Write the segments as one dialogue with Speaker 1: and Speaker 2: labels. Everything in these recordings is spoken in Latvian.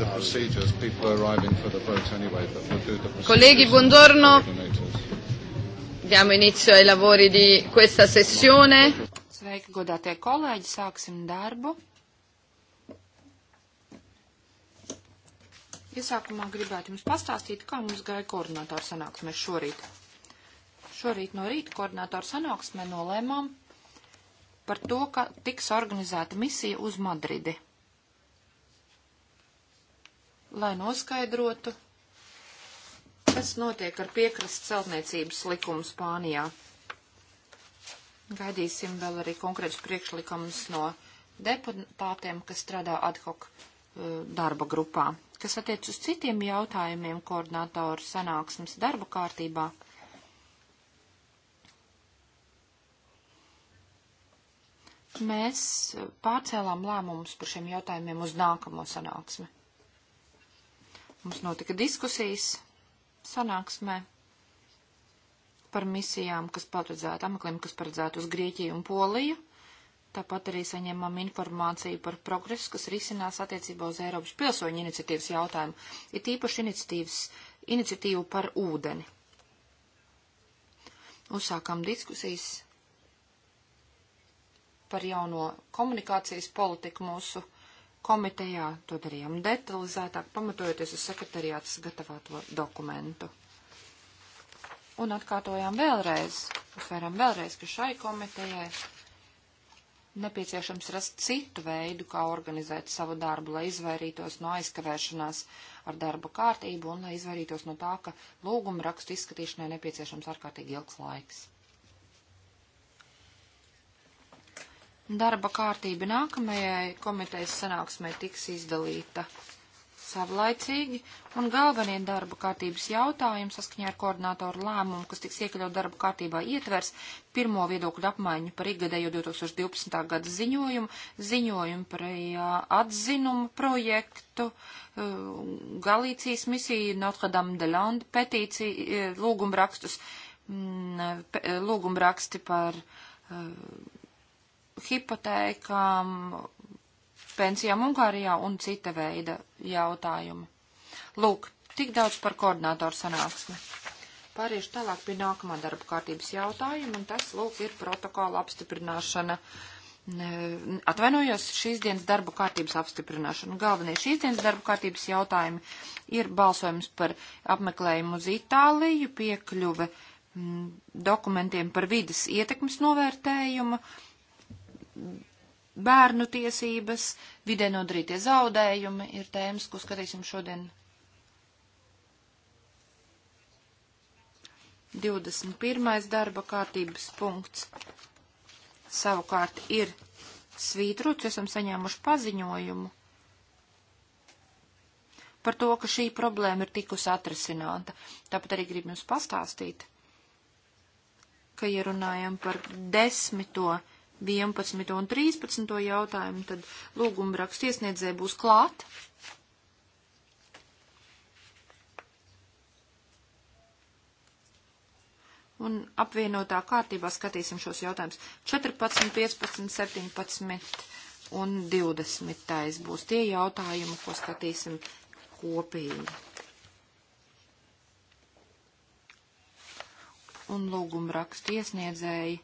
Speaker 1: the procedures. People are arriving for the vote anyway, but we'll do the procedures. Colleghi, buongiorno.
Speaker 2: Diamo inizio
Speaker 1: ai lavori di questa sessione. Sveiki, godātie kolēģi, sāksim darbu. Iesākumā gribētu jums pastāstīt, kā mums gāja koordinātoru sanāksmē šorīt. Šorīt no rīta koordinātoru sanāksmē nolēmām par to, ka tiks organizēta misija uz Madridi lai noskaidrotu, kas notiek ar piekrastes celtniecības likumu Spānijā. Gaidīsim vēl arī konkrētus priekšlikumus no deputātiem, kas strādā ad hoc eh, darba grupā. Kas attiec uz citiem jautājumiem koordinātoru sanāksmes darba kārtībā, mēs eh, pārcēlām lēmumus par šiem jautājumiem uz nākamo sanāksmi. Mums notika diskusijas sanāksmē par misijām, kas paredzētu, amekliem, kas paredzētu uz Grieķiju un Poliju. Tāpat arī saņemam informāciju par progresu, kas risinās attiecībā uz Eiropas pilsoņu iniciatīvas jautājumu, ir tīpaši iniciatīvas, iniciatīvu par ūdeni. Uzsākam diskusijas par jauno komunikācijas politiku mūsu komitejā to darījām detalizētāk, pamatojoties uz sekretariātas gatavoto dokumentu. Un atkārtojām vēlreiz, uzsvērām vēlreiz, ka šai komitejai nepieciešams rast citu veidu, kā organizēt savu darbu, lai izvairītos no aizkavēšanās ar darbu kārtību un lai izvairītos no tā, ka lūguma rakstu izskatīšanai nepieciešams ārkārtīgi ilgs laiks. Darba kārtība nākamajai komitejas sanāksmai tiks izdalīta savlaicīgi, un galvenie darba kārtības jautājumi saskaņā ar koordinātoru lēmumu, kas tiks iekļaut darba kārtībā, ietvers pirmo viedokļu apmaiņu par ikgadējo 2012. gada ziņojumu, ziņojumu par atzinumu projektu, e, Galīcijas misiju, Notre-Dame de Lande petīciju, e, lūgumrakstus, e, lūgumraksti par hipotēkām, pensijām Ungārijā un cita veida jautājumi. Lūk, tik daudz par koordinātoru sanāksmi. Pāriešu tālāk pie nākamā darba kārtības jautājuma, un tas, lūk, ir protokola apstiprināšana. Atvainojos šīs dienas darba kārtības apstiprināšanu. Galvenie šīs dienas darba kārtības jautājumi ir balsojums par apmeklējumu uz Itāliju, piekļuve mm, dokumentiem par vidas ietekmes novērtējumu, bērnu tiesības, vidē nodarītie zaudējumi ir tēmas, ko skatīsim šodien. 21. darba kārtības punkts savukārt ir svītrots, esam saņēmuši paziņojumu par to, ka šī problēma ir tikus atrisināta. Tāpat arī gribu jums pastāstīt, ka, ja runājam par desmito 11. un 13. jautājumu, tad lūguma rakstu iesniedzēja būs klāt. Un apvienotā kārtībā skatīsim šos jautājumus. 14, 15, 17 un 20. būs tie jautājumi, ko skatīsim kopīgi. Un lūguma rakstu iesniedzēji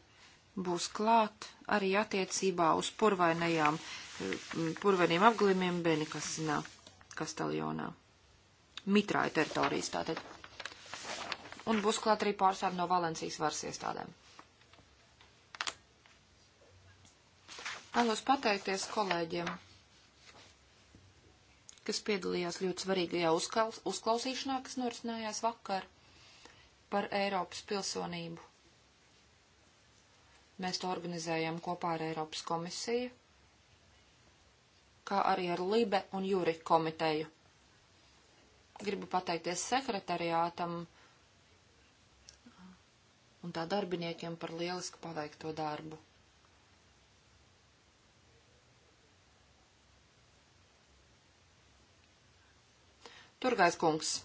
Speaker 1: būs klāt arī attiecībā uz purvainajām, eh, purvainiem apglimiem Benikasinā, Kastaljonā. Mitrāja teritorijas tātad. Un būs klāt arī pārstāvi no Valencijas varas iestādēm. Vēlos pateikties kolēģiem, kas piedalījās ļoti svarīgajā uzklausīšanā, kas norisinājās vakar par Eiropas pilsonību. Mēs to organizējam kopā ar Eiropas komisiju, kā arī ar Libe un Juri komiteju. Gribu pateikties sekretariātam un tā darbiniekiem par lielisku paveikto darbu. Turgais kungs.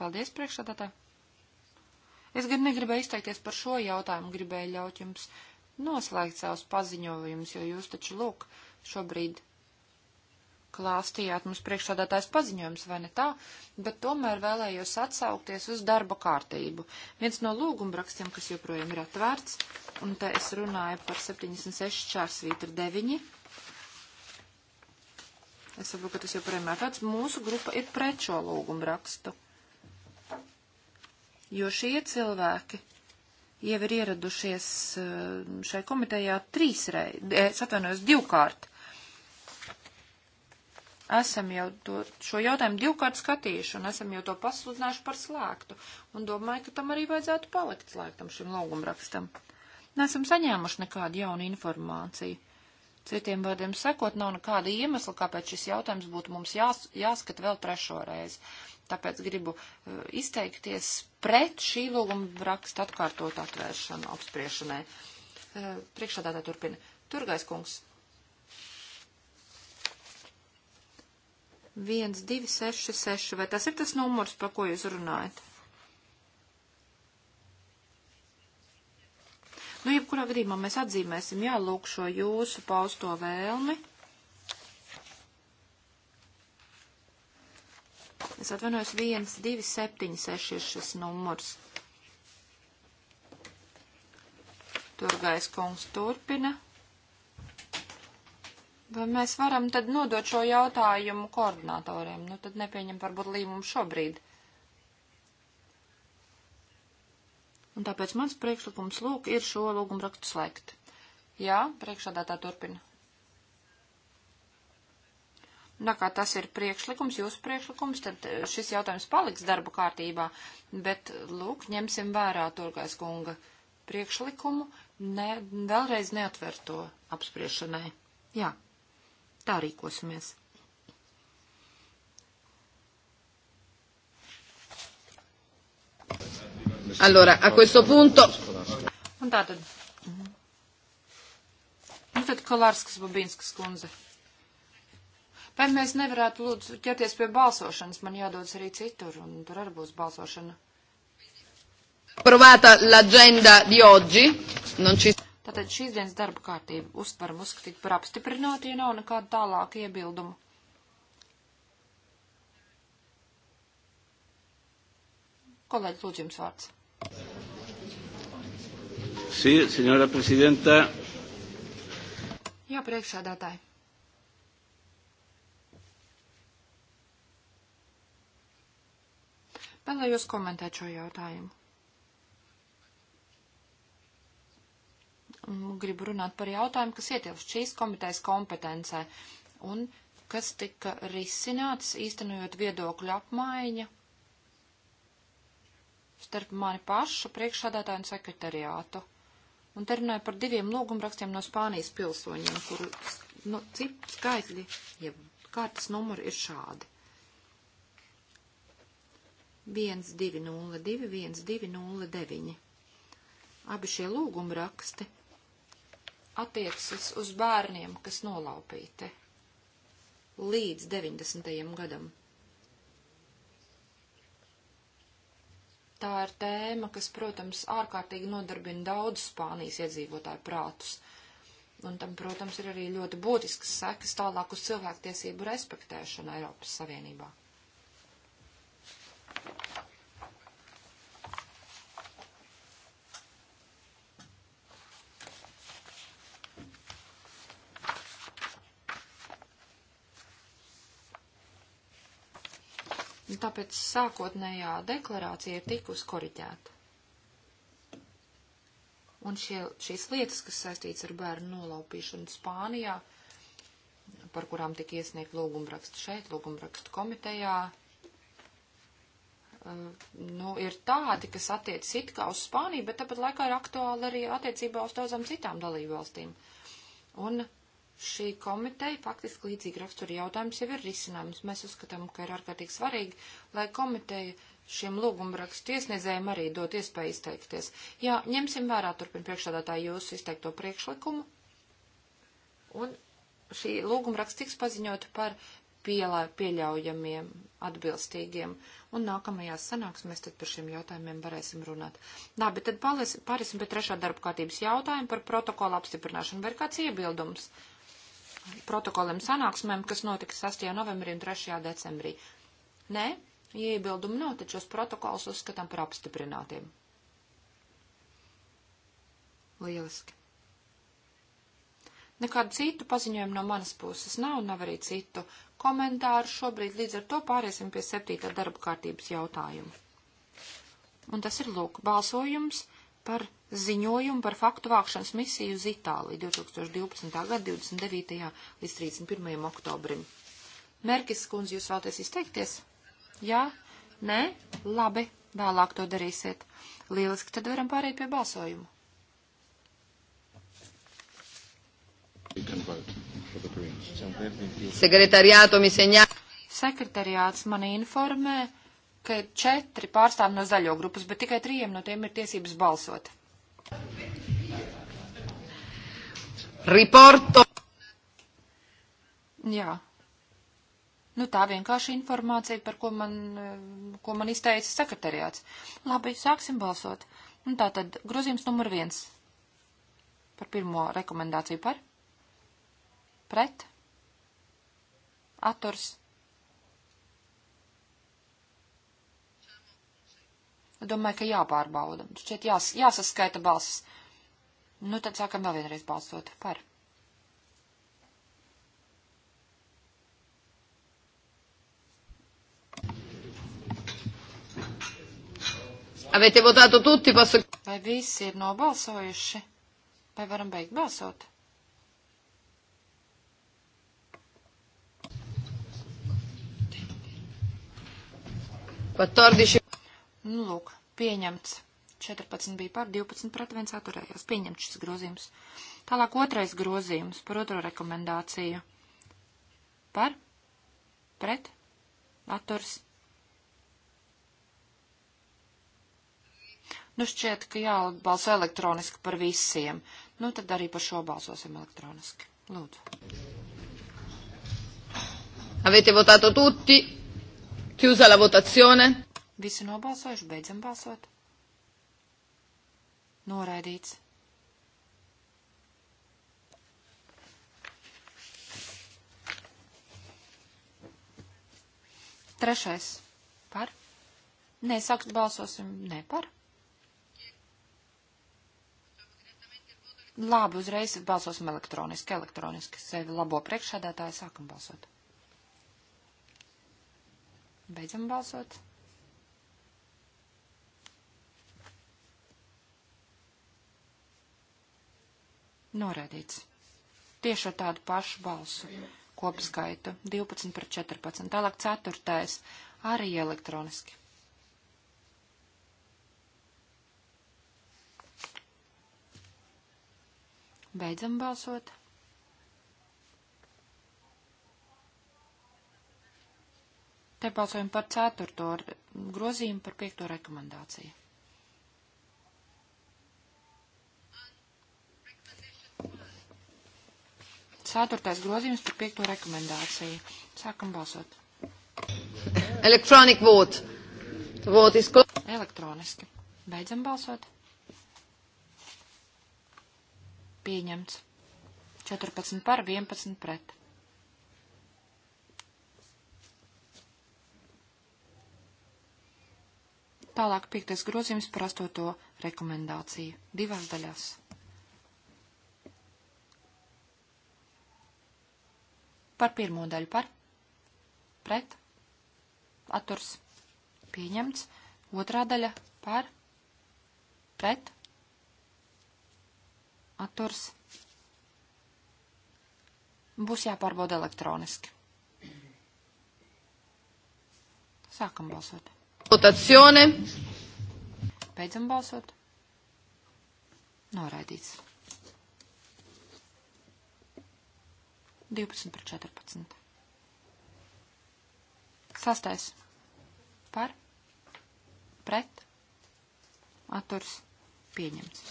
Speaker 1: Paldies priekšsādātāji. Es gan negribēju izteikties par šo jautājumu, gribēju ļaut jums noslēgt savus paziņojumus, jo jūs taču, lūk, šobrīd klāstījāt mums priekšsādātājs paziņojums, vai ne tā, bet tomēr vēlējos atsaukties uz darba kārtību. Viens no lūgumrakstiem, kas joprojām ir atvērts, un te es runāju par 76 čārsvītra 9. Es saprotu, ka tas joprojām ir atvērts. Mūsu grupa ir pret šo lūgumrakstu jo šie cilvēki jau ir ieradušies eh, šai komitejā trīs reizes, eh, es atvainojos, divkārt. Esam jau to, šo jautājumu divkārt skatījuši un esam jau to pasludinājuši par slēgtu un domāju, ka tam arī vajadzētu palikt slēgtam šim logumrakstam. Nesam saņēmuši nekādu jaunu informāciju. Citiem vārdiem sakot, nav nekāda iemesla, kāpēc šis jautājums būtu mums jās, jāskata vēl trešo reizi. Tāpēc gribu eh, izteikties pret šī lūguma raksta atkārtot atvēršanu apspriešanai. Eh, Priekšādātā turpina. Turgais kungs. 1, 2, 6, 6. Vai tas ir tas numurs, pa ko jūs runājat? Nu, jebkurā gadījumā mēs atzīmēsim, jā, lūk šo jūsu pausto vēlmi. Es atvainojos 1, 2, 7, 6 ir šis numurs. Turgais kungs turpina. Vai mēs varam tad nodot šo jautājumu koordinatoriem? Nu, tad nepieņem varbūt līmumu šobrīd. Un tāpēc mans priekšlikums lūk ir šo lūgumu rakstu slēgt. Jā, priekšādā tā turpina. Tā kā tas ir priekšlikums, jūsu priekšlikums, tad e, šis jautājums paliks darba kārtībā, bet, lūk, ņemsim vērā Turgais kunga priekšlikumu, ne, vēlreiz neatver to apspriešanai. Jā, tā rīkosimies. Allora, a questo punto... Un tātad. Nu tad Kolārskas Babinskas kundze. Vai mēs nevarētu lūdzu ķerties pie balsošanas? Man jādodas arī citur, un tur arī būs balsošana. Provāta
Speaker 2: l'agenda di oggi. Non ci...
Speaker 1: Tātad šīs dienas darba kārtība uztveram uzskatīt par apstiprinātu, ja nav nekāda tālāka iebilduma. Kolēģi, lūdzu jums vārds.
Speaker 3: Sí, señora presidenta.
Speaker 1: Jā, priekšsādātāji. Vēlējos komentēt šo jautājumu. Gribu runāt par jautājumu, kas ietilpst šīs komitejas kompetencē un kas tika risināts īstenojot viedokļu apmaiņu starp mani pašu priekšādātāju un sekretariātu. Un te runāju par diviem lūgumrakstiem no Spānijas pilsoņiem, kuru nu, cip skaitļi, ja kārtas numuri ir šādi. 1202, 1209. Abi šie lūguma raksti attiecas uz bērniem, kas nolaupīti līdz 90. gadam. Tā ir tēma, kas, protams, ārkārtīgi nodarbina daudz Spānijas iedzīvotāju prātus. Un tam, protams, ir arī ļoti būtiskas sekas tālāk uz cilvēktiesību respektēšanu Eiropas Savienībā. Nu, tāpēc sākotnējā deklarācija ir tikus koriģēta. Un šie, šīs lietas, kas saistīts ar bērnu nolaupīšanu Spānijā, par kurām tika iesniegt lūgumrakstu šeit, lūgumrakstu komitejā, Eh, nu, ir tādi, kas attiecas it kā uz Spāniju, bet tāpat laikā ir aktuāli arī attiecībā uz daudzām citām dalībvalstīm. Un šī komiteja faktiski līdzīgi rakstura jautājums jau ir risinājums. Mēs uzskatām, ka ir ārkārtīgi svarīgi, lai komiteja šiem lūgumrakstu iesniedzējiem arī dot iespēju izteikties. Jā, ņemsim vērā turpin priekšstādātāju jūsu izteikto priekšlikumu. Un šī lūgumraksts tiks paziņota par pielā, pieļaujamiem, atbilstīgiem, un nākamajās sanāksmēs tad par šiem jautājumiem varēsim runāt. Nā, bet tad pārēsim pie trešā darba kārtības jautājuma par protokolu apstiprināšanu. Vai ir kāds iebildums protokoliem sanāksmēm, kas notiks 6. novembrī un 3. decembrī? Nē, ja iebildumu nav, tad šos protokolus uzskatām par apstiprinātiem. Lieliski. Nekādu citu paziņojumu no manas puses nav, nav arī citu komentāru šobrīd, līdz ar to pāriesim pie septītā darba kārtības jautājuma. Un tas ir, lūk, balsojums par ziņojumu par faktu vākšanas misiju uz Itāliju 2012. gada 29. līdz 31. oktobrim. Merkis kundze, jūs vēlaties izteikties? Jā? Nē? Labi, vēlāk to darīsiet. Lieliski, tad varam pārēt pie balsojuma.
Speaker 2: Sekretariāto mi seņā.
Speaker 1: Sekretariāts man informē, ka ir četri pārstāvi no zaļo grupas, bet tikai trījiem no tiem ir tiesības balsot.
Speaker 2: Riporto.
Speaker 1: Jā. Nu, tā vienkārši informācija, par ko man, ko man izteica sekretariāts. Labi, sāksim balsot. Un nu, tā tad grozījums numur viens. Par pirmo rekomendāciju par pret, atturs. Domāju, ka jāpārbauda. Šķiet jās, jāsaskaita balsis. Nu, tad sākam vēl vienreiz balsot par.
Speaker 2: Avete votato tutti, posso...
Speaker 1: Vai visi ir nobalsojuši? Vai varam beigt balsot?
Speaker 2: 14.
Speaker 1: Nu, lūk, pieņemts. 14 bija par, 12 pret 1 atturējās. Pieņemts šis grozījums. Tālāk otrais grozījums par otro rekomendāciju. Par, pret, atturs. Nu, šķiet, ka jābalso elektroniski par visiem. Nu, tad arī par šo balsosim elektroniski. Lūdzu.
Speaker 2: Avete votato tutti? Chiusa la
Speaker 1: votazione. Visi nobalsojuši, beidzam balsot. Noraidīts. Trešais. Par? Nē, sākt balsosim ne par. Labi, uzreiz balsosim elektroniski, elektroniski sevi labo priekšsēdētāju, sākam balsot. Beidzam balsot. Noraidīts. Tieši ar tādu pašu balsu kopskaitu 12 par 14. Tālāk ceturtais arī elektroniski. Beidzam balsot. Te balsojam par ceturto grozījumu par piekto rekomendāciju. Ceturtais grozījums par piekto rekomendāciju. Sākam balsot. Elektronik vot. Vot is Elektroniski. Beidzam balsot. Pieņemts. 14 par 11 pret. Tālāk piektais grozījums par astoto rekomendāciju. Divās daļās. Par pirmo daļu par. Pret. Atturs. Pieņemts. Otrā daļa par. Pret. Atturs. Būs jāpārbauda elektroniski. Sākam balsot. Votazione. Beidzam balsot. Noraidīts. 12 par 14. Sastais. Par. Pret. Atturs. Pieņemts.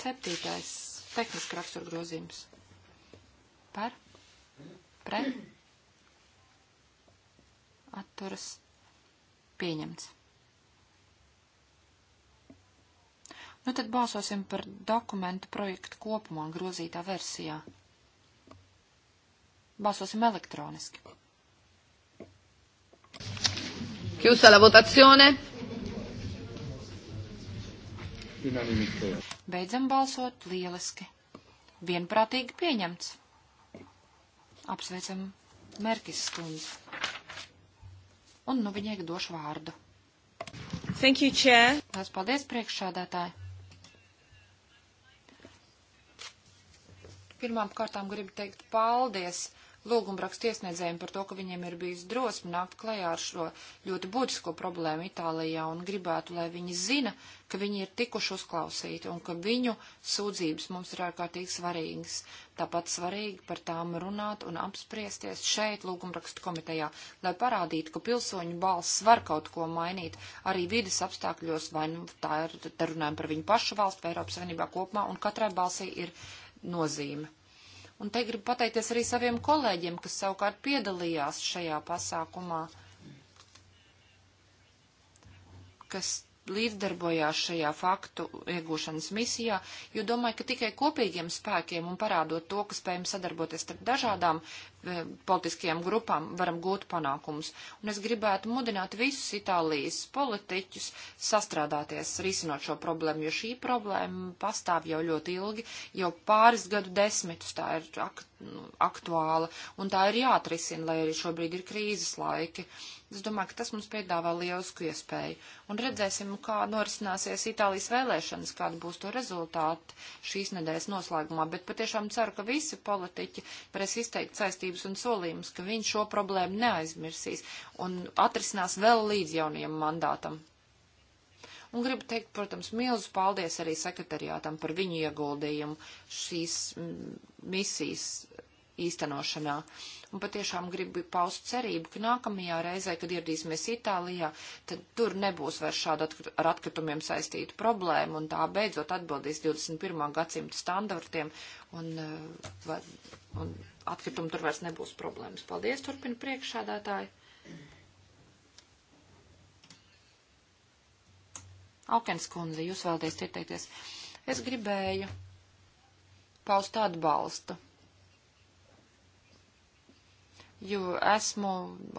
Speaker 1: Septītais. Tehniski rakstur grozījums. Par. Pret. Atturas Pieņemts. Nu tad balsosim par dokumentu projektu kopumā grozītā versijā. Balsosim elektroniski. Chiusa la votazione. Beidzam balsot lieliski. Vienprātīgi pieņemts. Apsveicam Merkis skundzi un nu viņai došu vārdu. Thank you, Chair. Tās paldies, priekšsādātāji. Pirmām kārtām gribu teikt paldies lūgumrakstu iesniedzējiem par to, ka viņiem ir bijis drosmi nākt klajā ar šo ļoti būtisko problēmu Itālijā un gribētu, lai viņi zina, ka viņi ir tikuši uzklausīti un ka viņu sūdzības mums ir ārkārtīgi svarīgas. Tāpat svarīgi par tām runāt un apspriesties šeit lūgumrakstu komitejā, lai parādītu, ka pilsoņu balss var kaut ko mainīt arī vides apstākļos, vai nu, tā ir, te runājam par viņu pašu valstu vai Eiropas Savienībā kopumā, un katrai balsī ir nozīme. Un te gribu pateikties arī saviem kolēģiem, kas savukārt piedalījās šajā pasākumā, kas līdzdarbojās šajā faktu iegūšanas misijā, jo domāju, ka tikai kopīgiem spēkiem un parādot to, ka spējam sadarboties starp dažādām Eh, politiskajām grupām varam gūt panākumus. Un es gribētu mudināt visus Itālijas politiķus sastrādāties, risinot šo problēmu, jo šī problēma pastāv jau ļoti ilgi, jau pāris gadu desmitus tā ir ak nu, aktuāla, un tā ir jāatrisina, lai arī šobrīd ir krīzes laiki. Es domāju, ka tas mums piedāvā lielisku iespēju. Un redzēsim, kā norisināsies Itālijas vēlēšanas, kāda būs to rezultāti šīs nedēļas noslēgumā. Bet patiešām ceru, ka visi politiķi varēs izteikt saistību apņēmības un solījumus, ka viņš šo problēmu neaizmirsīs un atrisinās vēl līdz jaunajam mandātam. Un gribu teikt, protams, milzu paldies arī sekretariātam par viņu ieguldījumu šīs misijas īstenošanā. Un patiešām gribu paust cerību, ka nākamajā reizē, kad ieradīsimies Itālijā, tad tur nebūs vairs šāda atkrit, ar atkritumiem saistīta problēma, un tā beidzot atbildīs 21. gadsimta standartiem un, eh, un atkritumi tur vairs nebūs problēmas. Paldies, turpina priekšsādātāji. Aukens kundze, jūs vēlaties ieteikties. Es gribēju paust atbalstu, jo esmu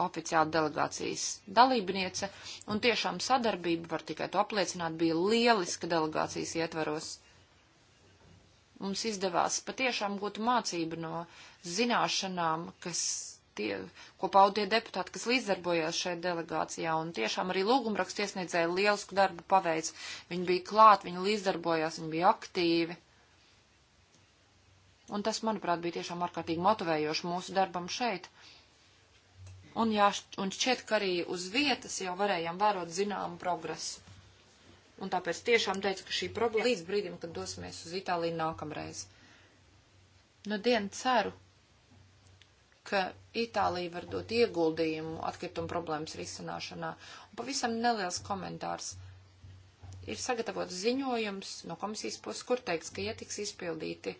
Speaker 1: oficiāli delegācijas dalībniece, un tiešām sadarbība, var tikai to apliecināt, bija lieliska delegācijas ietvaros. Mums izdevās patiešām gūt mācību no zināšanām, kas tie, ko paudīja deputāti, kas līdzdarbojās šeit delegācijā, un tiešām arī lūgumraksts iesniedzēja lielisku darbu paveic. Viņi bija klāt, viņi līdzdarbojās, viņi bija aktīvi. Un tas, manuprāt, bija tiešām ārkārtīgi motivējoši mūsu darbam šeit. Un, jā, un šķiet, ka arī uz vietas jau varējām vērot zināmu progresu. Un tāpēc tiešām teicu, ka šī problēma līdz brīdim, kad dosimies uz Itāliju nākamreiz. Nu, dienu ceru, ka Itālija var dot ieguldījumu atkritumu problēmas risināšanā. Un pavisam neliels komentārs. Ir sagatavots ziņojums no komisijas puses, kur teikts, ka, ja tiks izpildīti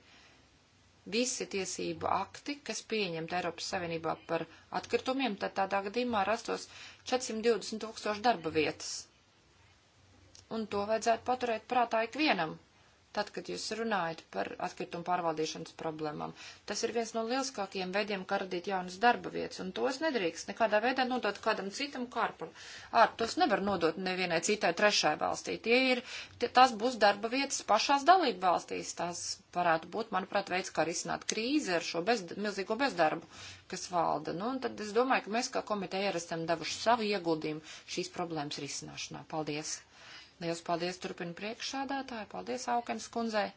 Speaker 1: visi tiesību akti, kas pieņemta Eiropas Savienībā par atkritumiem, tad tādā gadījumā rastos 420 tūkstoši darba vietas un to vajadzētu paturēt prātā ikvienam. Tad, kad jūs runājat par atkritumu pārvaldīšanas problēmām, tas ir viens no lieliskākajiem veidiem, kā radīt jaunas darba vietas, un tos nedrīkst nekādā veidā nodot kādam citam kārpam. Ār, tos nevar nodot nevienai citai trešai valstī. Tie ir, tie, tās būs darba vietas pašās dalību valstīs. Tās varētu būt, manuprāt, veids, kā risināt krīzi ar šo bez, milzīgo bezdarbu, kas valda. Nu, un tad es domāju, ka mēs kā komiteja esam devuši savu ieguldījumu šīs problēmas risināšanā. Paldies! Liels paldies turpina priekšsādātāju, paldies Aukens kundzei.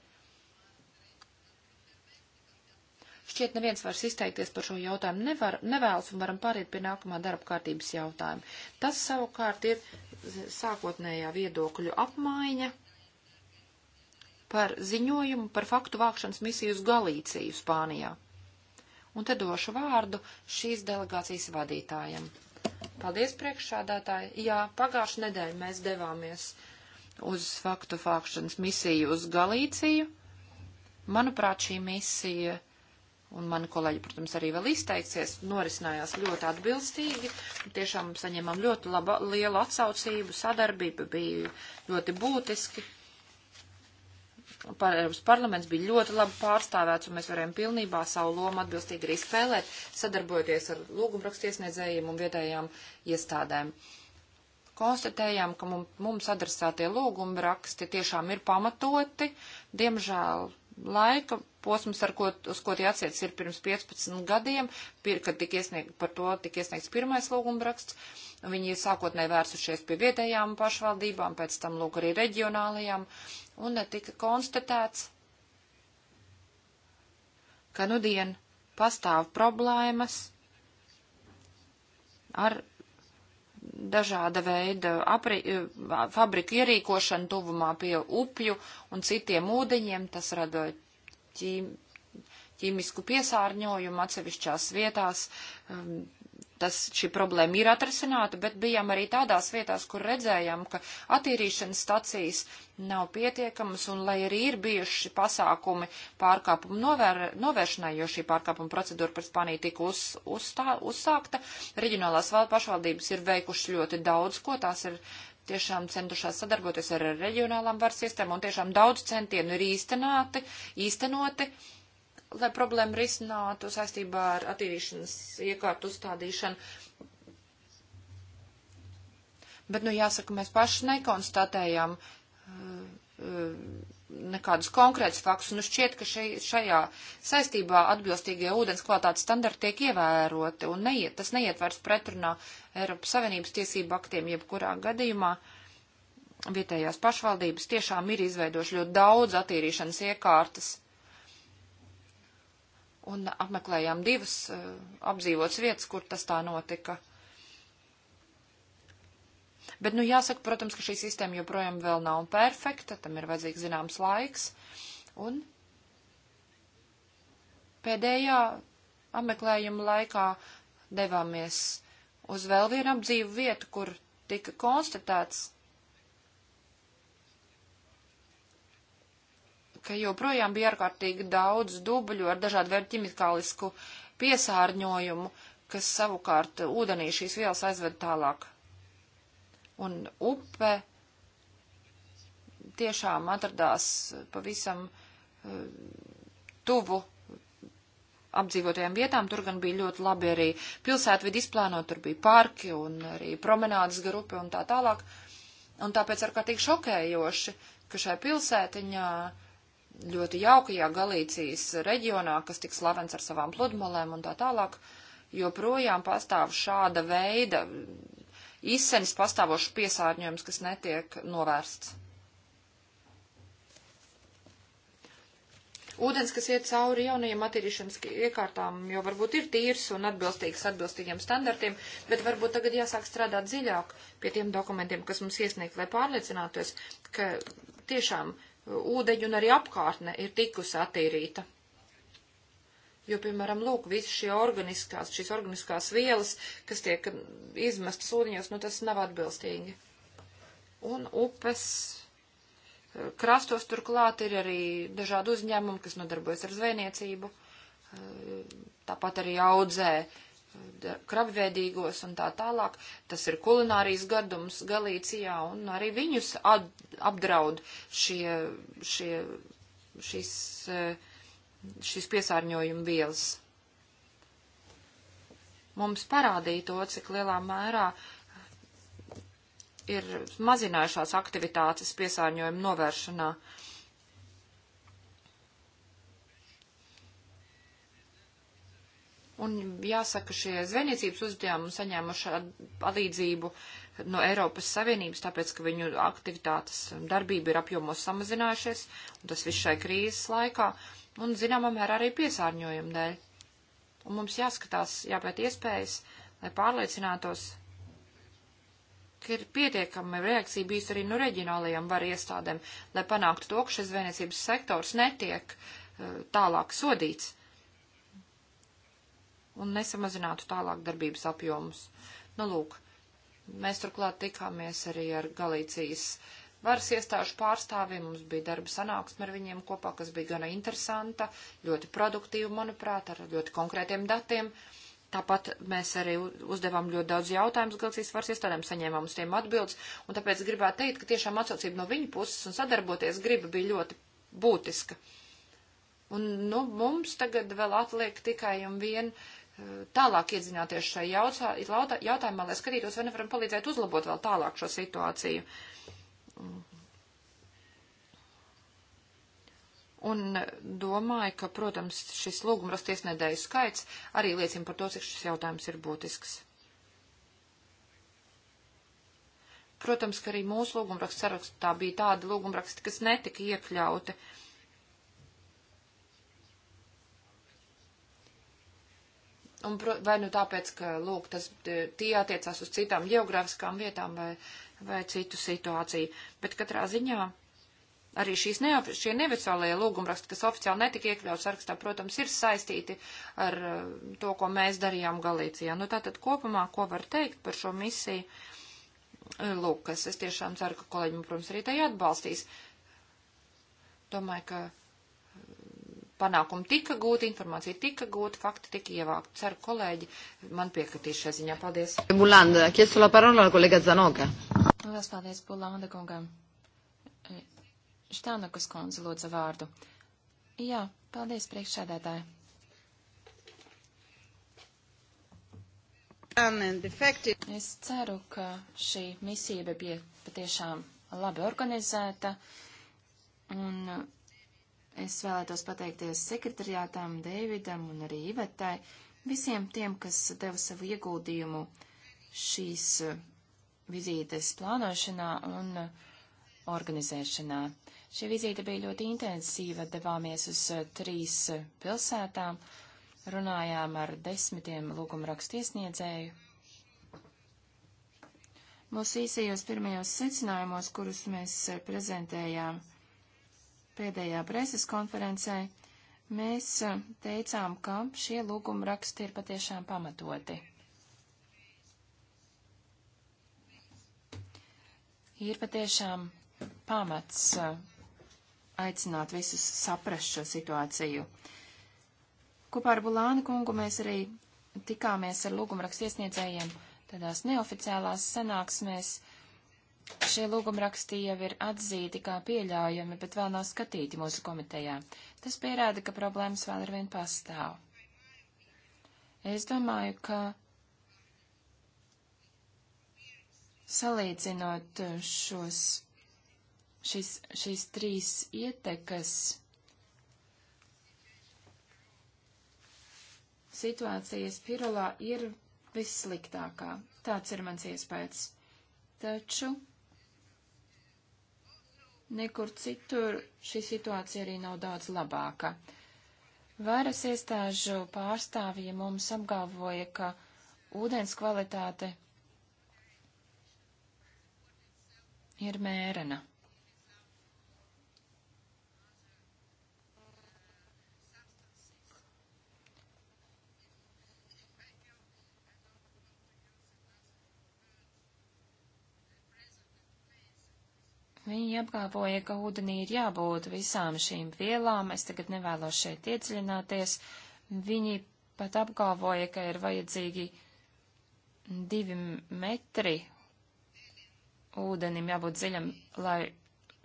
Speaker 1: Šķiet, neviens vairs izteikties par šo jautājumu nevar, nevēlas un varam pāriet pie nākamā darba kārtības jautājuma. Tas savukārt ir sākotnējā viedokļu apmaiņa par ziņojumu par faktu vākšanas misiju uz Galīciju, Spānijā. Un te došu vārdu šīs delegācijas vadītājam. Paldies priekšsādātāji. Jā, pagājušajā nedēļā mēs devāmies uh, uz faktu fākšanas misiju uz Galīciju. Manuprāt, šī misija, un mani kolēģi, protams, arī vēl izteiksies, norisinājās ļoti atbilstīgi. Tiešām saņēmām ļoti laba, lielu atsaucību, sadarbība bija ļoti būtiski. Par, parlaments bija ļoti labi pārstāvēts, un mēs varējām pilnībā savu lomu atbilstīgi arī spēlēt, sadarbojoties ar lūgumrakstiesniedzējiem un vietējām iestādēm. Uh, konstatējām, ka mums adresētie lūguma raksti tiešām ir pamatoti. Diemžēl laika posms, ko, uz ko tie atsiec, ir pirms 15 gadiem, pir, kad tika iesniegt, par to tika iesniegts pirmais lūguma raksts. Viņi sākotnēji vērsušies pie vietējām pašvaldībām, pēc tam lūk arī reģionālajām, un tika konstatēts, ka nudien pastāv problēmas ar dažāda veida apri, eh, fabrika ierīkošana tuvumā pie upju un citiem ūdeņiem, tas rada ķīmisku piesārņojumu atsevišķās vietās, um, tas, šī problēma ir atrasināta, bet bijām arī tādās vietās, kur redzējām, ka attīrīšanas stacijas nav pietiekamas, un lai arī ir bijuši pasākumi pārkāpumu novēr, novēršanai, jo šī pārkāpuma procedūra par Spāniju tika uz, uzstā, uzsākta, reģionālās pašvaldības ir veikuši ļoti daudz, ko tās ir tiešām centušās sadarboties ar reģionālām varas iestēm, un tiešām daudz centienu ir īstenāti, īstenoti. īstenoti lai problēmu risinātu saistībā ar attīrīšanas iekārtu uzstādīšanu. Bet, nu, jāsaka, mēs paši nekonstatējām uh, uh, nekādus konkrētus faktus, un nu šķiet, ka šai, šajā saistībā atbilstīgie ūdens kvalitātes standarti tiek ievēroti, un neiet, tas neiet vairs pretrunā Eiropas Savienības tiesību aktiem jebkurā gadījumā. Vietējās pašvaldības tiešām ir izveidojuši ļoti daudz attīrīšanas iekārtas un apmeklējām divas uh, apdzīvotas vietas, kur tas tā notika. Bet, nu, jāsaka, protams, ka šī sistēma joprojām vēl nav perfekta, tam ir vajadzīgs zināms laiks. Un pēdējā apmeklējuma laikā devāmies uz vēl vienu apdzīvu vietu, kur tika konstatēts, ka joprojām bija ārkārtīgi daudz dubļu ar dažādu veidu ķimikālisku piesārņojumu, kas savukārt ūdenī šīs vielas aizved tālāk. Un upe tiešām atradās pavisam eh, tuvu apdzīvotajām vietām. Tur gan bija ļoti labi arī pilsētvidi izplānot, tur bija parki un arī promenādes grupi un tā tālāk. Un tāpēc ārkārtīgi šokējoši, ka šai pilsētiņā uh, ļoti jaukajā Galīcijas reģionā, kas tik slavens ar savām pludmalēm un tā tālāk, joprojām pastāv šāda veida izsenis pastāvošs piesārņojums, kas netiek novērsts. Ūdens, kas iet cauri jaunajiem attīrīšanas iekārtām, jau varbūt ir tīrs un atbilstīgs atbilstīgiem standartiem, bet varbūt tagad jāsāk strādāt dziļāk pie tiem dokumentiem, kas mums iesniegt, lai pārliecinātos, ka tiešām ūdeņi un arī apkārtne ir tikusi attīrīta. Jo, piemēram, lūk, visas šie organiskās, šīs organiskās vielas, kas tiek izmestas ūdeņos, nu tas nav atbilstīgi. Un upes eh, krastos turklāt ir arī dažādi uzņēmumi, kas nodarbojas ar zvejniecību, eh, tāpat arī audzē krabveidīgos un tā tālāk. Tas ir kulinārijas gadums Galīcijā, un arī viņus ad, apdraud šie, šie, šis, eh, šis piesārņojuma vielas. Mums parādīja to, cik lielā mērā ir mazinājušās aktivitātes piesārņojuma novēršanā. Uh, Un jāsaka, šie zvejniecības uzņēmumi saņēmuši palīdzību no Eiropas Savienības, tāpēc, ka viņu aktivitātes darbība ir apjomos samazinājušies, un tas viss šai krīzes laikā, un zināmā mērā arī piesārņojuma dēļ. Un mums jāskatās, jāpēt iespējas, lai pārliecinātos, ka ir pietiekama reakcija bijusi arī no reģionālajiem varu iestādēm, lai panāktu to, ka šis zvejniecības sektors netiek uh, tālāk sodīts un nesamazinātu tālāk darbības apjomus. Nu, lūk, mēs turklāt tikāmies arī ar Galīcijas varas iestāžu pārstāvjiem, mums bija darba sanāksme ar viņiem kopā, kas bija gana interesanta, ļoti produktīva, manuprāt, ar ļoti konkrētiem datiem. Tāpat mēs arī uzdevām ļoti daudz jautājumus Galīcijas varas iestādēm, saņēmām uz tiem atbildes, un tāpēc gribētu teikt, ka tiešām atsaucība no viņu puses un sadarboties griba bija ļoti būtiska. Un, nu, mums tagad vēl atliek tikai un vien uh, tālāk iedzināties šai jautā, jautājumā, lai skatītos, vai nevaram nu palīdzēt uzlabot vēl tālāk šo situāciju. Un domāju, ka, protams, šis lūgumrasta iesniedēju skaits arī liecina par to, cik šis jautājums ir būtisks. Protams, ka arī mūsu lūgumraksta sarakstā bija tādi lūgumraksti, kas netika iekļauti. Uh, Un, vai nu tāpēc, ka, lūk, tas e, tie attiecās uz citām geogrāfiskām vietām vai, vai citu situāciju. Bet katrā ziņā arī šīs ne, šie neoficiālajie lūgumraksti, kas oficiāli netika iekļauts sarakstā, protams, ir saistīti ar e, to, ko mēs darījām Galīcijā. Nu, tātad kopumā, ko var teikt par šo misiju, e, lūk, kas es tiešām ceru, ka kolēģi, man, protams, arī tai atbalstīs. Domāju, ka panākumi tika gūti, informācija tika gūta, fakti tika ievākti. Ceru, kolēģi man piekritīs šajā ziņā. Paldies.
Speaker 2: Bulanda, chiesto la parola al collega Zanoka.
Speaker 3: Lielas paldies Bulanda kungam. E, Štānakas kundze lūdza vārdu. Jā, paldies priekšsēdētāji. Es ceru, ka šī misija bija patiešām labi organizēta un Es vēlētos pateikties sekretariātām, Deividam un arī Ivetai, visiem tiem, kas deva savu ieguldījumu šīs eh, vizītes plānošanā un eh, organizēšanā. Šī vizīte bija ļoti intensīva, devāmies uz eh, trīs pilsētām, runājām ar desmitiem lūgumrakstu iesniedzēju. Mūsu īsajos pirmajos secinājumos, kurus mēs prezentējām, pēdējā preses konferencē, mēs eh, teicām, ka šie lūguma raksti ir patiešām pamatoti. Ir patiešām pamats eh, aicināt visus saprast šo situāciju. Kopā ar Bulānu kungu mēs arī tikāmies ar lūgumrakstu iesniedzējiem tādās neoficiālās sanāksmēs, uh, Šie lūgumraksti jau ir atzīti kā pieļaujami, bet vēl nav skatīti mūsu komitejā. Tas pierāda, ka problēmas vēl ar vien pastāv. Es domāju, ka salīdzinot šos, šis, šīs trīs ietekas, situācijas pirulā ir vissliktākā. Tāds ir mans iespējas. Taču Nekur citur šī situācija arī nav daudz labāka. Vairas iestāžu pārstāvji mums apgalvoja, ka ūdens kvalitāte ir mērena. Viņi apgalvoja, ka ūdenī ir jābūt visām šīm vielām, es tagad nevēlos šeit iedziļināties. Viņi pat apgalvoja, ka ir vajadzīgi divi metri ūdenim jābūt dziļam, lai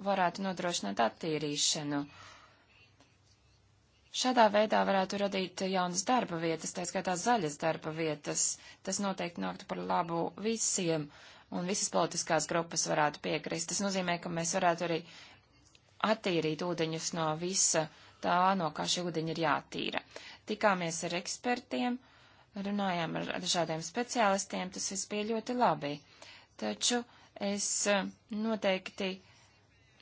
Speaker 3: varētu nodrošināt attīrīšanu. Šādā veidā varētu radīt jaunas darba vietas, tā skaitā zaļas darba vietas. Tas noteikti nāktu par labu visiem, un visas politiskās grupas varētu piekrist. Tas nozīmē, ka mēs varētu arī attīrīt ūdeņus no visa tā, no kā šie ūdeņi ir jātīra. Tikāmies ar ekspertiem, runājām ar dažādiem speciālistiem, tas viss bija ļoti labi. Taču es eh, noteikti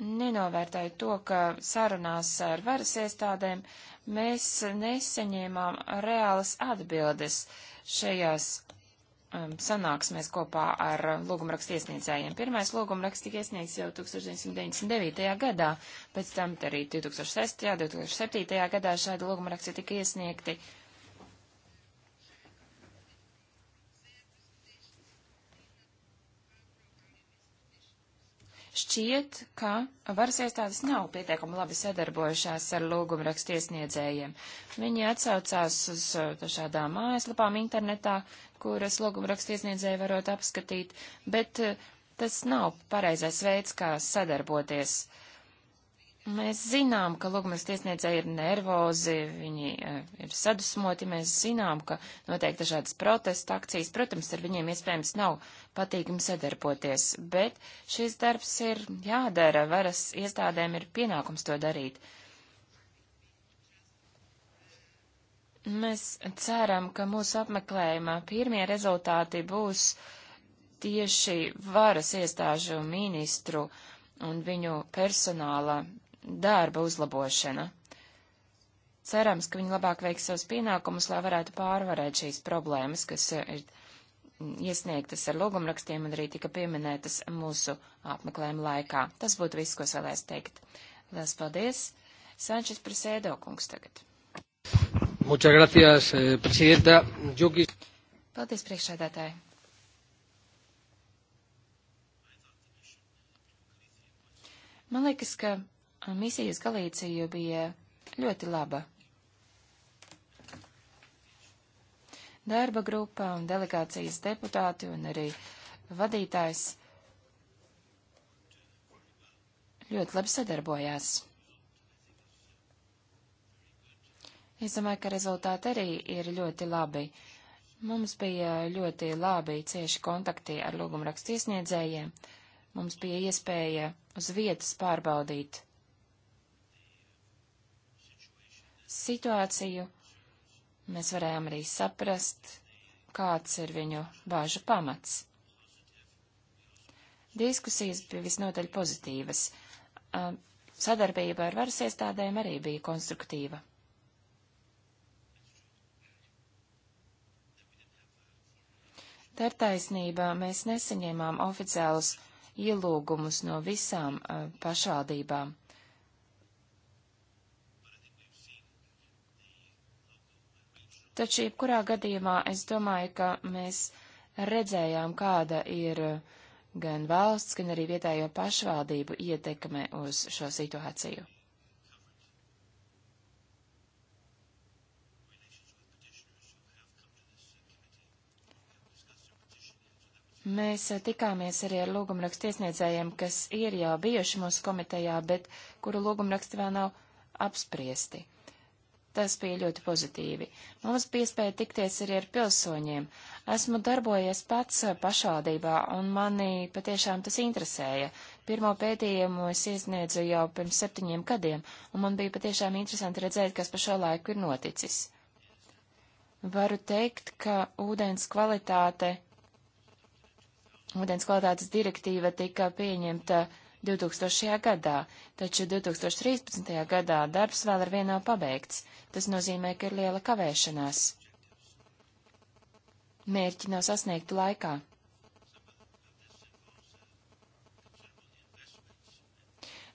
Speaker 3: nenovērtēju to, ka sarunās ar varas iestādēm mēs nesaņēmām reālas atbildes šajās Um, sanāksmēs kopā ar lūgumrakstu iesniedzējiem. Pirmais lūgumraksts tika iesniegts jau 1999. gadā, pēc tam arī 2006. un 2007. gadā šādi lūgumraksti tika iesniegti. Uh, Šķiet, ka varas iestādes nav pietiekami labi sadarbojušās ar lūgumrakstu iesniedzējiem. Viņi atsaucās uz eh, šādām mājaslapām internetā, kuras lūgumrakstu iesniedzēji varot apskatīt, bet eh, tas nav pareizais veids, kā sadarboties. Uh, Mēs zinām, ka lūgumas tiesniedzēji ir nervozi, viņi uh, ir sadusmoti, mēs zinām, ka notiek dažādas protesta akcijas. Protams, ar viņiem iespējams nav patīkami sadarboties, bet šis darbs ir jādara, varas iestādēm ir pienākums to darīt. Mēs ceram, ka mūsu apmeklējuma pirmie rezultāti būs tieši varas iestāžu ministru un viņu personāla darba uzlabošana. Cerams, ka viņi labāk veiks savus pienākumus, lai varētu pārvarēt šīs problēmas, kas eh, ir iesniegtas ar logumrakstiem un arī tika pieminētas mūsu apmeklējuma laikā. Tas būtu viss, ko es vēlēs teikt. Lielas paldies! Sančes Presēdo kungs tagad.
Speaker 2: Muchas gracias, eh, presidenta. Yo quis...
Speaker 3: Paldies, priekšsēdētāji. Man liekas, ka misija uz Galīciju bija ļoti laba. Darba grupa un delegācijas deputāti un arī vadītājs ļoti labi sadarbojās. Es domāju, ka rezultāti arī ir ļoti labi. Mums bija ļoti labi cieši kontakti ar lūgumrakstu iesniedzējiem. Mums bija iespēja uz vietas pārbaudīt situāciju, mēs varējām arī saprast, kāds ir viņu bāžu pamats. Diskusijas bija visnotaļ pozitīvas. Sadarbība ar varas iestādēm arī bija konstruktīva. Tā ir taisnība, mēs nesaņēmām oficiālus ielūgumus no visām pašvaldībām. Taču, jebkurā gadījumā, es domāju, ka mēs redzējām, kāda ir gan valsts, gan arī vietējo pašvaldību ietekme uz šo situāciju. Mēs tikāmies arī ar lūgumrakstu iesniedzējiem, kas ir jau bijuši mūsu komitejā, bet kuru lūgumraksti vēl nav apspriesti. Tas bija ļoti pozitīvi. Mums bija iespēja tikties arī ar pilsoņiem. Esmu darbojies pats eh, pašvaldībā, un mani patiešām tas interesēja. Pirmo pētījumu es iesniedzu jau pirms septiņiem gadiem, un man bija patiešām interesanti redzēt, kas pa šo laiku ir noticis. Varu teikt, ka ūdens kvalitāte, ūdens kvalitātes direktīva tika pieņemta uh, 2000. gadā, taču 2013. gadā darbs vēl ar vienu nav pabeigts. Tas nozīmē, ka ir liela kavēšanās. Mērķi nav sasniegti laikā.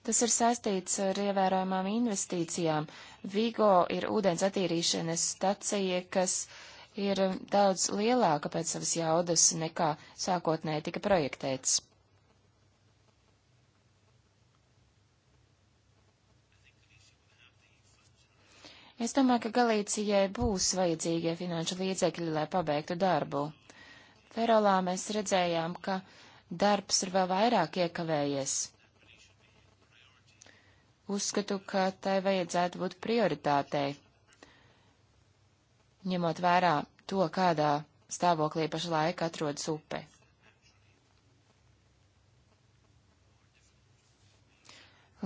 Speaker 3: Tas ir saistīts ar ievērojamām investīcijām. Vigo ir ūdens attīrīšanas stacija, kas ir daudz lielāka pēc savas jaudas nekā sākotnēji tika projektēts. Es domāju, ka Galīcijai būs vajadzīgie finanšu līdzekļi, lai pabeigtu darbu. Ferolā mēs redzējām, ka darbs ir vēl vairāk iekavējies. Uzskatu, ka tai vajadzētu būt prioritātei, ņemot vērā to, kādā stāvoklī pašlaik atrodas upe.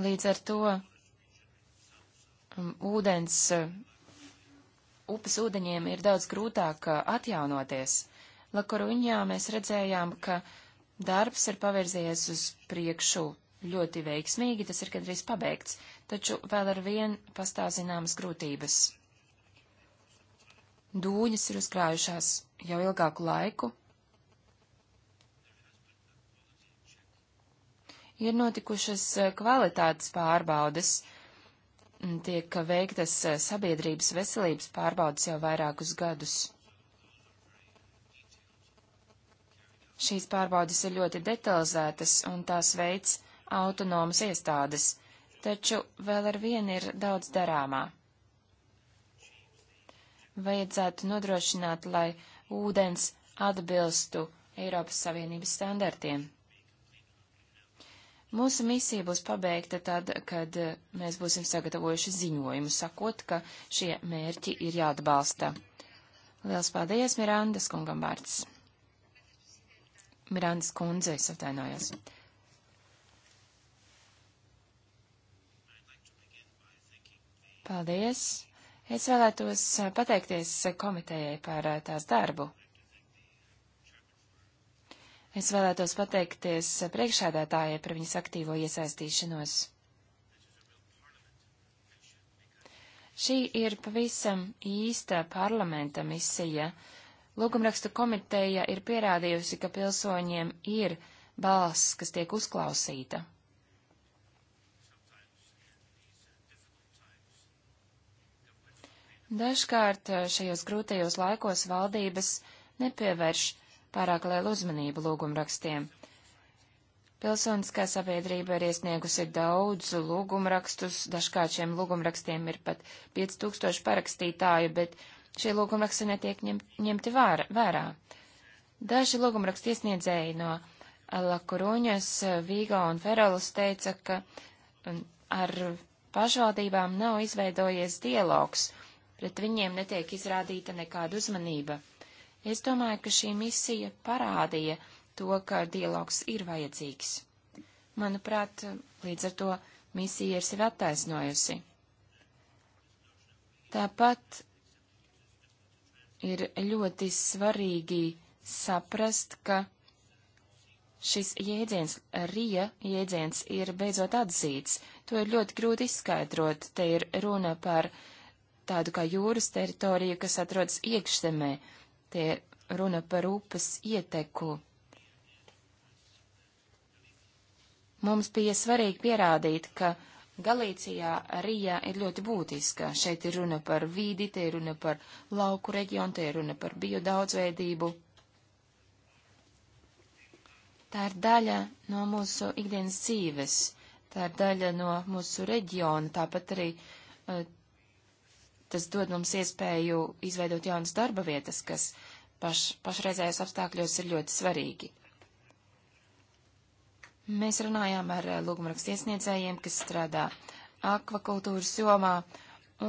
Speaker 3: Līdz ar to Mm, ūdens, eh, upes ūdeņiem ir daudz grūtāk eh, atjaunoties. Lakoruņā mēs redzējām, ka darbs ir pavirzies uz priekšu ļoti veiksmīgi, tas ir gandrīz pabeigts, taču vēl ar vien pastāv zināmas grūtības. Dūņas ir uzkrājušās jau ilgāku laiku. Ir notikušas eh, kvalitātes pārbaudes, uh, tiek veiktas eh, sabiedrības veselības pārbaudas jau vairākus gadus. Šīs pārbaudas ir ļoti detalizētas un tās veids autonomas iestādes, taču vēl ar vienu ir daudz darāmā. Vajadzētu nodrošināt, lai ūdens atbilstu Eiropas Savienības standartiem. Mūsu misija būs pabeigta tad, kad eh, mēs būsim sagatavojuši ziņojumu, sakot, ka šie mērķi ir jāatbalsta. Liels paldies, Mirandas kungam vārds. Mirandas kundze, es atvainojos. Paldies! Es vēlētos eh, pateikties eh, komitejai par tās darbu. Es vēlētos pateikties priekšādātājai par viņas aktīvo iesaistīšanos. Šī ir pavisam īsta parlamenta misija. Lūgumrakstu komiteja ir pierādījusi, ka pilsoņiem ir balss, kas tiek uzklausīta. Dažkārt šajos grūtajos laikos valdības nepievērš pārāk lielu uzmanību lūgumrakstiem. Pilsoniskā sabiedrība ir iesniegusi daudz lūgumrakstus, dažkārt šiem lūgumrakstiem ir pat 5000 parakstītāju, bet šie lūgumraksti netiek ņem, ņemti vāra, vērā. Daži lūgumraksti iesniedzēji no Lakuruņas, Vīgo un Ferolas teica, ka ar pašvaldībām nav izveidojies dialogs, pret viņiem netiek izrādīta nekāda uzmanība. Es domāju, ka šī misija parādīja to, ka dialogs ir vajadzīgs. Manuprāt, līdz ar to misija ir sevi attaisnojusi. Tāpat ir ļoti svarīgi saprast, ka šis jēdziens, rija jēdziens, ir beidzot atzīts. To ir ļoti grūti izskaidrot. Te ir runa par tādu kā jūras teritoriju, kas atrodas iekšzemē, Tie runa par upes ieteku. Mums bija svarīgi pierādīt, ka Galīcijā Rija ir ļoti būtiska. Šeit ir runa par vīdi, te ir runa par lauku reģionu, te ir runa par biodaudzveidību. Tā ir daļa no mūsu ikdienas dzīves, tā ir daļa no mūsu reģiona, tāpat arī uh, Tas dod mums iespēju izveidot jaunas darba vietas, kas paš, pašreizējos apstākļos ir ļoti svarīgi. Mēs runājām ar eh, lūgumrakstu iesniedzējiem, kas strādā akvakultūras jomā,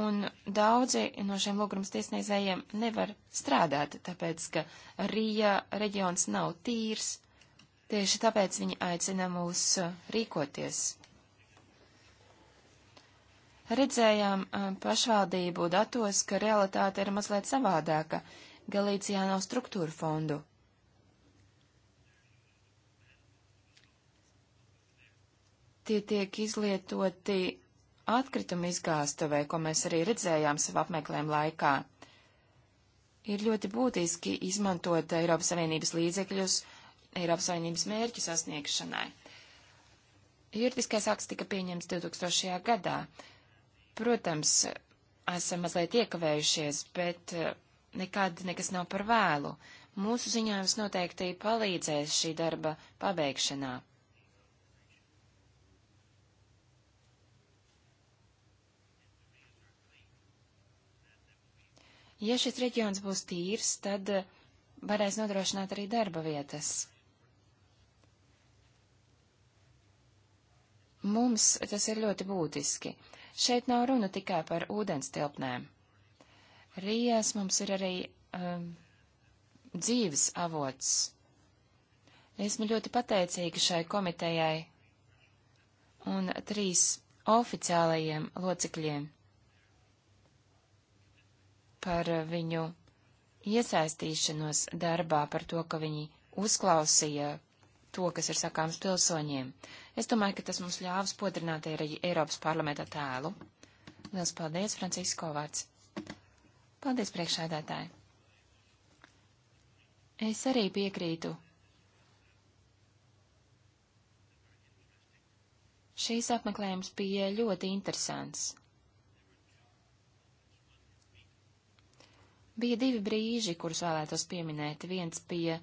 Speaker 3: un daudzi no šiem lūgumrakstu iesniedzējiem nevar strādāt, tāpēc, ka Rija reģions nav tīrs. Tieši tāpēc viņi aicina mūs eh, rīkoties. Redzējām eh, pašvaldību datos, ka realitāte ir mazliet savādāka. Galīcijā nav struktūra fondu. Tie tiek izlietoti atkritumu izgāstuvē, ko mēs arī redzējām savu apmeklējumu laikā. Ir ļoti būtiski izmantot Eiropas Savienības līdzekļus Eiropas Savienības mērķu sasniegšanai. Juridiskais akts tika pieņemts 2000. gadā. Protams, esam mazliet iekavējušies, bet eh, nekad nekas nav par vēlu. Mūsu ziņojums noteikti palīdzēs šī darba pabeigšanā. Ja šis reģions būs tīrs, tad eh, varēs nodrošināt arī darba vietas. Mums tas ir ļoti būtiski. Šeit nav runa tikai par ūdens tilpnēm. Rijas mums ir arī um, dzīves avots. Esmu ļoti pateicīga šai komitejai un trīs oficiālajiem locekļiem par viņu iesaistīšanos darbā, par to, ka viņi uzklausīja to, kas ir sakāms pilsoņiem. Es domāju, ka tas mums ļāvis podrināt arī Eiropas parlamenta tēlu. Liels paldies, Francisko Vārts. Paldies, priekšādātāji. Es arī piekrītu. Šīs apmeklējums bija ļoti interesants. Bija divi brīži, kurus vēlētos pieminēt. Viens bija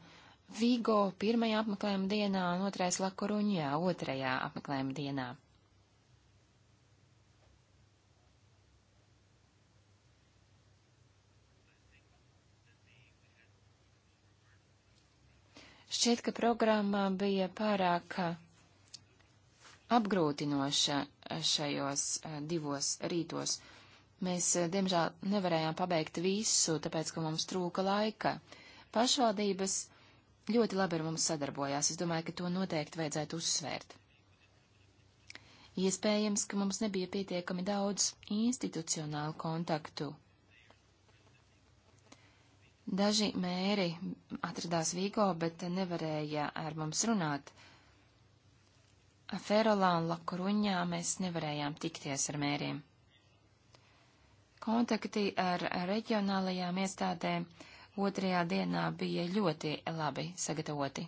Speaker 3: Vigo pirmajā apmeklējuma dienā un otrais Lakoruņā otrajā apmeklējuma dienā. Šķiet, ka programma bija pārāk uh, apgrūtinoša uh, šajos uh, divos rītos. Mēs, diemžēl, nevarējām pabeigt visu, tāpēc, ka mums trūka laika. Pašvaldības ļoti labi ar mums sadarbojās. Es domāju, ka to noteikti vajadzētu uzsvērt. Iespējams, ka mums nebija pietiekami daudz institucionālu kontaktu. Daži mēri atradās Vīgo, bet nevarēja ar mums runāt. Ferolā un Lakuruņā mēs nevarējām tikties ar mēriem. Kontakti ar reģionālajām iestādēm otrajā dienā bija ļoti labi sagatavoti.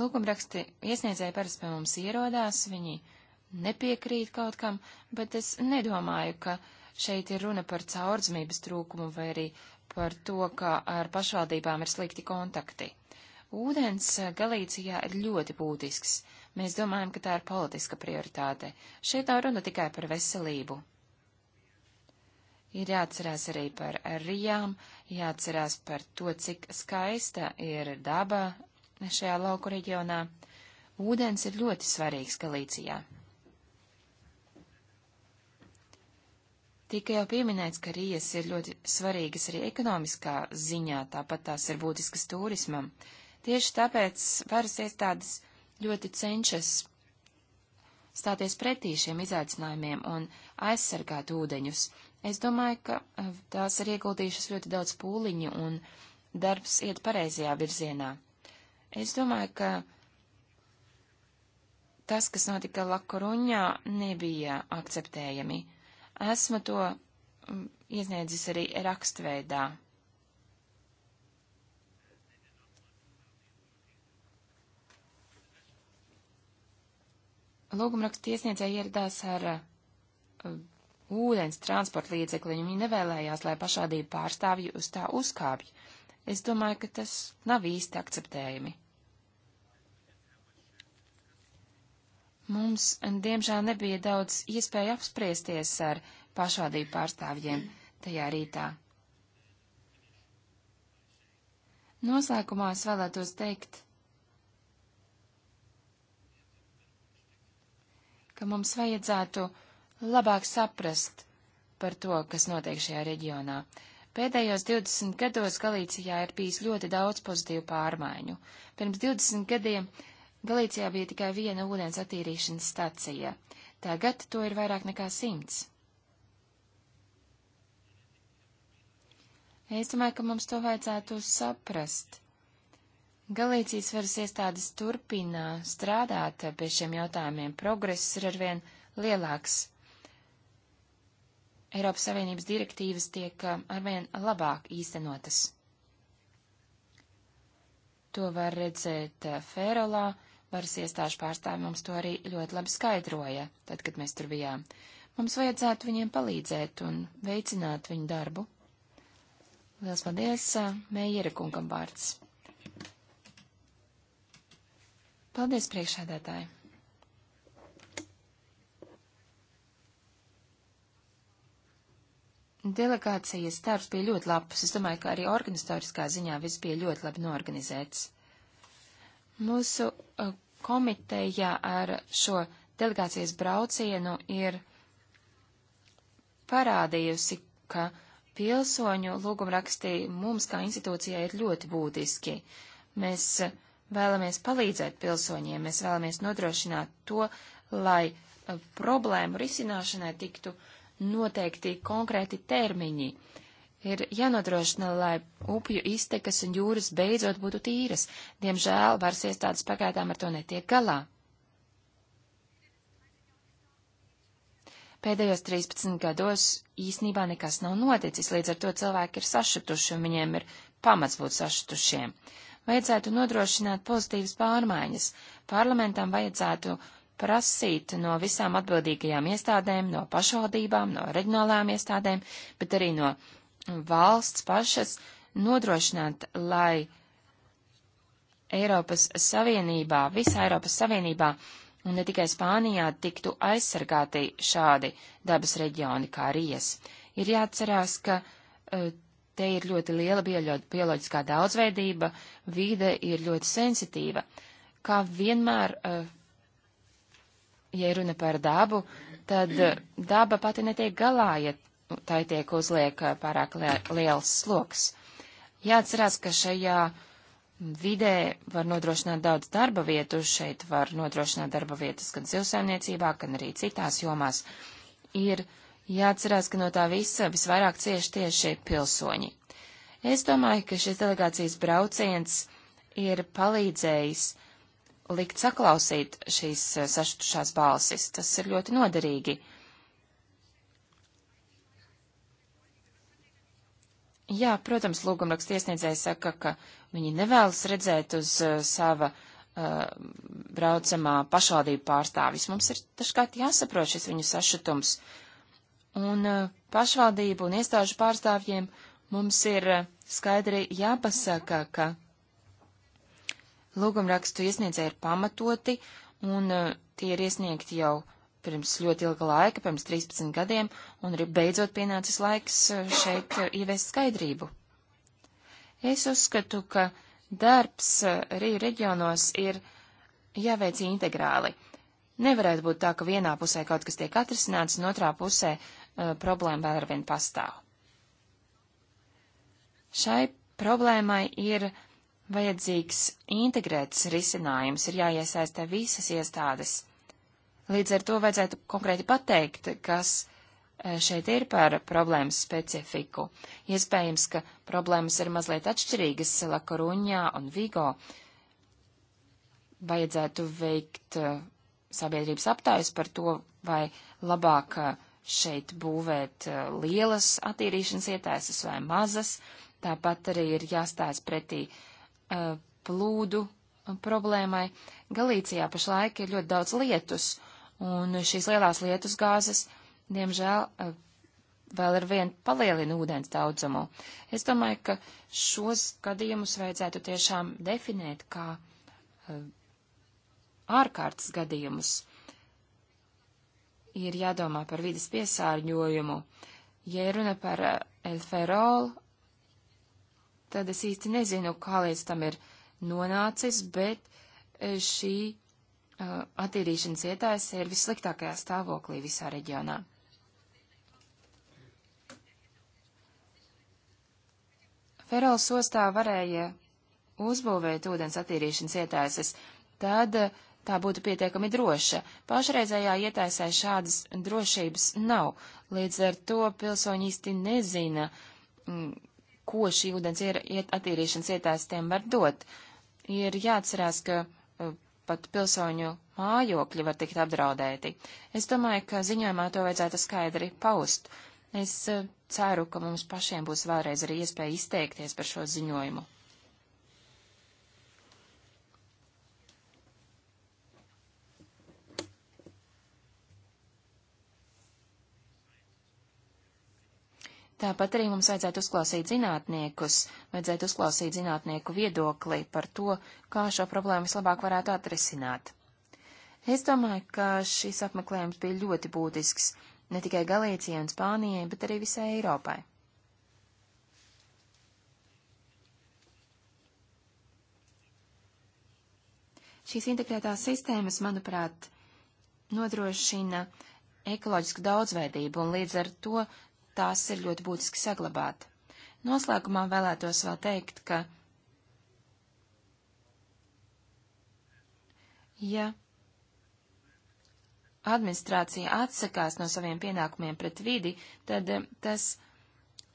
Speaker 3: Lūgumraksti iesniedzēji parasti pie mums ierodās, viņi nepiekrīt kaut kam, bet es nedomāju, ka šeit ir runa par caurdzmības trūkumu vai arī par to, ka ar pašvaldībām ir slikti kontakti. Ūdens Galīcijā ir ļoti būtisks. Mēs domājam, ka tā ir politiska prioritāte. Šeit tā runa tikai par veselību. Ir jāatcerās arī par rijām, jāatcerās par to, cik skaista ir daba šajā lauku reģionā. Ūdens ir ļoti svarīgs Galīcijā. Tika jau pieminēts, ka rijas ir ļoti svarīgas arī ekonomiskā ziņā, tāpat tās ir būtiskas turismam. Tieši tāpēc varas iestādes ļoti cenšas stāties pretī šiem izaicinājumiem un aizsargāt ūdeņus. Es domāju, ka eh, tās ir ieguldījušas ļoti daudz pūliņu un darbs iet pareizajā virzienā. Es domāju, ka tas, kas notika Lakoruņā, nebija akceptējami. Esmu to mm, iesniedzis arī rakstveidā. lūgumraksta iesniedzēja ieradās ar uh, ūdens transporta līdzekli, un viņi nevēlējās, lai pašādība pārstāvji uz tā uzkāpj. Es domāju, ka tas nav īsti akceptējami. Mums, diemžēl, nebija daudz iespēju apspriesties ar pašvaldību pārstāvjiem tajā rītā. Noslēgumā es vēlētos teikt, ka mums vajadzētu labāk saprast par to, kas notiek šajā reģionā. Pēdējos 20 gados Galīcijā ir bijis ļoti daudz pozitīvu pārmaiņu. Pirms 20 gadiem Galīcijā bija tikai viena ūdens attīrīšanas stacija. Tagad to ir vairāk nekā simts. Es domāju, ka mums to vajadzētu saprast. Galīcijas varas iestādes turpina strādāt pie šiem jautājumiem. Progress ir arvien lielāks. Eiropas Savienības direktīvas tiek um, arvien labāk īstenotas. To var redzēt uh, Fērolā, varas iestāžu pārstāvi mums to arī ļoti labi skaidroja, tad, kad mēs tur bijām. Mums vajadzētu viņiem palīdzēt un veicināt viņu darbu. Liels paldies, uh, Meijera kungam vārds. Paldies, priekšsēdētāji! Delegācijas darbs bija ļoti labs. Es domāju, ka arī organizatoriskā ziņā viss bija ļoti labi norganizēts. Mūsu uh, komiteja ar šo delegācijas braucienu ir parādījusi, ka pilsoņu lūgumrakstī mums kā institūcijai ir ļoti būtiski. Mēs uh, vēlamies palīdzēt pilsoņiem, mēs vēlamies nodrošināt to, lai eh, problēmu risināšanai tiktu noteikti konkrēti termiņi. Ir jānodrošina, lai upju iztekas un jūras beidzot būtu tīras. Diemžēl varas iestādes pagaidām ar to netiek galā. pēdējos 13 gados īsnībā nekas nav noticis, līdz ar to cilvēki ir sašutuši un viņiem ir pamats būt sašutušiem vajadzētu nodrošināt pozitīvas pārmaiņas. Parlamentam vajadzētu prasīt no visām atbildīgajām iestādēm, no pašvaldībām, no reģionālām iestādēm, bet arī no valsts pašas nodrošināt, lai Eiropas Savienībā, visā Eiropas Savienībā un ne tikai Spānijā tiktu aizsargāti šādi dabas reģioni kā Rijas. Ir jāatcerās, ka uh, Te ir ļoti liela bioloģiskā daudzveidība, vide ir ļoti sensitīva. Kā vienmēr, eh, ja runa par dabu, tad eh, daba pati netiek galā, ja tai tiek uzliek eh, pārāk liels sloks. Jāatcerās, ka šajā vidē var nodrošināt daudz darba vietu, šeit var nodrošināt darba vietas gan zilsēmniecībā, gan arī citās jomās. Ir uh, Jāatcerās, ka no tā visa visvairāk cieši tieši pilsoņi. Es domāju, ka šis delegācijas brauciens ir palīdzējis likt saklausīt šīs eh, sašutušās balsis. Tas ir ļoti noderīgi. Jā, protams, lūgumraksta iesniedzēja saka, ka viņi nevēlas redzēt uz uh, sava uh, braucamā pašvaldību pārstāvis. Mums ir taškārt jāsaprot šis viņu sašutums. Uh, un eh, pašvaldību un iestāžu pārstāvjiem mums ir eh, skaidri jāpasaka, ka lūgumrakstu iesniedzēji ir pamatoti, un eh, tie ir iesniegti jau pirms ļoti ilga laika, pirms 13 gadiem, un ir beidzot pienācis laiks šeit ieviest skaidrību. Es uzskatu, ka darbs Rīja reģionos ir jāveic integrāli. Nevarētu būt tā, ka vienā pusē kaut kas tiek atrisināts, un otrā pusē uh, Eh, problēma vēl arvien pastāv. Šai problēmai ir vajadzīgs integrēts risinājums, ir jāiesaistē visas iestādes. Līdz ar to vajadzētu konkrēti pateikt, kas eh, šeit ir par problēmas specifiku. Iespējams, ka problēmas ir mazliet atšķirīgas Lakoruņā un Vigo. Vajadzētu veikt eh, sabiedrības aptājas par to, vai labāk uh, šeit būvēt eh, lielas attīrīšanas ietaisas vai mazas, tāpat arī ir jāstājas pretī uh, plūdu eh, problēmai. Galīcijā pašlaik ir ļoti daudz lietus, un šīs lielās lietus gāzes, diemžēl, uh, vēl ar vien palielina ūdens daudzumu. Es domāju, ka šos gadījumus vajadzētu tiešām definēt kā uh, ārkārtas gadījumus ir jādomā par vidas piesārņojumu. Ja runa par eh, elferolu, tad es īsti nezinu, kā līdz tam ir nonācis, bet eh, šī uh, attīrīšanas ietājas ir vissliktākajā stāvoklī visā reģionā. Ferols ostā varēja uzbūvēt ūdens attīrīšanas ietājas, tad uh, tā būtu pietiekami droša. Pašreizējā ietaisē šādas drošības nav, līdz ar to pilsoņi īsti nezina, mm, ko šī ūdens ir, iet, attīrīšanas ietaistēm var dot. Ir jāatcerās, ka uh, pat pilsoņu mājokļi var tikt apdraudēti. Es domāju, ka ziņojumā to vajadzētu skaidri paust. Es uh, ceru, ka mums pašiem būs vēlreiz arī iespēja izteikties par šo ziņojumu. Tāpat arī mums vajadzētu uzklausīt zinātniekus, vajadzētu uzklausīt zinātnieku viedokli par to, kā šo problēmu vislabāk varētu atrisināt. Es domāju, ka šis apmeklējums bija ļoti būtisks ne tikai Galīcijai un Spānijai, bet arī visai Eiropai. Šīs integrētās sistēmas, manuprāt, nodrošina ekoloģisku daudzveidību, un līdz ar to tās ir ļoti būtiski saglabāt. Noslēgumā vēlētos vēl teikt, ka, ja administrācija atsakās no saviem pienākumiem pret vidi, tad eh, tas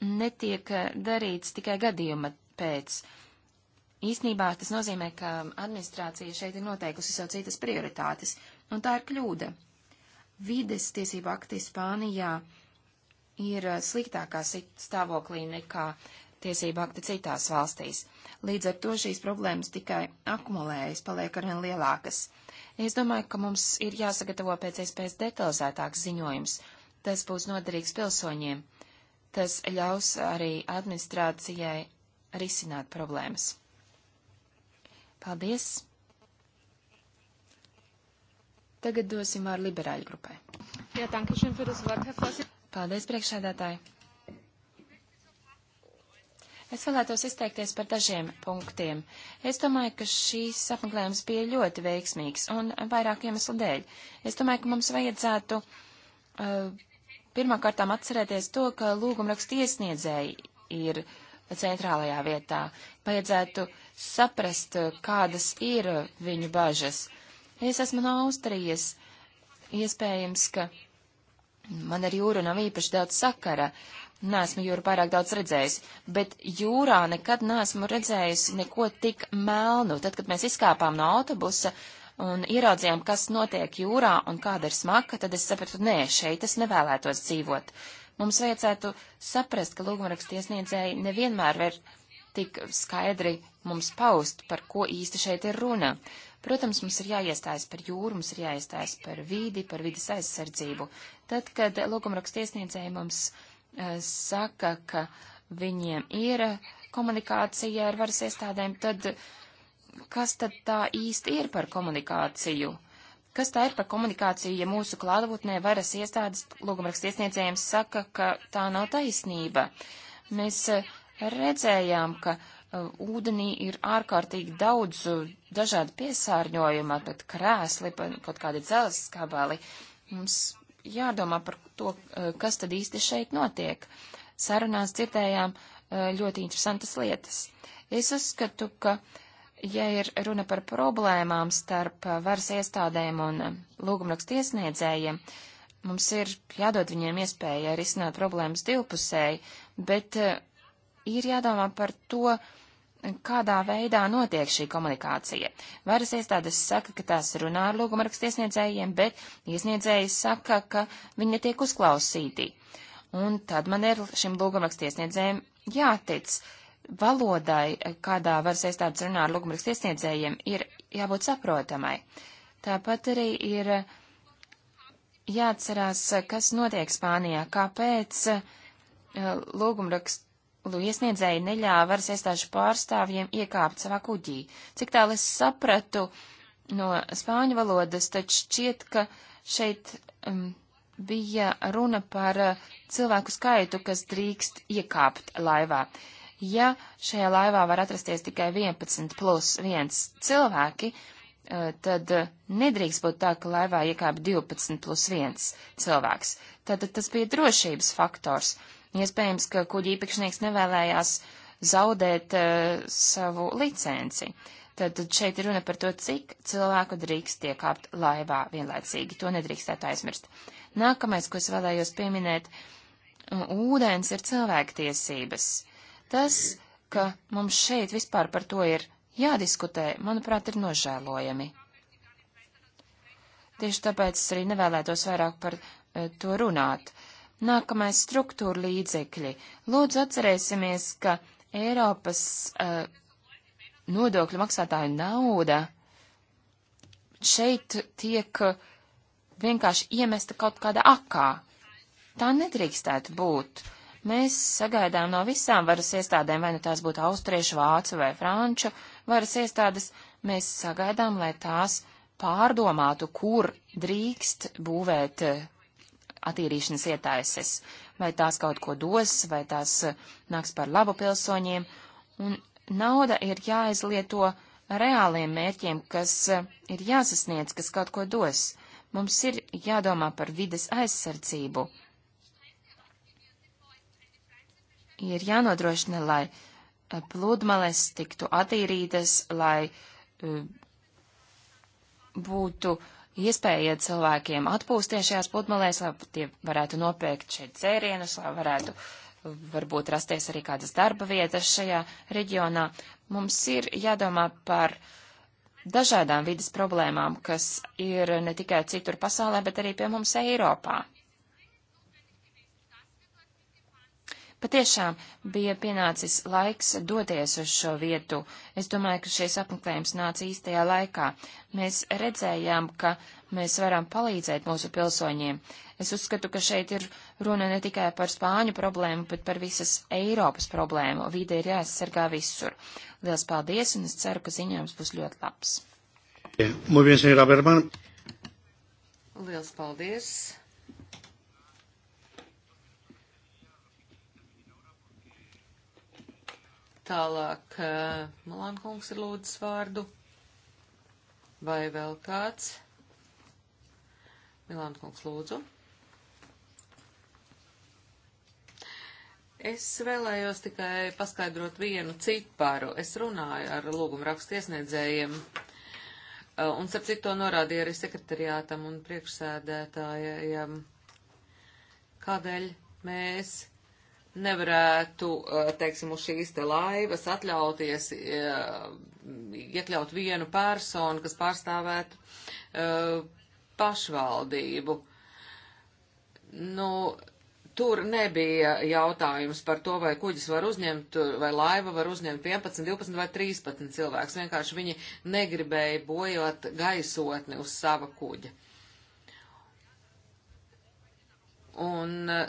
Speaker 3: netiek eh, darīts tikai gadījuma pēc. Īsnībā tas nozīmē, ka administrācija šeit ir noteikusi sev citas prioritātes, un tā ir kļūda. Vides tiesību akti Spānijā ir eh, sliktākā stāvoklī nekā tiesība akti citās valstīs. Līdz ar to šīs problēmas tikai akumulējas, paliek arvien lielākas. Es domāju, ka mums ir jāsagatavo pēc iespējas detalizētāks ziņojums. Tas būs noderīgs pilsoņiem. Tas ļaus arī administrācijai risināt problēmas. Paldies! Tagad dosim vārdu liberāļu grupai. Jā, ja, danke schön für das Wort, Herr Vorsitz. Paldies, priekšsēdētāji. Es vēlētos izteikties par dažiem punktiem. Es domāju, ka šīs apmeklējums bija ļoti veiksmīgs un vairāk iemeslu dēļ. Es domāju, ka mums vajadzētu uh, pirmkārtām atcerēties to, ka lūgumrakstu iesniedzēji ir centrālajā vietā. Vajadzētu saprast, kādas ir viņu bažas. Es esmu no Austrijas. Iespējams, ka Man ar jūru nav īpaši daudz sakara. Nāsmu jūru pārāk daudz redzējis, bet jūrā nekad nāsmu redzējis neko tik melnu. Tad, kad mēs izkāpām no autobusa un ieraudzījām, kas notiek jūrā un kāda ir smaka, tad es sapratu, nē, šeit es nevēlētos dzīvot. Mums vajadzētu saprast, ka lūgumrakstiesniedzēji nevienmēr var tik skaidri mums paust, par ko īsti šeit ir runa. Uh, Protams, mums ir jāiestājas par jūru, mums ir jāiestājas par vīdi, par vidas aizsardzību. Tad, kad lūgumraksta iesniedzēji mums uh, saka, ka viņiem ir komunikācija ar varas iestādēm, tad kas tad tā īsti ir par komunikāciju? Kas tā ir par komunikāciju, ja mūsu klātbūtnē varas iestādes lūgumraksta iesniedzējiem saka, ka tā nav taisnība? Mēs eh, redzējām, ka uh, Eh, ūdenī ir ārkārtīgi daudz eh, dažādu piesārņojumu, pat krēsli, pat kaut kādi dzelzs skabali. Mums jādomā par to, eh, kas tad īsti šeit notiek. Sarunās dzirdējām ļoti interesantas lietas. Es uzskatu, ka, ja ir runa par problēmām starp varas iestādēm un lūgumrakstu iesniedzējiem, mums ir jādod viņiem iespēja arī izsināt problēmas divpusēji, bet ir jādomā par to, kādā veidā notiek šī komunikācija. Varas iestādes saka, ka tās runā ar lūgumrakstu iesniedzējiem, bet iesniedzēji saka, ka viņi netiek uzklausīti. Un tad man ir šim lūgumrakstu iesniedzējiem jātic. Valodai, kādā varas iestādes runā ar lūgumrakstu iesniedzējiem, ir jābūt saprotamai. Tāpat arī ir jāatcerās, kas notiek Spānijā, kāpēc eh, lūgumrakstu iesniedzēji neļāva varas iestāžu pārstāvjiem iekāpt savā kuģī. Cik tālu es sapratu no spāņu valodas, taču šķiet, ka šeit um, bija runa par uh, cilvēku skaitu, kas drīkst iekāpt laivā. Ja šajā laivā var atrasties tikai 11 plus 1 cilvēki, uh, tad uh, nedrīkst būt tā, ka laivā iekāp 12 plus 1 cilvēks. Tātad tas bija drošības faktors. Uh, Iespējams, ka kuģi īpašnieks nevēlējās zaudēt uh, savu licenci. Tad, tad šeit ir runa par to, cik cilvēku drīkst iekāpt laivā vienlaicīgi. To nedrīkstētu aizmirst. Nākamais, ko es vēlējos pieminēt, eh, ūdens ir cilvēktiesības. Tas, ka mums šeit vispār par to ir jādiskutē, manuprāt, ir nožēlojami. Tieši tāpēc es arī nevēlētos vairāk par eh, to runāt. Nākamais struktūra līdzekļi. Lūdzu atcerēsimies, ka Eiropas uh, nodokļu maksātāju nauda šeit tiek vienkārši iemesta kaut kādā akā. Tā nedrīkstētu būt. Mēs sagaidām no visām varas iestādēm, vai nu tās būtu austriešu, vācu vai franču varas iestādes, mēs sagaidām, lai tās pārdomātu, kur drīkst būvēt eh, attīrīšanas ietaises, vai tās kaut ko dos, vai tās eh, nāks par labu pilsoņiem, un nauda ir jāizlieto reāliem mērķiem, kas eh, ir jāsasniedz, kas kaut ko dos. Mums ir jādomā par vides aizsardzību. Ir jānodrošina, lai eh, plūdmales tiktu attīrītas, lai būtu uh, iespējiet cilvēkiem atpūsties šajās pludmalēs, lai tie varētu nopērkt šeit dzērienus, lai varētu varbūt rasties arī kādas darba vietas šajā reģionā. Mums ir jādomā par dažādām vidas problēmām, kas ir ne tikai citur pasaulē, bet arī pie mums Eiropā. Patiešām bija pienācis laiks doties uz šo vietu. Es domāju, ka šis apmeklējums nāca īstajā laikā. Mēs redzējām, ka mēs varam palīdzēt mūsu pilsoņiem. Es uzskatu, ka šeit ir runa ne tikai par Spāņu problēmu, bet par visas Eiropas problēmu. Vide ir jāaizsargā visur. Liels paldies, un es ceru, ka ziņojums būs ļoti labs.
Speaker 2: Eh, muy bien, señora Berman. Liels paldies. Tālāk eh, Malankungs ir lūdzis vārdu. Vai vēl kāds? Milankungs lūdzu. Es vēlējos tikai paskaidrot vienu ciparu. Es runāju ar lūgumu rakstu iesniedzējiem, eh, un starp citu to norādīju arī sekretariātam un priekšsēdētājiem, kādēļ mēs nevarētu, eh, teiksim, uz šīs te laivas atļauties eh, iekļaut vienu personu, kas pārstāvētu eh, pašvaldību. Nu, tur nebija jautājums par to, vai kuģis var uzņemt, vai laiva var uzņemt 11, 12 vai 13 cilvēkus. Vienkārši viņi negribēja bojot gaisotni uz sava kuģa. Un uh,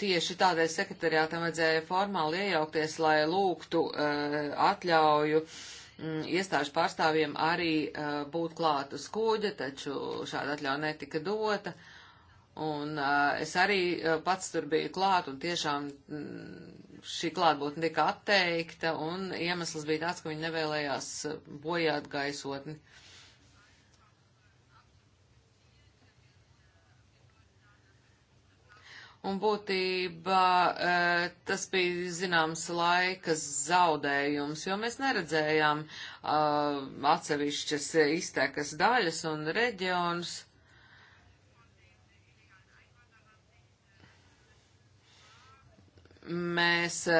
Speaker 2: Tieši tādēļ sekretariātam vajadzēja formāli iejaukties, lai lūgtu uh, atļauju um, iestāžu pārstāvjiem arī uh, būt klāt uz kuģa, taču šāda atļauja netika dota. Un uh, es arī uh, pats tur biju klāt, un tiešām mm, šī klātbūtne tika atteikta, un iemesls bija tāds, ka viņi nevēlējās bojāt gaisotni. Uh, Un būtībā eh, tas bija zināms laikas zaudējums, jo mēs neredzējām eh, atsevišķas iztekas daļas un reģionus. mēs e,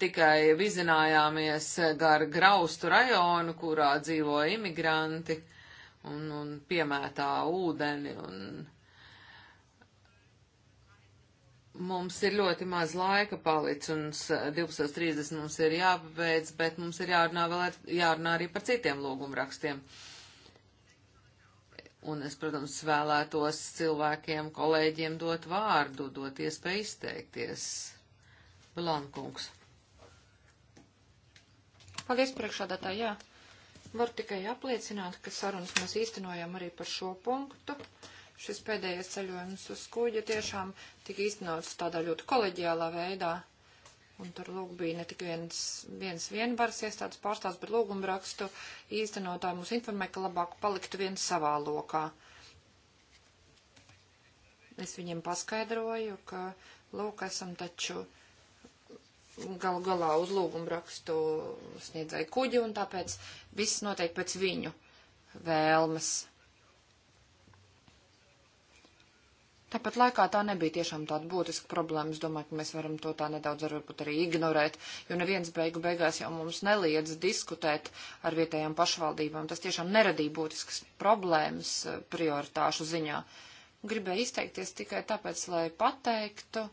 Speaker 2: tikai vizinājāmies gar graustu rajonu, kurā dzīvo imigranti un, un piemētā ūdeni un Mums ir ļoti maz laika palicis, un 12.30 mums ir jāpabeidz, bet mums ir jārunā, vēl, ar, jārunā arī par citiem lūgumrakstiem. Un es, protams, vēlētos cilvēkiem, kolēģiem dot vārdu, dot iespēju izteikties. Blankungs.
Speaker 1: Paldies, priekšādātāji, jā. Varu tikai apliecināt, ka sarunas mēs īstenojam arī par šo punktu. Uh, Šis pēdējais ceļojums uz kuģa tiešām tika īstenots tādā ļoti koleģiālā veidā. Un tur lūk bija ne tik viens, viens vienvaras iestādes pārstāvs, bet lūguma rakstu īstenotāji mūs informē, ka labāk paliktu viens savā lokā. Es viņiem paskaidroju, ka lūk, esam taču gal galā uz lūgumu rakstu sniedzēja kuģi, un tāpēc viss noteikti pēc viņu vēlmes. Tāpat laikā tā nebija tiešām tāda būtiska problēma. Es domāju, ka mēs varam to tā nedaudz varbūt arī ignorēt, jo neviens beigu beigās jau mums neliedz diskutēt ar vietējām pašvaldībām. Tas tiešām neradīja būtiskas problēmas eh, prioritāšu ziņā. Gribēju izteikties tikai tāpēc, lai pateiktu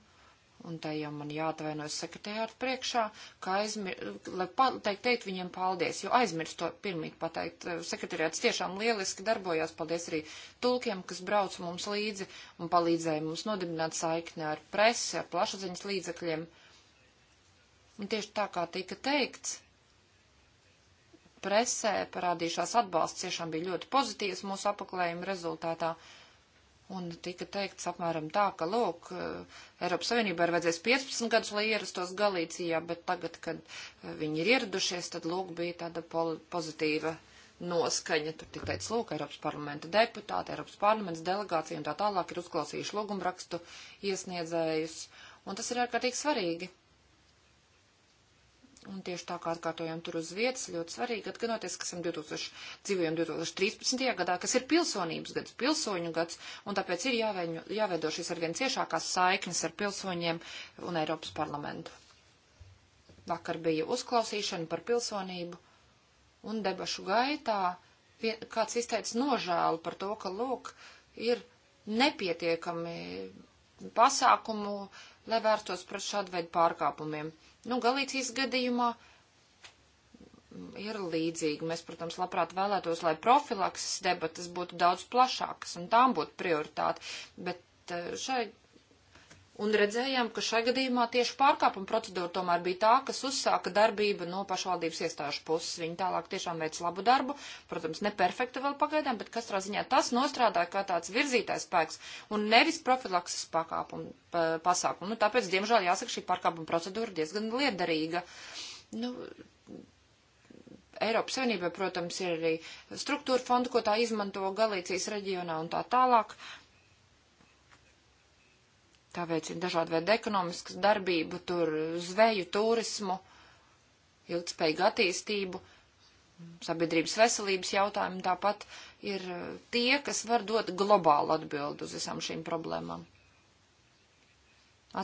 Speaker 1: Un tā jau man jāatvainojas sekretārā priekšā, ka aizmir, lai pateikt, teikt viņiem paldies, jo aizmirst to pirmīt pateikt. Eh, sekretariāts tiešām lieliski darbojās, paldies arī tulkiem, kas brauc mums līdzi un palīdzēja mums nodibināt saikni ar presi, ar plašaziņas līdzekļiem. Un tieši tā kā tika teikts, presē parādījušās atbalsts tiešām bija ļoti pozitīvs mūsu apaklējuma rezultātā. Uh, Un tika teikts apmēram tā, ka, lūk, eh, Eiropas Savienībā ir vajadzēs 15 gadus, lai ierastos Galīcijā, bet tagad, kad eh, viņi ir ieradušies, tad, lūk, bija tāda pozitīva noskaņa. Tur tika teikts, lūk, Eiropas parlamenta deputāti, Eiropas parlaments delegācija un tā tālāk ir uzklausījuši lūgumrakstu iesniedzējus. Un tas ir ārkārtīgi svarīgi. Un tieši tā kā atkārtojam tur uz vietas, ļoti svarīgi atganoties, ka esam 2000, dzīvojam 2013. gadā, kas ir pilsonības gads, pilsoņu gads, un tāpēc ir jāveņu, jāveido šīs arvien ciešākās saiknes ar pilsoņiem un Eiropas parlamentu. Vakar bija uzklausīšana par pilsonību, un debašu gaitā vien, kāds izteica nožēlu par to, ka, lūk, ir nepietiekami pasākumu, lai vērstos pret šādu veidu pārkāpumiem. Nu, Galīcijas gadījumā mm, ir līdzīgi. Mēs, protams, labprāt vēlētos, lai profilakses debatas būtu daudz plašākas un tām būtu prioritāte, bet eh, šai un redzējām, ka šai gadījumā tieši pārkāpuma procedūra tomēr bija tā, kas uzsāka darbību no pašvaldības iestāžu puses. Viņi tālāk tiešām veic labu darbu, protams, neperfekta vēl pagaidām, bet katrā ziņā tas nostrādāja kā tāds virzītājs spēks un nevis profilakses pakāpuma pasākumu. Nu, tāpēc, diemžēl, jāsaka, šī pārkāpuma procedūra diezgan liederīga. Nu, Eiropas Savienībai, protams, ir arī struktūra fonda, ko tā izmanto Galīcijas reģionā un tā tālāk. Uh, Tā veicina dažādu veidu ekonomiskas darbību, tur zveju, turismu, ilgspējīgu attīstību, sabiedrības veselības jautājumu tāpat ir uh, tie, kas var dot globālu atbildu uz visām šīm problēmām.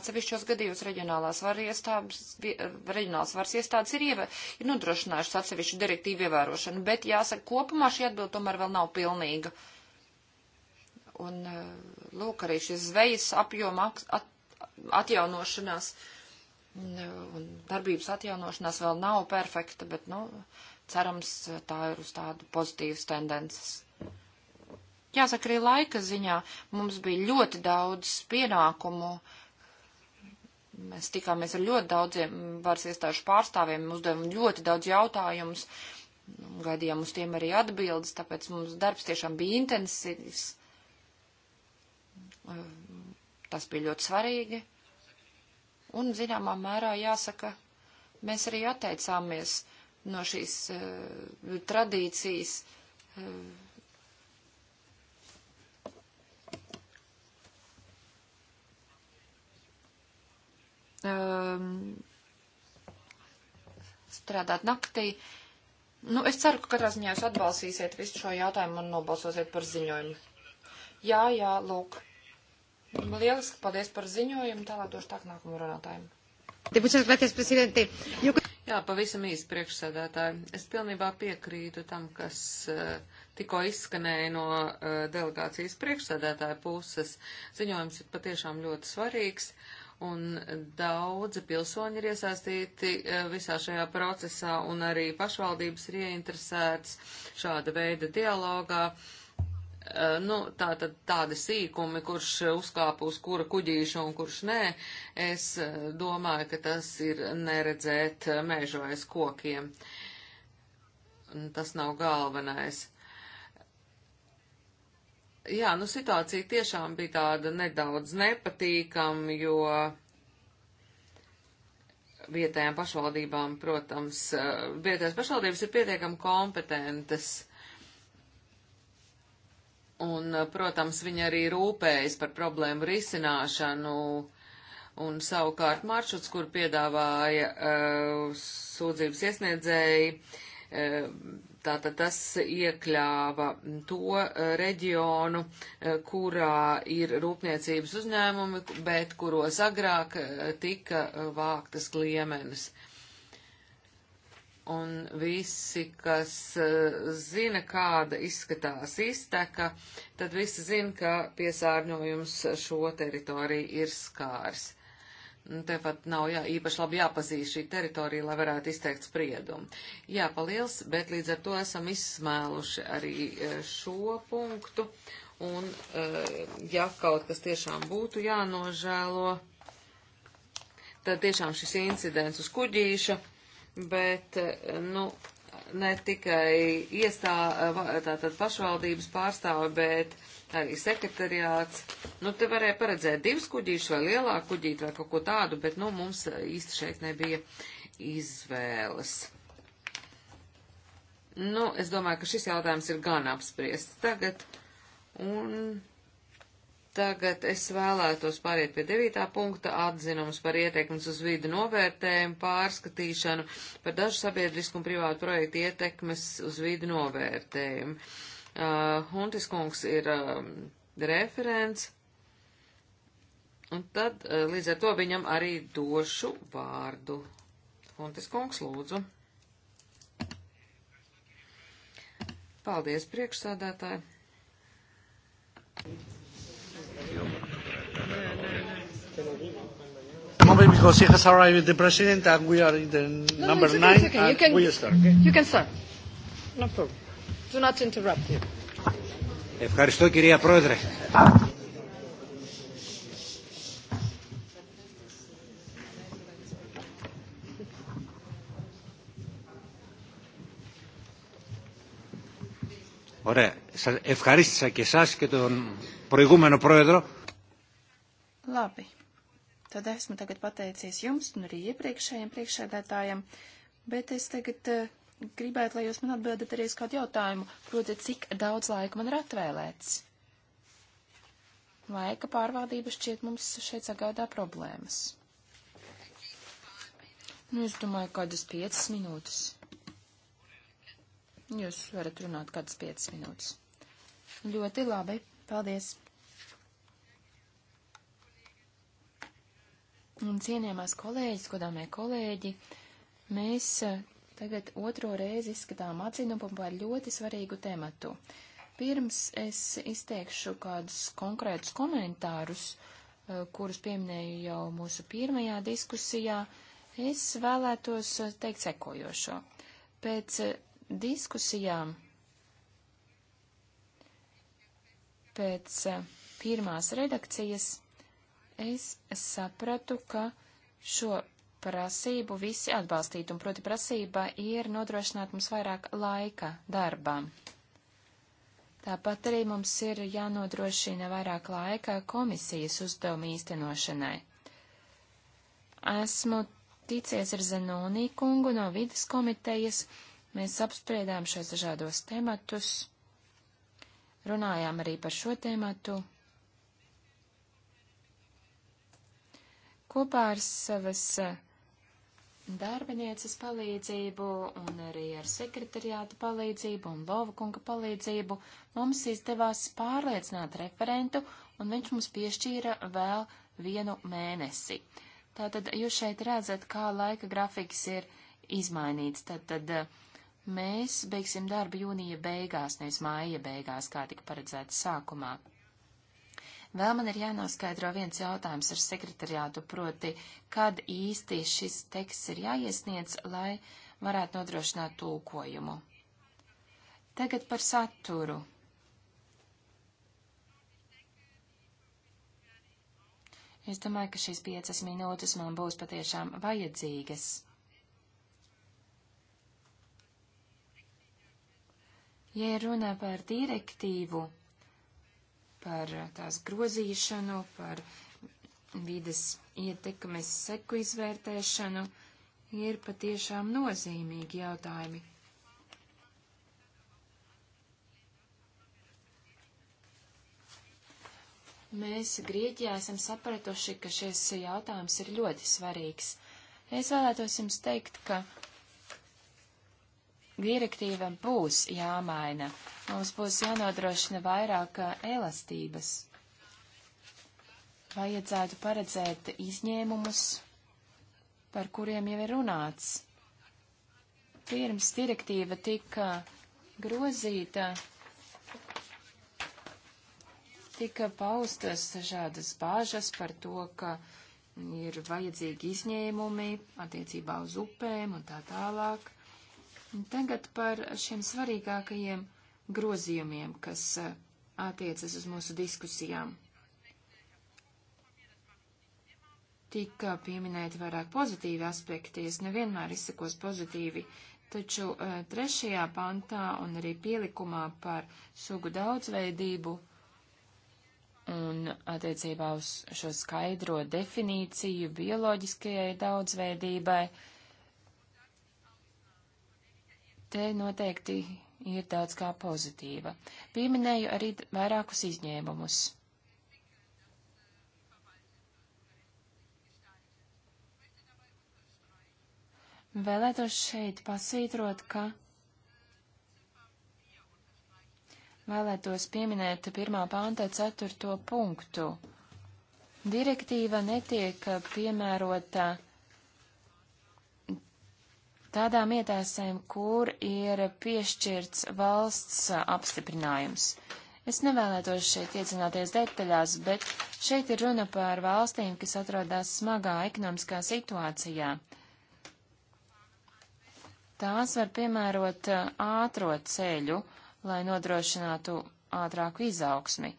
Speaker 1: Atsevišķos gadījos reģionālās, var iestādes, uh, reģionālās varas iestādes ir, ievē, ir nodrošinājušas atsevišķu direktīvu ievērošanu, bet jāsaka, kopumā šī atbilda tomēr vēl nav pilnīga. Uh, Un, eh, lūk, arī šis zvejas apjoma atjaunošanās eh, un darbības atjaunošanās vēl nav perfekta, bet, nu, cerams, tā ir uz tādu pozitīvas tendences. Jāsaka, arī laika ziņā mums bija ļoti daudz pienākumu. Mēs tikāmies ar ļoti daudziem varas iestāžu pārstāvjiem, uzdevam ļoti daudz jautājumus, gaidījām uz tiem arī atbildes, tāpēc mums darbs tiešām bija intensīvs. Tas bija ļoti svarīgi. Un, zināmā mērā, jāsaka, mēs arī atteicāmies no šīs uh, tradīcijas. Uh, um, strādāt naktī. Nu, es ceru, ka katrā ziņā jūs atbalstīsiet visu šo jautājumu un nobalsosiet par ziņojumu. Jā, jā, lūk. Lieliski, paldies par ziņojumu. Tālāk došu tā nākamu runātājiem. Jā, pavisam īsi priekšsēdētāji. Es pilnībā piekrītu
Speaker 2: tam, kas uh, tikko izskanēja no uh, delegācijas priekšsēdētāja puses. Ziņojums ir patiešām ļoti svarīgs, un daudzi pilsoņi ir iesaistīti uh, visā šajā procesā, un arī pašvaldības ir ieinteresētas šāda veida dialogā. Uh, Eh, nu, tā tad tādi sīkumi, kurš uzkāpa uz kura kuģīša un kurš nē, es eh, domāju, ka tas ir neredzēt eh, mežu aiz kokiem. Tas nav galvenais. Jā, nu situācija tiešām bija tāda nedaudz nepatīkama, jo vietējām pašvaldībām, protams, vietējās pašvaldības ir pietiekami kompetentas Un, eh, protams, viņi arī rūpējas par problēmu risināšanu. Un savukārt maršruts, kur piedāvāja uh, sūdzības iesniedzēji, uh, tātad tas iekļāva to uh, reģionu, uh, kurā ir rūpniecības uzņēmumi, bet kuros agrāk uh, tika uh, vāktas kliemenes. Uh, Un visi, kas eh, zina, kāda izskatās izteka, tad visi zina, ka piesārņojums šo teritoriju ir skārs. Tepat nav jā, īpaši labi jāpazīst šī teritorija, lai varētu izteikt spriedumu. Jā, paliels, bet līdz ar to esam izsmēluši arī eh, šo punktu. Un, eh, ja kaut kas tiešām būtu jānožēlo, tad tiešām šis incidents uz kuģīša bet, eh, nu, ne tikai iestā, eh, tātad pašvaldības pārstāvi, bet arī sekretariāts. Nu, te varēja paredzēt divas kuģīšas vai lielāku kuģītu vai kaut ko tādu, bet, nu, mums eh, īsti šeit nebija izvēles. Nu, es domāju, ka šis jautājums ir gan apspriests tagad. Un Tagad es vēlētos pāriet pie devītā punkta atzinums par ietekmes uz vidu novērtējumu, pārskatīšanu par dažu sabiedrisku un privātu projektu ietekmes uz vidu novērtējumu. Uh, Huntis kungs ir uh, referents, un tad uh, līdz ar to viņam arī došu vārdu. Huntis kungs, lūdzu. Paldies, priekšsādātāji.
Speaker 1: Moment, because he has arrived with
Speaker 2: the president and we are in the no, number no, it's okay, nine. It's okay. and you can, we start. Okay? You can start. No problem. Do not interrupt you.
Speaker 1: Ευχαριστώ κυρία Πρόεδρε.
Speaker 2: Ωραία. Σας ευχαρίστησα και εσάς και τον προηγούμενο
Speaker 1: πρόεδρο
Speaker 3: Labi. Tad esmu tagad pateicies jums un arī iepriekšējiem priekšsēdētājiem, bet es tagad uh, gribētu, lai jūs man atbildat arī uz kādu jautājumu, proti, cik daudz laika man ir atvēlēts. Laika pārvaldība šķiet mums šeit sagādā problēmas. Nu, es domāju, kādas piecas minūtes. Jūs varat runāt kādas piecas minūtes. Ļoti labi, paldies! Un cienījamās kolēģis, godāmie kolēģi, mēs eh, tagad otro reizi izskatām atzinumu par ļoti svarīgu tematu. Pirms es izteikšu kādus konkrētus komentārus, eh, kurus pieminēju jau mūsu pirmajā diskusijā, es vēlētos eh, teikt sekojošo. Pēc diskusijām, pēc pirmās redakcijas, es sapratu, ka šo prasību visi atbalstītu, un proti prasība ir nodrošināt mums vairāk laika darbām. Tāpat arī mums ir jānodrošina vairāk laika komisijas uzdevumu īstenošanai. Esmu ticies ar Zenonī kungu no vidas komitejas, mēs apspriedām šos dažādos tematus, runājām arī par šo tematu, Kopā ar savas eh, darbinieces palīdzību un arī ar sekretariāta palīdzību un Lovakunga palīdzību mums izdevās pārliecināt referentu, un viņš mums piešķīra vēl vienu mēnesi. Tātad jūs šeit redzat, kā laika grafiks ir izmainīts. Tātad eh, mēs beigsim darbu jūnija beigās, nevis māja beigās, kā tika paredzēts sākumā. Vēl man ir jānoskaidro viens jautājums ar sekretariātu, proti, kad īsti šis teksts ir jāiesniedz, lai varētu nodrošināt tulkojumu. Tagad par saturu. Es domāju, ka šīs piecas minūtes man būs patiešām vajadzīgas. Ja runa par direktīvu, par eh, tās grozīšanu, par vides ietekmes seku izvērtēšanu, ir patiešām nozīmīgi jautājumi. Mēs Grieķijā esam sapratuši, ka šis jautājums ir ļoti svarīgs. Es vēlētos jums teikt, ka Direktīva būs jāmaina. Mums būs jānodrošina vairāk uh, elastības. Vajadzētu paredzēt izņēmumus, par kuriem jau ir runāts. Pirms direktīva tika grozīta, tika paustas dažādas bāžas par to, ka ir vajadzīgi izņēmumi attiecībā uz upēm un tā tālāk. Tagad par šiem svarīgākajiem grozījumiem, kas attiecas uz mūsu diskusijām. Tika pieminēti vairāk pozitīvi aspekti, es nevienmēr izsakos pozitīvi, taču trešajā pantā un arī pielikumā par sugu daudzveidību un attiecībā uz šo skaidro definīciju bioloģiskajai daudzveidībai. Uh, Te noteikti ir daudz kā pozitīva. Pieminēju arī vairākus izņēmumus. Vēlētos šeit pasvītrot, ka vēlētos pieminēt pirmā pānta ceturto punktu. Direktīva netiek piemērota tādām ietēsēm, kur ir piešķirts valsts apstiprinājums. Es nevēlētos šeit iedzināties detaļās, bet šeit ir runa par valstīm, kas atrodas smagā ekonomiskā situācijā. Tās var piemērot ātro ceļu, lai nodrošinātu ātrāku izaugsmi,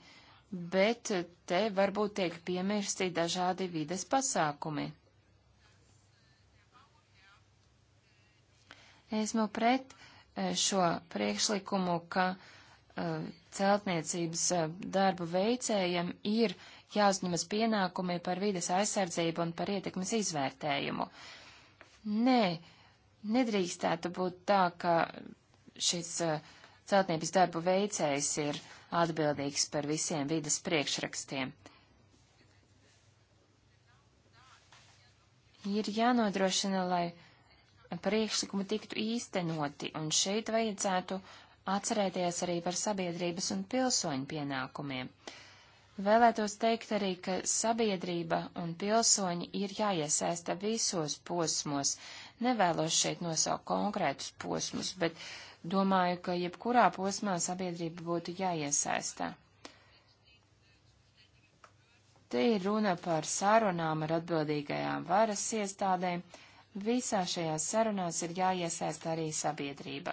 Speaker 3: bet te varbūt tiek piemirsti dažādi vides pasākumi. Esmu pret e, šo priekšlikumu, ka e, celtniecības e, darbu veicējiem ir jāuzņemas pienākumi par vides aizsardzību un par ietekmes izvērtējumu. Nē, nedrīkstētu būt tā, ka šis celtniecības darbu veicējs ir atbildīgs par visiem vides priekšrakstiem. Ir jānodrošina, lai priekšlikumi tiktu īstenoti, un šeit vajadzētu atcerēties arī par sabiedrības un pilsoņu pienākumiem. Vēlētos teikt arī, ka sabiedrība un pilsoņi ir jāiesaista visos posmos. Nevēlos šeit nosaukt konkrētus posmus, bet domāju, ka jebkurā posmā sabiedrība būtu jāiesaista. Te ir runa par sarunām ar atbildīgajām varas iestādēm, Visā šajās sarunās ir jāiesaista arī sabiedrība.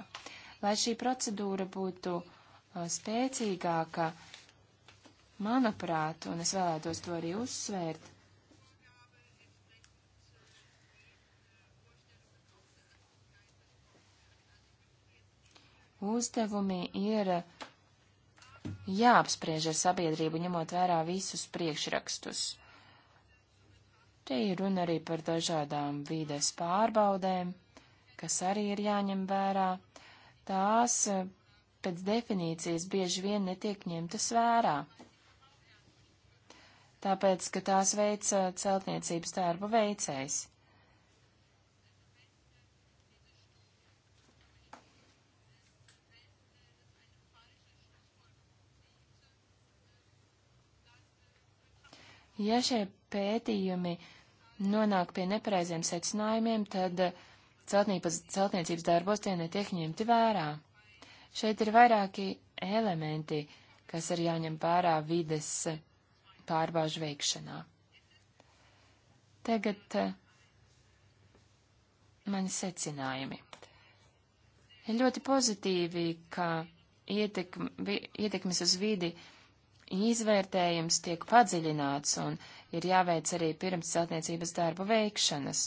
Speaker 3: Lai šī procedūra būtu uh, spēcīgāka, manuprāt, un es vēlētos to arī uzsvērt, uzdevumi ir jāapspriež ar sabiedrību, ņemot vērā visus priekšrakstus. Te ir runa arī par dažādām vides pārbaudēm, kas arī ir jāņem vērā. Tās eh, pēc definīcijas bieži vien netiek ņemtas vērā tāpēc, ka tās veica eh, celtniecības darbu veicējs. Ja šie pētījumi nonāk pie nepareiziem secinājumiem, tad celtniecības, celtniecības darbos tie netiek ņemti vērā. Šeit ir vairāki elementi, kas ir jāņem vērā vides pārbaužu veikšanā. Tagad eh, mani secinājumi. Ir ļoti pozitīvi, ka ietekmi, ietekmes uz vidi izvērtējums tiek padziļināts un uh, ir jāveic arī pirms celtniecības darbu veikšanas,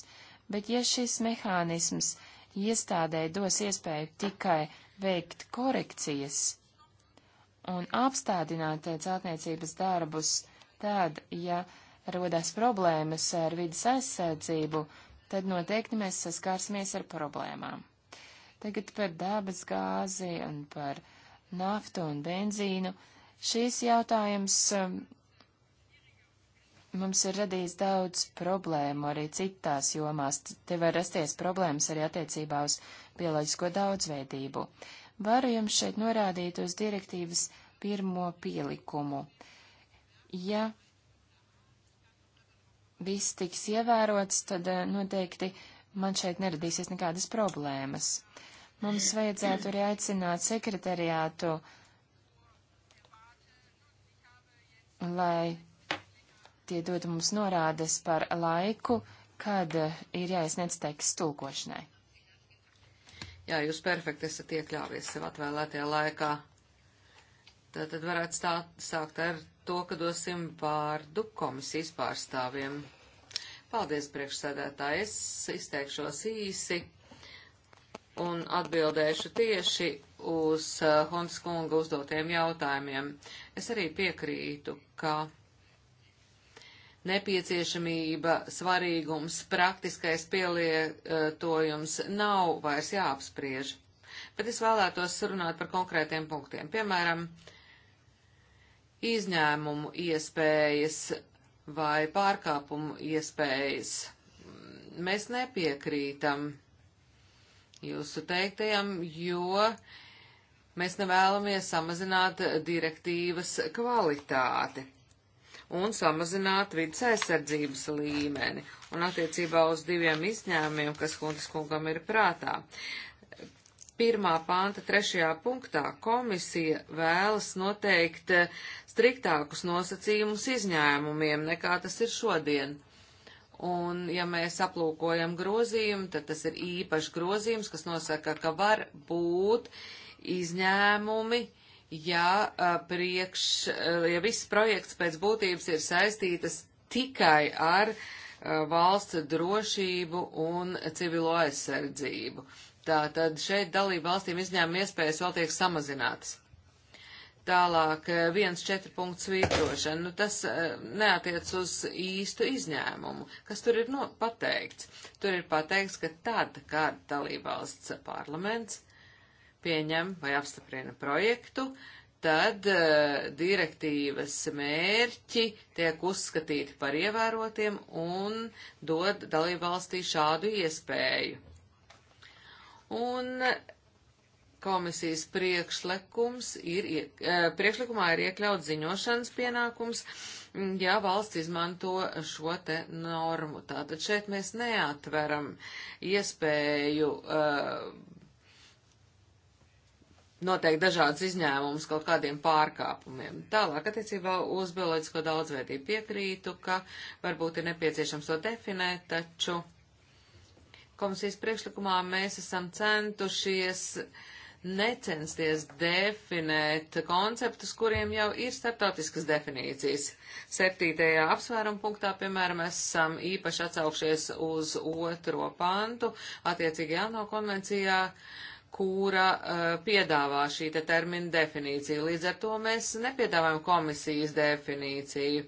Speaker 3: bet ja šis mehānisms iestādē dos iespēju tikai veikt korekcijas un apstādināt celtniecības darbus, tad, ja rodas problēmas ar vidas aizsardzību, tad noteikti mēs saskārsimies ar problēmām. Tagad par dabas gāzi un par naftu un benzīnu. Šīs jautājums um, mums ir radījis daudz problēmu arī citās jomās. Te var rasties problēmas arī attiecībā uz bioloģisko daudzveidību. Varu jums šeit norādīt uz direktīvas pirmo pielikumu. Ja viss tiks ievērots, tad eh, noteikti man šeit neradīsies nekādas problēmas. Mums vajadzētu arī aicināt sekretariātu, lai Tie dod mums norādes par laiku, kad ir jāiesniedz teksts tulkošanai.
Speaker 2: Jā, jūs perfekti esat iekļāvies sev atvēlētajā laikā. Tā tad varētu stāt, sākt ar to, ka dosim vārdu komisijas pārstāvjiem. Paldies, priekšsēdētāji. Es izteikšos īsi un atbildēšu tieši uz uh, Hondas kunga uzdotiem jautājumiem. Es arī piekrītu, ka nepieciešamība, svarīgums, praktiskais pielietojums nav vairs jāapspriež. Bet es vēlētos runāt par konkrētiem punktiem. Piemēram, izņēmumu iespējas vai pārkāpumu iespējas. Mēs nepiekrītam jūsu teiktajam, jo mēs nevēlamies samazināt direktīvas kvalitāti un samazināt vidas aizsardzības līmeni. Un attiecībā uz diviem izņēmumiem, kas Huntis kungam ir prātā. Pirmā panta trešajā punktā komisija vēlas noteikt eh, striktākus nosacījumus izņēmumiem, nekā tas ir šodien. Un, ja mēs aplūkojam grozījumu, tad tas ir īpašs grozījums, kas nosaka, ka var būt izņēmumi uh, ja, priekš, ja viss projekts pēc būtības ir saistītas tikai ar valsts drošību un civilo aizsardzību. Tātad šeit dalību valstīm izņēmuma iespējas vēl tiek samazinātas. Tālāk, viens četri punkts svītrošana, nu, tas neatiec uz īstu izņēmumu. Kas tur ir no, pateikts? Tur ir pateikts, ka tad, kad dalībvalsts parlaments pieņem vai apstiprina projektu, tad uh, direktīvas mērķi tiek uzskatīti par ievērotiem un dod dalībvalstī šādu iespēju. Un komisijas priekšlikums ir, uh, priekšlikumā ir iekļauts ziņošanas pienākums, mm, ja valsts izmanto šo te normu. Tātad šeit mēs neatveram iespēju uh, noteikti dažādas izņēmumus kaut kādiem pārkāpumiem. Tālāk, attiecībā uz bioloģisko daudzveidību piekrītu, ka varbūt ir nepieciešams to definēt, taču komisijas priekšlikumā mēs esam centušies necensties definēt konceptus, kuriem jau ir starptautiskas definīcijas. Septītajā apsvēruma punktā, piemēram, esam īpaši atsaukšies uz otro pantu attiecīgajā no konvencijā, uh, kura uh, piedāvā šī te termina definīcija. Līdz ar to mēs nepiedāvājam komisijas definīciju.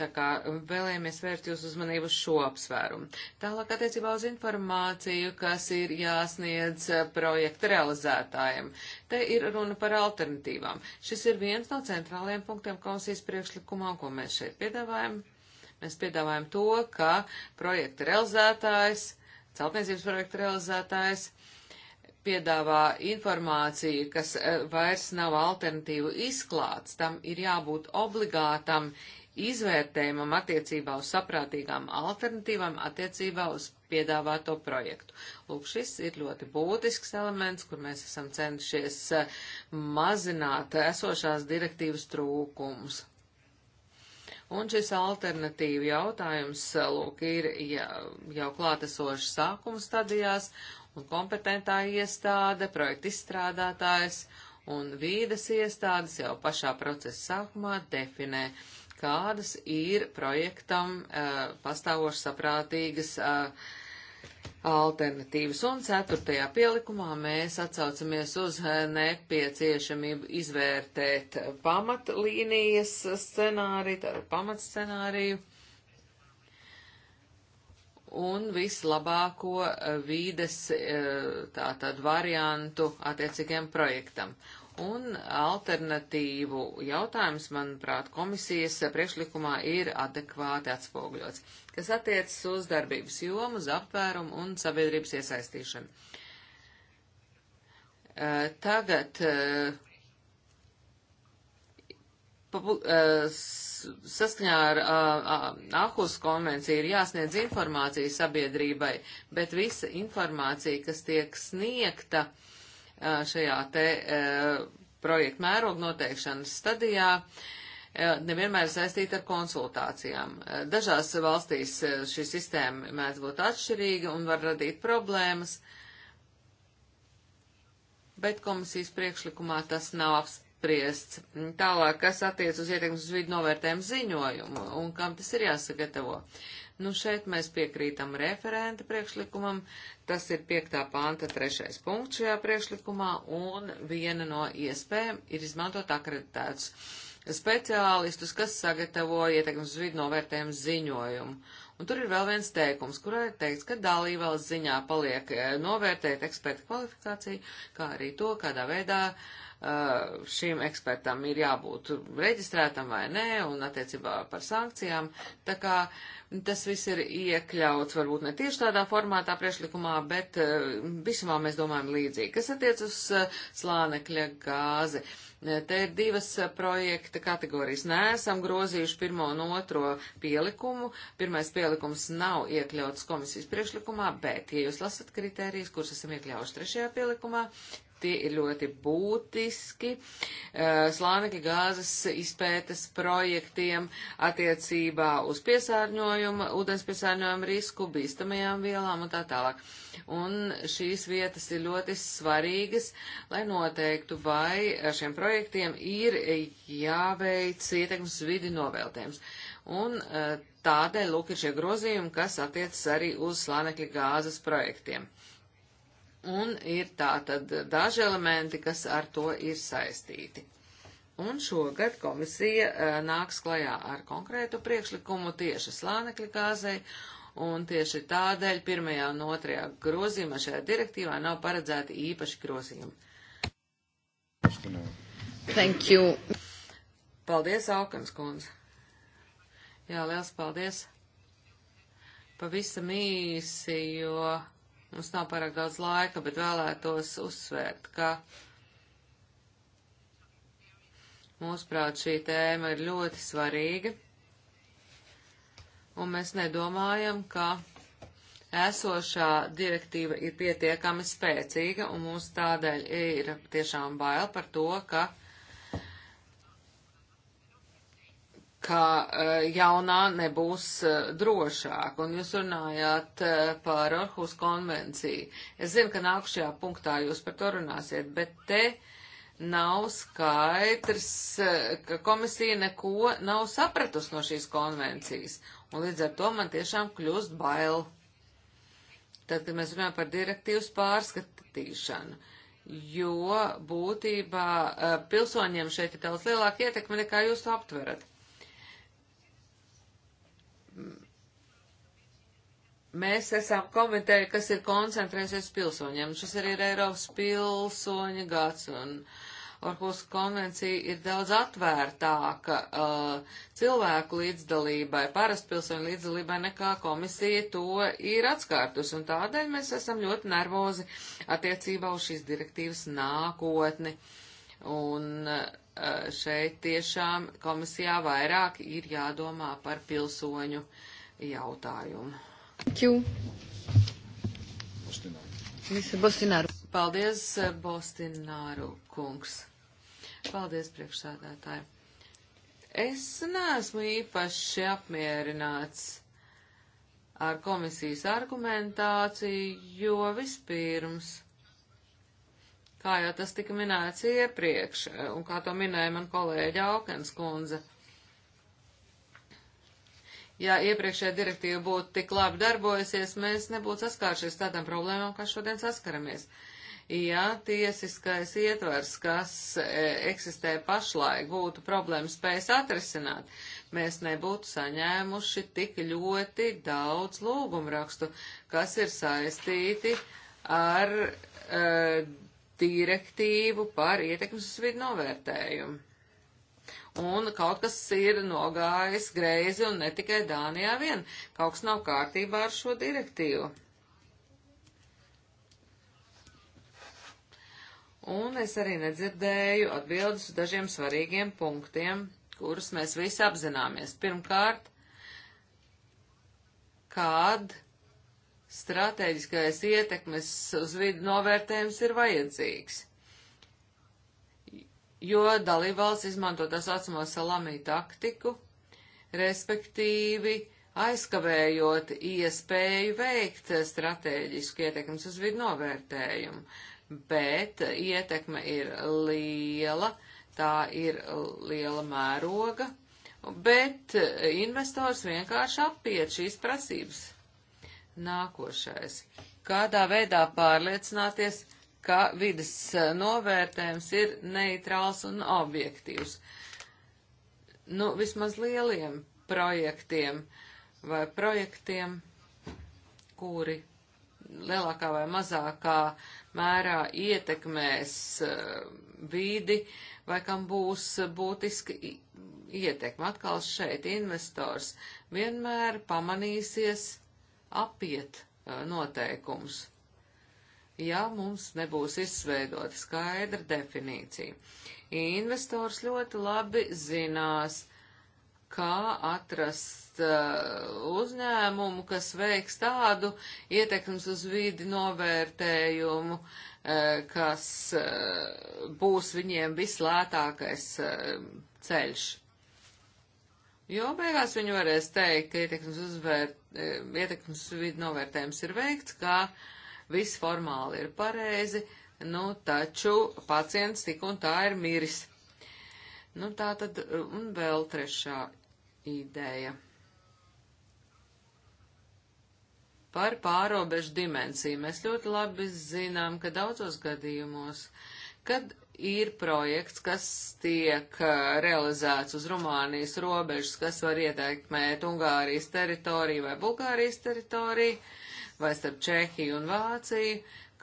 Speaker 2: Tā kā vēlējamies vērt jūs uzmanību uz šo apsvērumu. Tālāk attiecībā uz informāciju, kas ir jāsniedz eh, projekta realizētājiem. Te ir runa par alternatīvām. Šis ir viens no centrālajiem punktiem komisijas priekšlikumā, ko mēs šeit piedāvājam. Mēs piedāvājam to, ka projekta realizētājs, celtniecības projekta realizētājs, uh, piedāvā informāciju, kas e, vairs nav alternatīvu izklāts, tam ir jābūt obligātam izvērtējumam attiecībā uz saprātīgām alternatīvām attiecībā uz piedāvāto projektu. Lūk, šis ir ļoti būtisks elements, kur mēs esam cenšies e, mazināt esošās direktīvas trūkumus. Un šis alternatīvu jautājums, e, lūk, ir ja, jau klātesošs sākuma stadijās, un kompetentā iestāde, projekta izstrādātājs un vīdes iestādes jau pašā procesa sākumā definē, kādas ir projektam uh, pastāvošas saprātīgas uh, alternatīvas. Un ceturtajā pielikumā mēs atsaucamies uz eh, nepieciešamību izvērtēt pamatlīnijas scenāriju, tādu pamatscenāriju un vislabāko eh, vīdes eh, tātad variantu attiecīgiem projektam. Un alternatīvu jautājums, manuprāt, komisijas priekšlikumā ir adekvāti atspogļots, kas attiecas uz darbības jomu, uz aptvērumu un sabiedrības iesaistīšanu. Eh, tagad Eh, saskaņā ar Ahus konvenciju ir jāsniedz informācija sabiedrībai, bet visa informācija, kas tiek sniegta šajā te e, projektu mērogu noteikšanas stadijā, e, nevienmēr saistīta ar konsultācijām. E, dažās valstīs šī sistēma mēdz būt atšķirīga un var radīt problēmas, bet komisijas priekšlikumā tas nav apspriests apspriests. Tālāk, kas attiec uz ietekmes uz vidu novērtējumu ziņojumu un kam tas ir jāsagatavo. Nu, šeit mēs piekrītam referenta priekšlikumam, tas ir 5. panta trešais punkts šajā priekšlikumā, un viena no iespējām ir izmantot akreditētus speciālistus, kas sagatavo ietekmes uz vidu novērtējumu ziņojumu. Un tur ir vēl viens teikums, kurā ir teikts, ka dalībvalsts ziņā paliek eh, novērtēt eksperta kvalifikāciju, kā arī to, kādā veidā uh, Eh, šīm ekspertam ir jābūt reģistrētam vai nē, un attiecībā par sankcijām. Tā kā tas viss ir iekļauts, varbūt ne tieši tādā formātā priešlikumā, bet eh, visumā mēs domājam līdzīgi. Kas attiec uz eh, slānekļa gāzi? Te ir divas projekta kategorijas. Nē, esam grozījuši pirmo un otro pielikumu. Pirmais pielikums nav iekļauts komisijas priekšlikumā, bet, ja jūs lasat kritērijas, kuras esam iekļaujuši trešajā pielikumā, tie ir ļoti būtiski eh, slānekļa gāzes izpētes projektiem attiecībā uz piesārņojumu, ūdens piesārņojumu risku, bīstamajām vielām un tā tālāk. Un šīs vietas ir ļoti svarīgas, lai noteiktu, vai šiem projektiem ir jāveic ietekmes vidi novēltējums. Un eh, tādēļ, lūk, ir šie grozījumi, kas attiecas arī uz slānekļa gāzes projektiem. Un ir tā tad daži elementi, kas ar to ir saistīti. Un šogad komisija e, nāks klajā ar konkrētu priekšlikumu tieši slānekļa gāzei, un tieši tādēļ pirmajā un otrajā grozījumā šajā direktīvā nav paredzēti īpaši grozījumi. Thank you. Paldies, Aukans kundze. Jā, liels paldies. Pavisam īsi, jo Mums nav pārāk daudz laika, bet vēlētos uzsvērt, ka mūsuprāt šī tēma ir ļoti svarīga, un mēs nedomājam, ka esošā direktīva ir pietiekami spēcīga, un mums tādēļ ir tiešām bail par to, ka ka e, jaunā nebūs e, drošāk. Un jūs runājāt e, par Orhus konvenciju. Es zinu, ka nākušajā punktā jūs par to runāsiet, bet te nav skaidrs, ka komisija neko nav sapratusi no šīs konvencijas. Un līdz ar to man tiešām kļūst bail. Tad, kad mēs runājam par direktīvas pārskatīšanu, jo būtībā pilsoņiem šeit ir daudz lielāka ietekme, nekā jūs to aptverat. Mēs esam komiteja, kas ir koncentrējusies pilsoņiem. Šis arī ir Eiropas pilsoņa gads, un Orhusa konvencija ir daudz atvērtāka uh, cilvēku līdzdalībai, parastu pilsoņu līdzdalībai, nekā komisija to ir atskārtus, un tādēļ mēs esam ļoti nervozi attiecībā uz šīs direktīvas nākotni. Un, uh, Eh, šeit tiešām komisijā vairāk ir jādomā par pilsoņu jautājumu.
Speaker 1: Ču. Bostināru.
Speaker 2: Paldies, eh, Bostināru kungs. Paldies, priekšsādātāji. Es neesmu īpaši apmierināts ar komisijas argumentāciju, jo vispirms kā jau tas tika minēts iepriekš, eh, un kā to minēja man kolēģa Aukens kundze. Ja iepriekšējā direktīva būtu tik labi darbojusies, mēs nebūtu saskāršies tādām problēmām, kā šodien saskaramies. Ja tiesiskais ietvers, kas eh, eksistē pašlaik, būtu problēmu spējas atrisināt, mēs nebūtu saņēmuši tik ļoti daudz lūgumrakstu, kas ir saistīti ar uh, direktīvu par ietekmes uz vidu novērtējumu. Un kaut kas ir nogājis greizi un ne tikai Dānijā vien. Kaut kas nav kārtībā ar šo direktīvu. Un es arī nedzirdēju atbildes uz dažiem svarīgiem punktiem, kurus mēs visi apzināmies. Pirmkārt, kāda stratēģiskais ietekmes uz vidu novērtējums ir vajadzīgs, jo dalībvalsts izmanto tā saucamo salamī taktiku, respektīvi aizkavējot iespēju veikt stratēģisku ietekmes uz vidu novērtējumu, bet ietekme ir liela, tā ir liela mēroga, bet investors vienkārši apiet šīs prasības Nākošais. Kādā veidā pārliecināties, ka vidas eh, novērtējums ir neitrāls un objektīvs? Nu, vismaz lieliem projektiem vai projektiem, kuri lielākā vai mazākā mērā ietekmēs eh, vidi vai kam būs būtiski ietekme. Atkal šeit investors vienmēr pamanīsies, apiet uh, noteikums, ja mums nebūs izveidota skaidra definīcija. Investors ļoti labi zinās, kā atrast uh, uzņēmumu, kas veiks tādu ietekmes uz vidi novērtējumu, uh, kas uh, būs viņiem vislētākais uh, ceļš. Jo beigās viņi varēs teikt, ka ietekmes uzvērt E, ietekmes vidu novērtējums ir veikts, ka viss formāli ir pareizi, nu, taču pacients tik un tā ir miris. Nu, tā tad, un vēl trešā ideja. Par pārobežu dimensiju mēs ļoti labi zinām, ka daudzos gadījumos, kad ir projekts, kas tiek uh, realizēts uz Rumānijas robežas, kas var ietekmēt Ungārijas teritoriju vai Bulgārijas teritoriju, vai starp Čehiju un Vāciju,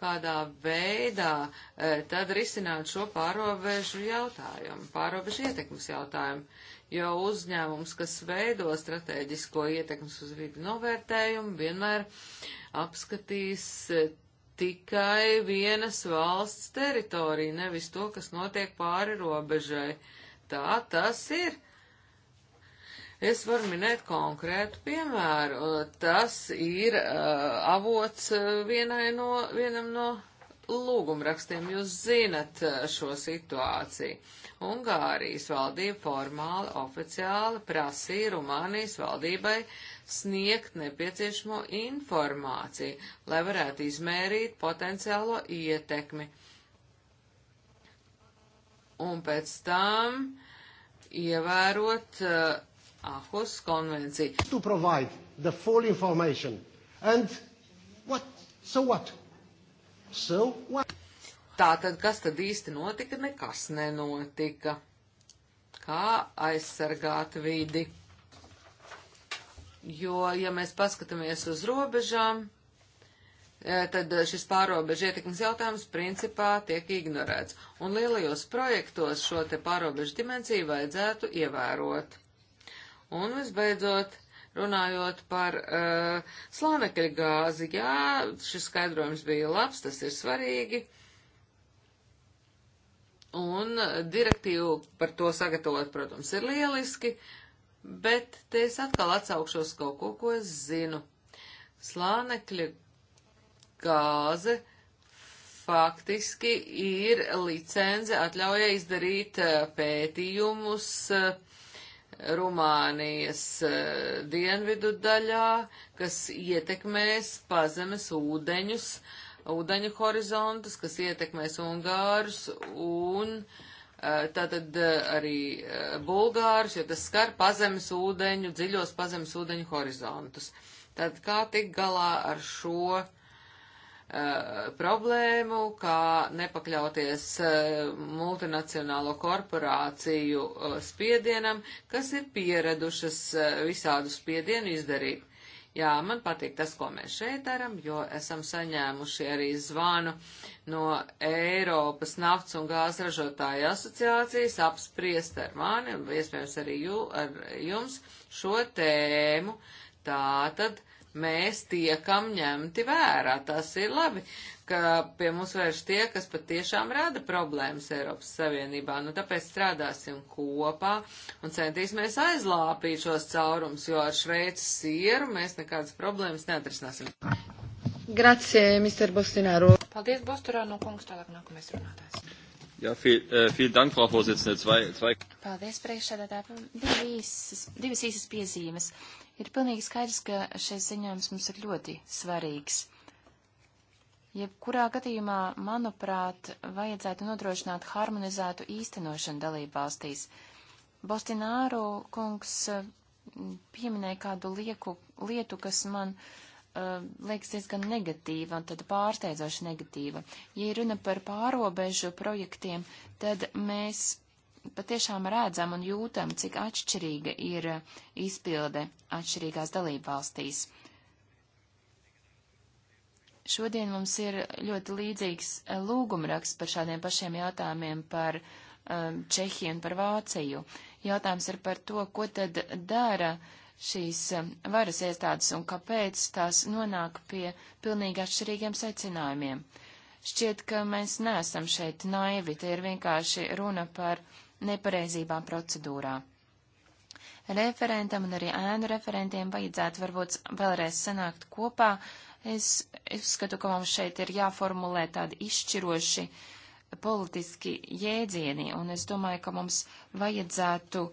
Speaker 2: kādā veidā uh, tad risināt šo pārobežu jautājumu, pārobežu ietekmes jautājumu, jo uzņēmums, kas veido strateģisko ietekmes uz vidu novērtējumu, vienmēr apskatīs uh, tikai vienas valsts teritoriju, nevis to, kas notiek pāri robežai. Tā tas ir. Es varu minēt konkrētu piemēru. Tas ir uh, avots vienai no, vienam no lūgumrakstiem. Jūs zinat šo situāciju. Ungārijas valdība formāli, oficiāli prasīja Rumānijas valdībai uh, sniegt nepieciešamo informāciju, lai varētu izmērīt potenciālo ietekmi. Un pēc tam ievērot uh, Ahus konvenciju. To provide the full information. And what? So what? So what? Tātad, kas tad īsti notika? Nekas nenotika. Kā aizsargāt vidi? Jo, ja mēs paskatāmies uz robežām, e, tad šis pārobežu ietekmes jautājums principā tiek ignorēts. Un lielajos projektos šo te pārobežu dimensiju vajadzētu ievērot. Un visbeidzot, runājot par uh, slānekļa gāzi, jā, šis skaidrojums bija labs, tas ir svarīgi. Un direktīvu par to sagatavot, protams, ir lieliski. Uh, bet te es atkal atsaukšos kaut ko, ko es zinu. Slānekļa gāze faktiski ir licence atļauja izdarīt eh, pētījumus eh, Rumānijas eh, dienvidu daļā, kas ietekmēs pazemes ūdeņus, ūdeņu horizontus, kas ietekmēs Ungārus un uh, Eh, tātad eh, arī eh, bulgārus, jo tas skar pazemes ūdeņu, dziļos pazemes ūdeņu horizontus. Tad kā tik galā ar šo uh, problēmu, kā nepakļauties uh, multinacionālo korporāciju uh, spiedienam, kas ir pieradušas visādu spiedienu izdarīt. Jā, man patīk tas, ko mēs šeit darām, jo esam saņēmuši arī zvanu no Eiropas nafts un gāzes ražotāju asociācijas apspriest ar mani un iespējams arī jū, ar jums šo tēmu. Tātad mēs tiekam ņemti vērā, tas ir labi ka pie mums vairs tie, kas patiešām rada problēmas Eiropas Savienībā. Nu, tāpēc strādāsim kopā un centīsimies aizlāpīt šos caurums, jo ar Šveices sieru mēs nekādas problēmas neatrisināsim.
Speaker 1: Grazie, Mr. Bostināro.
Speaker 3: Paldies, Bosturāno kungs, tālāk nākamais runātājs.
Speaker 1: Jā, ja, viel, uh,
Speaker 2: äh, viel dank, Frau Vorsitzende. Zwei, zwei.
Speaker 3: Paldies, priekšsēdētāji. Divas, divas īsas piezīmes. Ir pilnīgi skaidrs, ka šis ziņojums mums ir ļoti svarīgs. Jebkurā gadījumā, manuprāt, vajadzētu nodrošināt harmonizētu īstenošanu dalību valstīs. Bostināru kungs eh, pieminēja kādu lieku, lietu, kas man uh, liekas diezgan negatīva un tad pārsteidzoši negatīva. Ja runa par pārobežu projektiem, tad mēs patiešām redzam un jūtam, cik atšķirīga ir eh, izpilde atšķirīgās dalībvalstīs. Šodien mums ir ļoti līdzīgs eh, lūgumraksts par šādiem pašiem jautājumiem par um, Čehiju un par Vāciju. Jautājums ir par to, ko tad dara šīs um, varas iestādes un kāpēc tās nonāk pie pilnīgi atšķirīgiem secinājumiem. Šķiet, ka mēs neesam šeit naivi, te ir vienkārši runa par nepareizībām procedūrā. Referentam un arī ēnu referentiem vajadzētu varbūt vēlreiz sanākt kopā, uh, Es uzskatu, ka mums šeit ir jāformulē tādi izšķiroši politiski jēdzieni, un es domāju, ka mums vajadzētu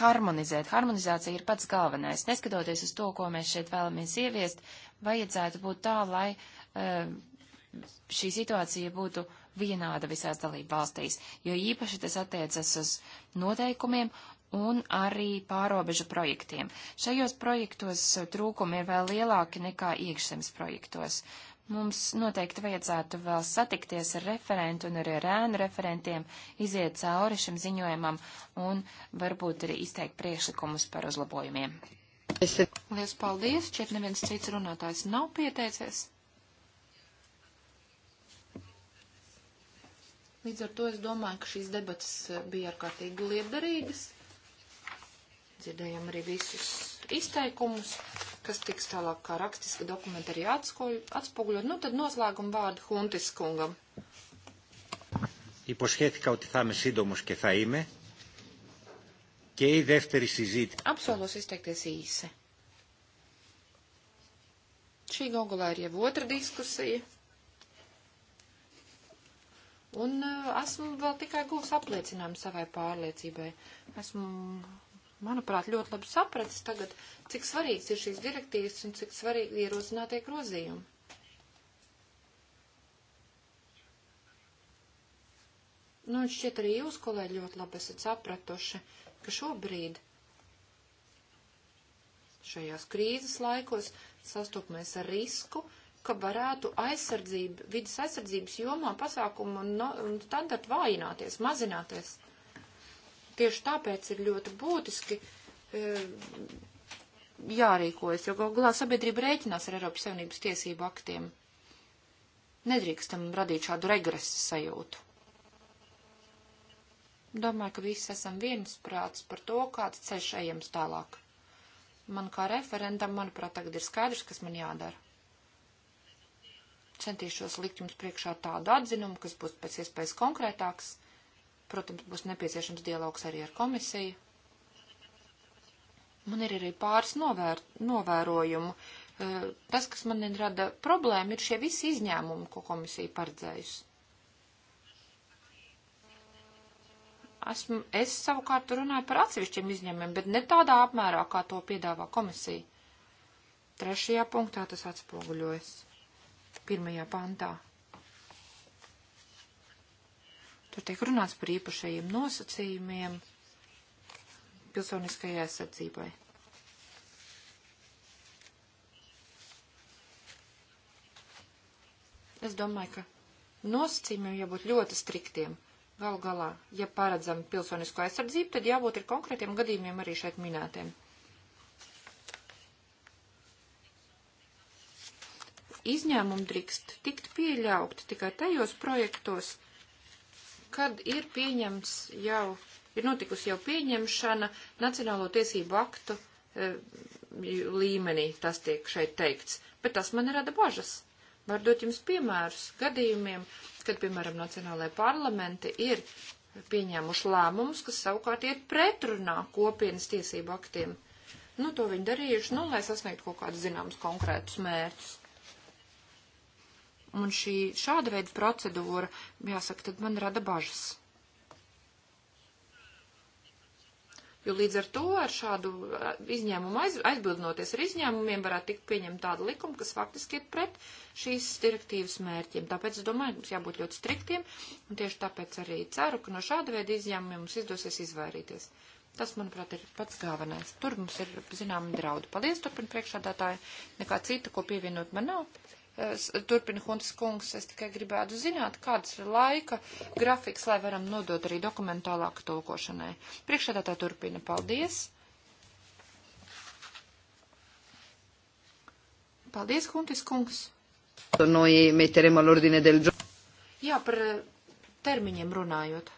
Speaker 3: harmonizēt. Harmonizācija ir pats galvenais. Neskatoties uz to, ko mēs šeit vēlamies ieviest, vajadzētu būt tā, lai uh, šī situācija būtu vienāda visās dalību valstīs, jo īpaši tas attiecas uz noteikumiem un arī pārobežu projektiem. Šajos projektos trūkumi ir vēl lielāki nekā iekšzemes projektos. Mums noteikti vajadzētu vēl satikties ar referentu un arī ar ēnu referentiem, iziet cauri šim ziņojumam un varbūt arī izteikt priekšlikumus par uzlabojumiem. Lielas paldies, šeit neviens cits runātājs nav
Speaker 1: pieteicies. Līdz ar to es domāju, ka šīs debatas eh, bija ārkārtīgi liederīgas. Dzirdējām arī visus izteikumus, kas tiks tālāk kā rakstiski dokumenti arī atspoguļot. Nu, tad noslēguma vārdu Huntis kungam.
Speaker 2: Υποσχέθηκα ότι θα είμαι σύντομος και θα είμαι. Και η δεύτερη
Speaker 1: συζήτηση. Absolūti izteikties īsi. Šī gogulā ir jau otra diskusija. Un eh, esmu vēl tikai gūs apliecinājumu savai pārliecībai. Esmu manuprāt, ļoti labi sapratis tagad, cik svarīgs ir šīs direktīvas un cik svarīgi ierosinātie grozījumi. Nu, un šķiet arī jūs, kolēģi, ļoti labi esat sapratuši, ka šobrīd šajās krīzes laikos sastopamies ar risku, ka varētu aizsardzība, vidas aizsardzības jomā pasākumu un, no, un standarti vājināties, mazināties. Tieši tāpēc ir ļoti būtiski e, jārīkojas, jo galā sabiedrība rēķinās ar Eiropas Savienības tiesību aktiem. Nedrīkstam radīt šādu regresa sajūtu. Domāju, ka visi esam viensprāts par to, kāds ceļš ejams tālāk. Man kā referendam, manuprāt, tagad ir skaidrs, kas man jādara. Centīšos likt jums priekšā tādu atzinumu, kas būs pēc iespējas konkrētāks Protams, būs nepieciešams dialogs arī ar komisiju. Man ir arī pāris novēr, novērojumu. E, tas, kas man rada problēmu, ir šie visi izņēmumi, ko komisija paredzējusi. Esmu, es savukārt runāju par atsevišķiem izņēmumiem, bet ne tādā apmērā, kā to piedāvā komisija. Trešajā punktā tas atspoguļojas. Pirmajā pantā. Tur tiek runāts par īpašajiem nosacījumiem pilsoniskajai aizsardzībai. Es domāju, ka nosacījumiem jābūt ļoti striktiem. Gal galā, ja paredzam pilsonisko aizsardzību, tad jābūt ir konkrētiem gadījumiem arī šeit minētiem. Izņēmumi drīkst tikt pieļaukti tikai tajos projektos, kad ir pieņemts jau, ir notikusi jau pieņemšana Nacionālo tiesību aktu e, līmenī, tas tiek šeit teikts, bet tas man rada bažas. Var dot jums piemērus gadījumiem, kad, piemēram, Nacionālajā parlamenti ir pieņēmuši lēmumus, kas savukārt iet pretrunā kopienas tiesību aktiem. Nu, to viņi darījuši, nu, lai sasniegtu kaut kādus zināmus konkrētus mērķus. Un šī šāda veida procedūra, jāsaka, tad man rada bažas. Jo līdz ar to ar šādu izņēmumu aiz, aizbildnoties ar izņēmumiem varētu tikt pieņemt tāda likuma, kas faktiski ir pret šīs direktīvas mērķiem. Tāpēc es domāju, mums jābūt ļoti striktiem, un tieši tāpēc arī ceru, ka no šāda veida izņēmumiem mums izdosies izvairīties. Tas, manuprāt, ir pats galvenais. Tur mums ir zināmi draudi. Paldies, turpin priekšādātāji. Nekā cita, ko pievienot man nav. Turpina Huntas kungs, es tikai gribētu zināt, kāds ir laika grafiks, lai varam nodot arī dokumentālāku tulkošanai. Priekšādā tā turpina. Paldies! Paldies, Huntis kungs!
Speaker 2: Noi metteremo all'ordine del giorno.
Speaker 1: Jā, par eh, termiņiem runājot.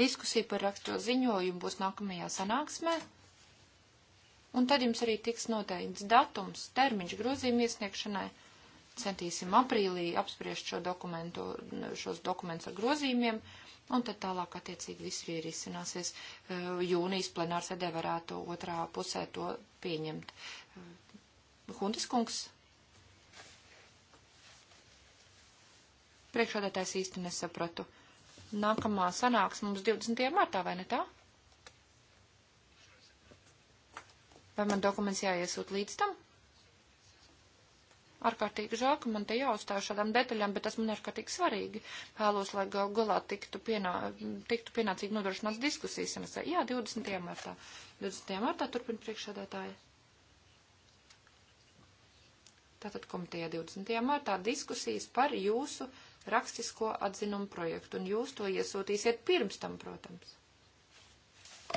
Speaker 1: Diskusija par raksto ziņojumu būs nākamajā sanāksmē un tad jums arī tiks noteikts datums, termiņš grozījuma iesniegšanai. Centīsim aprīlī apspriest šo dokumentu, šos dokumentus ar grozījumiem, un tad tālāk attiecīgi viss arī risināsies. E, jūnijas plenārsēdē varētu otrā pusē to pieņemt. E, Huntis kungs. Priekšādātājs īsti nesapratu. Nākamā sanāks mums 20. martā, vai ne tā? Vai man dokuments jāiesūt līdz tam? Ārkārtīgi žēl, ka man te jāuzstāv šādām detaļām, bet tas man ir ārkārtīgi svarīgi. Vēlos, lai gal galā tiktu, pienā, tiktu pienācīgi nodrošināts diskusijas semesē. Jā, 20. martā. 20. martā turpina priekšsēdētāja. Tātad komitejā 20. martā diskusijas par jūsu rakstisko atzinumu projektu, un jūs to iesūtīsiet pirms tam, protams.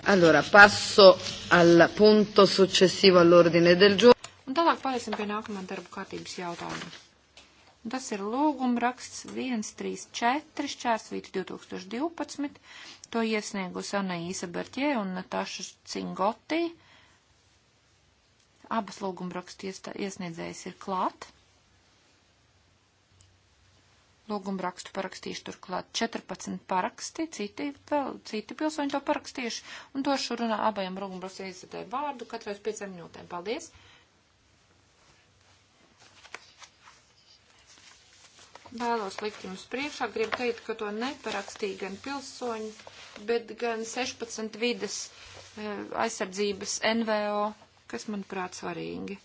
Speaker 2: Allora, passo al punto successivo all'ordine del giorno.
Speaker 1: Un tālāk pārēsim pie nākamā darba kārtības jautājuma. Un tas ir lūguma raksts 134 šķērsvīt 2012. To iesniegus Anna Īsaberķē un Nataša Cingoti. Abas lūguma rakstu iesniedzējas ir klāt lūgumu rakstu parakstījuši turklāt 14 paraksti, citi vēl, citi pilsoņi to parakstījuši, un došu runā abajam lūgumu rakstu iesēdēju vārdu katrai uz 5 minūtēm. Paldies! Vēlos likt jums priekšā, gribu teikt, ka to neparakstīja gan pilsoņi, bet gan 16 vides eh, aizsardzības NVO, kas, manuprāt, svarīgi.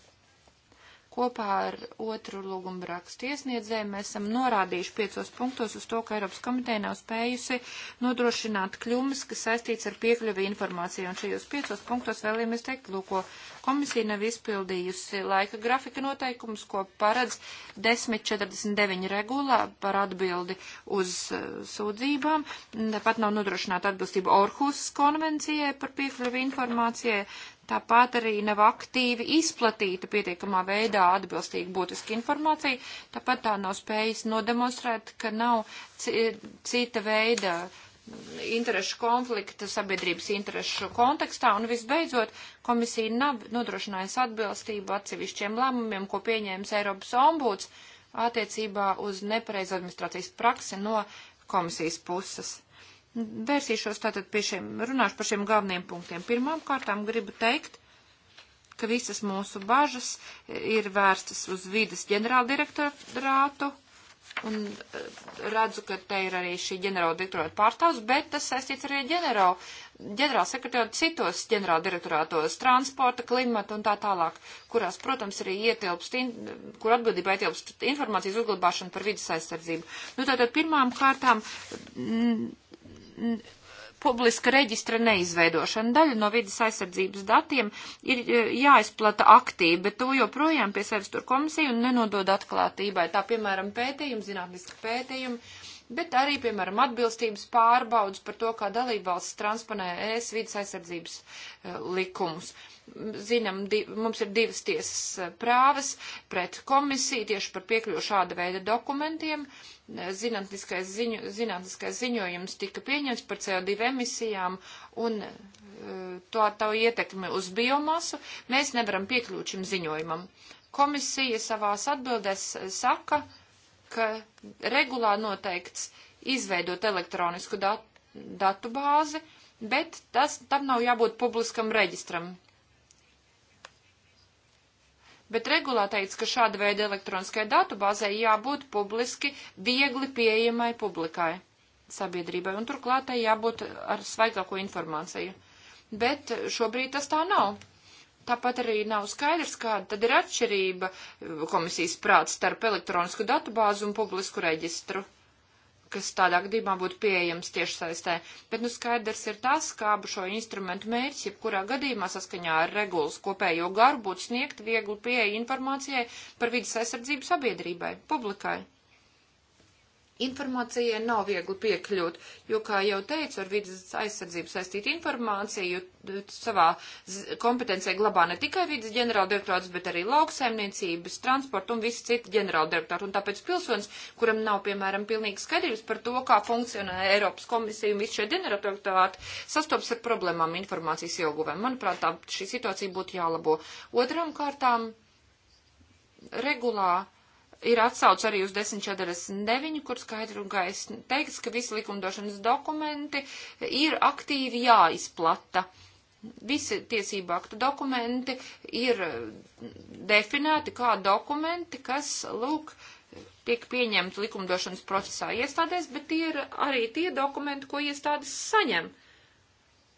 Speaker 1: Kopā ar otru lūgumu rakstu iesniedzēju mēs esam norādījuši piecos punktos uz to, ka Eiropas komiteja nav spējusi nodrošināt kļumas, kas saistīts ar piekļuvi informācijai. Un šajos piecos punktos vēlamies teikt, lūko, komisija nav izpildījusi laika grafika noteikumus, ko paredz 10.49 regulā par atbildi uz eh, sūdzībām. Tāpat nav nodrošināta atbilstība Orhusas konvencijai par piekļuvi informācijai. Tāpat arī nav aktīvi izplatīta pietiekamā veidā atbilstīgi būtiska informācija, tāpat tā nav spējis nodemonstrēt, ka nav cita veida interešu konflikta sabiedrības interešu kontekstā, un visbeidzot komisija nav nodrošinājusi atbilstību atsevišķiem lēmumiem, ko pieņēmis Eiropas ombuds attiecībā uz nepareizu administrācijas praksi no komisijas puses. Vērsīšos tātad pie šiem, runāšu par šiem galveniem punktiem. Pirmām kārtām gribu teikt, ka visas mūsu bažas ir vērstas uz vidas ģenerāldirektorātu. Un eh, redzu, ka te ir arī šī ģenerāla direktorāta pārstāvs, bet tas saistīts arī ģenerāla, ģenerāla sekretāra citos ģenerāla direktorātos - transporta, klimata un tā tālāk, kurās, protams, arī ietilpst, in, kur atbildībā ietilpst informācijas uzglabāšana par vidas aizsardzību. Nu, tātad pirmām kārtām. Mm, publiska reģistra neizveidošana. Daļa no vidas aizsardzības datiem ir e, jāizplata aktīvi, bet to joprojām pie sevis tur komisija un nenodod atklātībai. Tā, piemēram, pētījumi, zinātniski pētījumi, bet arī, piemēram, atbilstības pārbaudas par to, kā dalībvalsts transponē ES vidas aizsardzības e, likumus zinām, div, mums ir divas tiesas e, prāvas pret komisiju tieši par piekļuvu šāda veida dokumentiem, zinātniskais, ziņu, zinātniskais ziņojums tika pieņemts par CO2 emisijām un e, to ar tavu ietekmi uz biomasu, mēs nevaram piekļūt šim ziņojumam. Komisija savās atbildēs saka, ka regulā noteikts izveidot elektronisku dat datu bāzi, bet tas, tam nav jābūt publiskam reģistram bet regulā teica, ka šāda veida elektroniskai datubāzē jābūt publiski viegli pieejamai publikai sabiedrībai, un turklāt tai jābūt ar svaigāko informāciju. Bet šobrīd tas tā nav. Tāpat arī nav skaidrs, kāda tad ir atšķirība eh, komisijas prāts starp elektronisku datubāzu un publisku reģistru kas tādā gadījumā būtu pieejams tiešsaistē. Bet nu skaidrs ir tas, kā šo instrumentu mērķis, jebkurā gadījumā saskaņā ar regulas kopējo garu būtu sniegt vieglu pieeju informācijai par vidas aizsardzību sabiedrībai, publikai informācijai nav viegli piekļūt, jo, kā jau teicu, ar vidas aizsardzību saistīta informācija savā kompetencijā glabā ne tikai vidas ģenerāldirektorāts, bet arī lauksaimniecības, transporta un visi citi ģenerāldirektori. Un tāpēc pilsonis, kuram nav, piemēram, pilnīgi skaidrības par to, kā funkcionē Eiropas komisija un visi šie ģenerāldirektorāti, sastops ar problēmām informācijas ieguvēm. Manuprāt, tā šī situācija būtu jālabo. Otram kārtām regulā ir atsauc arī uz 1049, kur skaidri un gaisni teikts, ka visi likumdošanas dokumenti ir aktīvi jāizplata. Visi tiesību aktu dokumenti ir definēti kā dokumenti, kas, lūk, tiek pieņemti likumdošanas procesā iestādēs, bet tie ir arī tie dokumenti, ko iestādes saņem.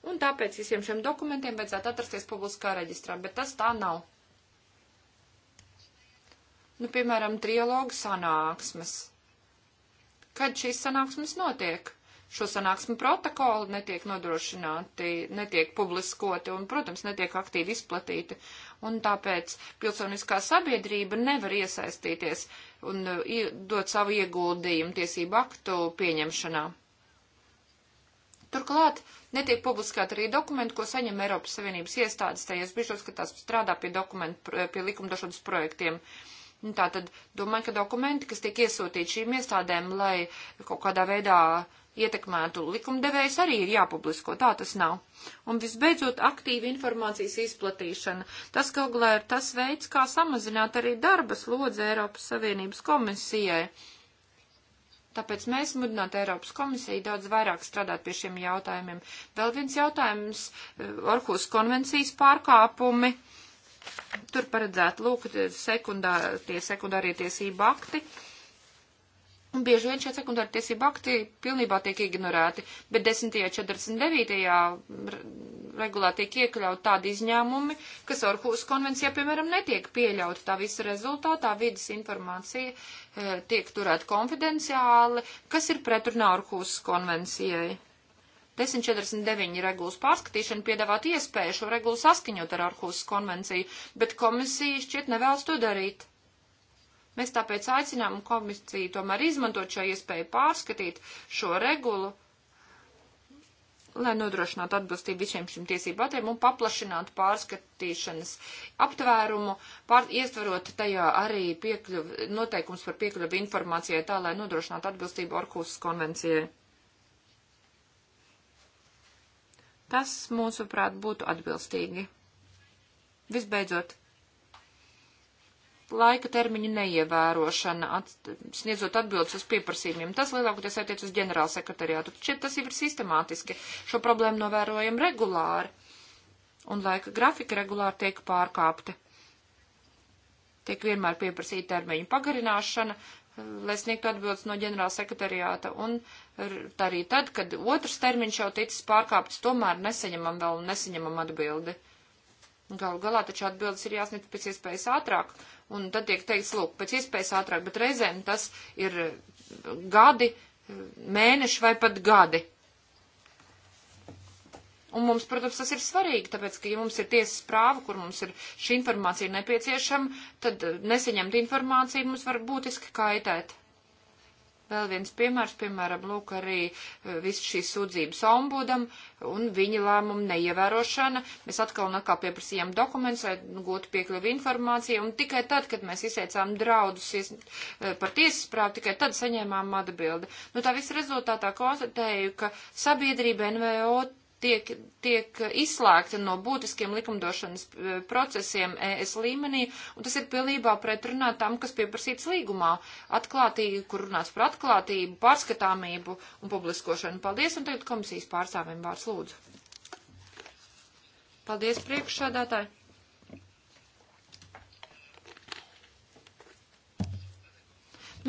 Speaker 1: Un tāpēc visiem šiem dokumentiem vajadzētu atrasties publiskā reģistrā, bet tas tā nav nu, piemēram, trialogu sanāksmes. Kad šīs sanāksmes notiek? Šo sanāksmu protokolu netiek nodrošināti, netiek publiskoti un, protams, netiek aktīvi izplatīti. Un tāpēc pilsoniskā sabiedrība nevar iesaistīties un dot savu ieguldījumu tiesību aktu pieņemšanā. Turklāt netiek publiskāti arī dokumenti, ko saņem Eiropas Savienības iestādes, tajās bišķos, ka tās strādā pie dokumentu, pie likumdošanas projektiem. Uh, Nu, Tātad domāju, ka dokumenti, kas tiek iesūtīti šīm iestādēm, lai kaut kādā veidā ietekmētu likumdevējs, arī ir jāpublisko. Tā tas nav. Un visbeidzot, aktīva informācijas izplatīšana. Tas kaut galā ir tas veids, kā samazināt arī darba slodzi Eiropas Savienības komisijai. Tāpēc mēs mudinātu Eiropas komisiju daudz vairāk strādāt pie šiem jautājumiem. Vēl viens jautājums eh, - Orhus konvencijas pārkāpumi Tur paredzētu lūk sekundā, tie sekundārie tiesību akti. Un bieži vien šie sekundāri tiesību akti pilnībā tiek ignorēti, bet 10.49. regulā tiek iekļaut tādi izņēmumi, kas Orhus konvencijā, piemēram, netiek pieļauti. Tā visa rezultātā vidas informācija e, tiek turēta konfidenciāli, kas ir pretrunā Orhus konvencijai. 1049 regulas pārskatīšana piedāvātu iespēju šo regulu saskaņot ar Arhusas konvenciju, bet komisija šķiet nevēlas to darīt. Mēs tāpēc aicinām komisiju tomēr izmantot šo iespēju pārskatīt šo regulu, lai nodrošinātu atbilstību visiem šim tiesību aktiem un paplašinātu pārskatīšanas aptvērumu, pār, iestvarot tajā arī piekļuv, noteikums par piekļuvu informācijai tā, lai nodrošinātu atbilstību Orkusas konvencijai. Tas, mūsuprāt, būtu atbilstīgi. Visbeidzot, laika termiņu neievērošana, at, sniedzot atbildes uz pieprasījumiem. Tas lielākoties attiec uz ģenerāla sekretariātu. Šķiet, tas jau ir sistemātiski. Šo problēmu novērojam regulāri. Un laika grafika regulāri tiek pārkāpti. Tiek vienmēr pieprasīta termiņu pagarināšana, lai sniegtu atbildes no ģenerāla sekretariāta. Un arī tad, kad otrs termiņš jau ticis pārkāpts, tomēr nesaņemam vēl nesaņemam atbildi. Galu galā taču atbildes ir jāsniedz pēc iespējas ātrāk, un tad tiek teikts, lūk, pēc iespējas ātrāk, bet reizēm tas ir gadi, mēneši vai pat gadi. Un mums, protams, tas ir svarīgi, tāpēc, ka, ja mums ir tiesas prāva, kur mums ir šī informācija nepieciešama, tad eh, nesaņemt informāciju mums var būtiski kaitēt. Vēl viens piemērs, piemēram, lūk arī eh, visu šīs sūdzības ombudam un viņa lēmumu neievērošana. Mēs atkal un atkal pieprasījām dokumentus, lai gūtu piekļuvi informācijai, un tikai tad, kad mēs izteicām draudus eh, par tiesas prāvu, tikai tad saņēmām atbildi. Nu, tā viss rezultātā konstatēju, ka sabiedrība NVO tiek, tiek izslēgta no būtiskiem likumdošanas eh, procesiem ES līmenī, un tas ir pilnībā pretrunā tam, kas pieprasīts līgumā - atklātīgi, kur runāts par atklātību, pārskatāmību un publiskošanu. Paldies, un tagad komisijas pārstāvim vārds lūdzu. Paldies, priekšsādātāji!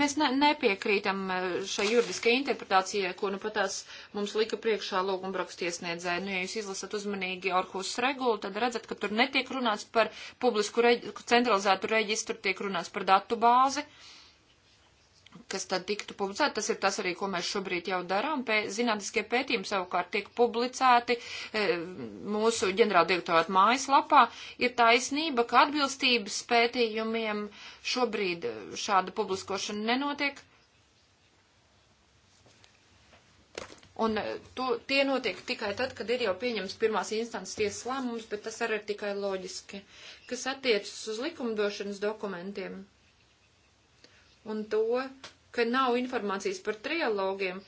Speaker 1: Mēs ne, nepiekrītam eh, šai juridiskai interpretācijai, ko nu patās mums lika priekšā lūgumbrakstu iesniedzēja. Nu, ja jūs izlasat uzmanīgi Orhus regulu, tad redzat, ka tur netiek runāts par publisku reģi centralizētu reģistru, tiek runāts par datu bāzi. Uh, kas tad tiktu publicēti. Tas ir tas arī, ko mēs šobrīd jau darām. Pē, zinātniskie pētījumi savukārt tiek publicēti e, mūsu ģenerāldirektorāta mājaslapā. Ir taisnība, ka atbilstības pētījumiem šobrīd e, šāda publiskošana nenotiek. Un e, to, tie notiek tikai tad, kad ir jau pieņems pirmās instances tiesas lēmums, bet tas arī ir tikai loģiski, kas attiecas uz likumdošanas dokumentiem un to, ka nav informācijas par trialogiem,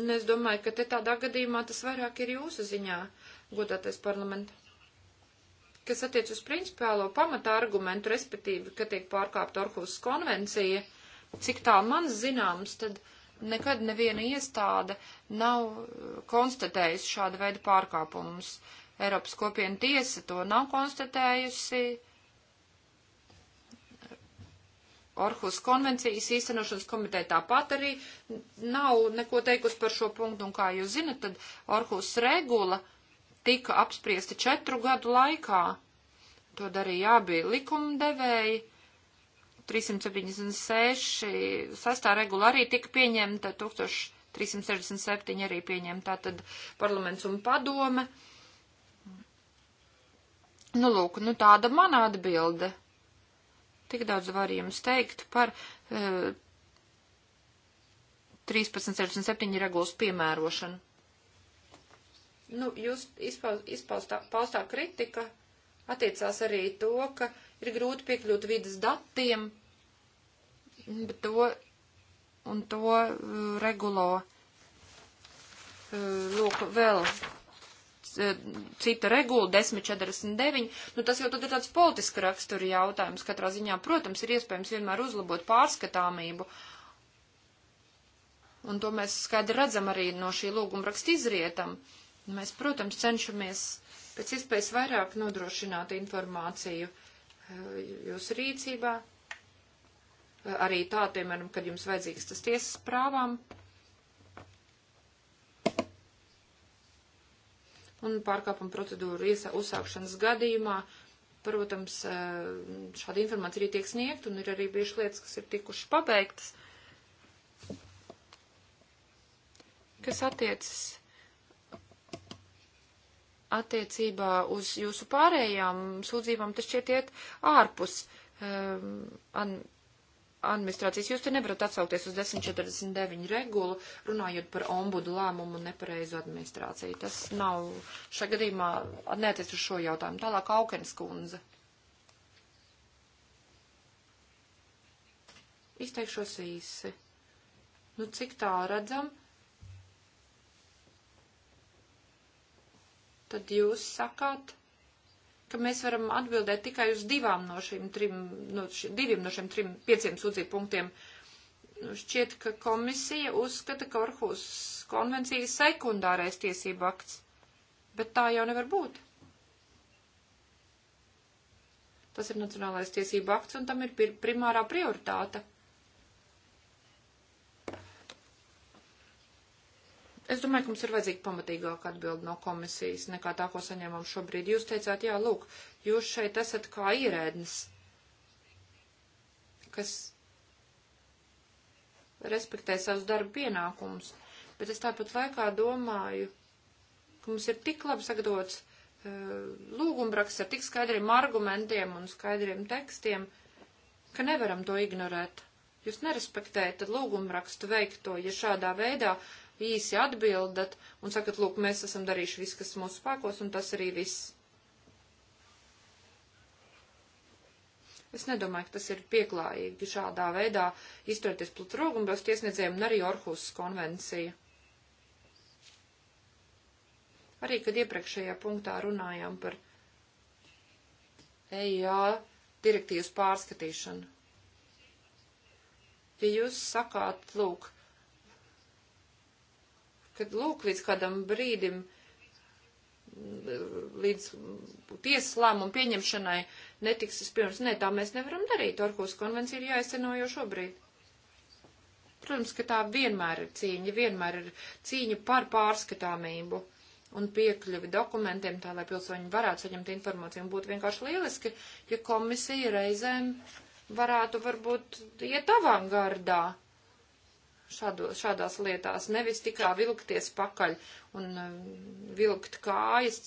Speaker 1: un es domāju, ka te tādā gadījumā tas vairāk ir jūsu ziņā, godātais parlamenta. Kas attiec uz principālo pamata argumentu, respektīvi, ka tiek pārkāpta Orhus konvencija, cik tā man zināms, tad nekad neviena iestāde nav konstatējusi šāda veida pārkāpumus. Eiropas kopiena tiesa to nav konstatējusi. Uh, Orhus konvencijas īstenošanas komiteja tāpat arī nav neko teikusi par šo punktu, un kā jūs zinat, tad Orhus regula tika apspriesta četru gadu laikā. To darīja abi likumdevēji. 376. sastā regula arī tika pieņemta, 1367 arī pieņemta, tad parlaments un padome. Nu, lūk, nu tāda mana atbilde. Tik daudz var jums teikt par uh, eh, 1367 regulas piemērošanu. Nu, jūs izpaustā, izpaustā paustā kritika attiecās arī to, ka ir grūti piekļūt vidas datiem, bet to, un to eh, regulo, eh, lūk, vēl E, cita regula 1049, nu tas jau tad ir tāds politiska rakstura jautājums. Katrā ziņā, protams, ir iespējams vienmēr uzlabot pārskatāmību. Un to mēs skaidri redzam arī no šī lūguma raksta izrietam. Mēs, protams, cenšamies pēc iespējas vairāk nodrošināt informāciju e, jūsu rīcībā. E, arī tā, piemēram, kad jums vajadzīgs tas tiesas prāvām. un pārkāpuma procedūru uzsākšanas gadījumā. Protams, eh, šāda informācija arī tiek sniegta, un ir arī bieži lietas, kas ir tikušas pabeigtas. Kas attiecas attiecībā uz jūsu pārējām sūdzībām, tas šķiet iet ārpus um, administrācijas. Jūs te nevarat atsaukties uz 1049 regulu, runājot par ombudu lēmumu un nepareizu administrāciju. Tas nav šajā gadījumā neaties uz šo jautājumu. Tālāk Aukens kundze. Izteikšos īsi. Nu, cik tā redzam, tad jūs sakāt ka mēs varam atbildēt tikai uz divām no šīm trim, no ši, diviem no šiem trim pieciem sūdzību punktiem. Nu, šķiet, ka komisija uzskata, ka Orhus konvencija ir sekundārais tiesību akts, bet tā jau nevar būt. Tas ir nacionālais tiesību akts un tam ir primārā prioritāte. Es domāju, ka mums ir vajadzīga pamatīgāka atbilda no komisijas nekā tā, ko saņēmām šobrīd. Jūs teicāt, jā, lūk, jūs šeit esat kā ierēdnis, kas respektē savus darba pienākumus, bet es tāpat laikā domāju, ka mums ir tik labi sagatavots eh, lūgumbraks ar tik skaidriem argumentiem un skaidriem tekstiem, ka nevaram to ignorēt. Jūs nerespektējat lūgumrakstu veikto, ja šādā veidā īsi atbildat un sakat, lūk, mēs esam darījuši visu, kas mūsu spēkos, un tas arī viss. Es nedomāju, ka tas ir pieklājīgi šādā veidā izturēties pret rūgumbraustu iesniedzējiem un arī Orhusas konvenciju. Arī, kad iepriekšējā punktā runājām par EIA direktīvas pārskatīšanu. Ja jūs sakāt, lūk, Kad lūk, līdz kādam brīdim, līdz tiesas lēmumu pieņemšanai netiks tas pirms. Nē, tā mēs nevaram darīt. Orkus konvencija ir jāizceno jau šobrīd. Protams, ka tā vienmēr ir cīņa, vienmēr ir cīņa par pārskatāmību un piekļuvi dokumentiem, tā lai pilsoņi varētu saņemt informāciju. Un būtu vienkārši lieliski, ja komisija reizēm varētu varbūt iet avangardā šādo, šādās lietās, nevis tikai vilkties pakaļ un um, vilkt kājas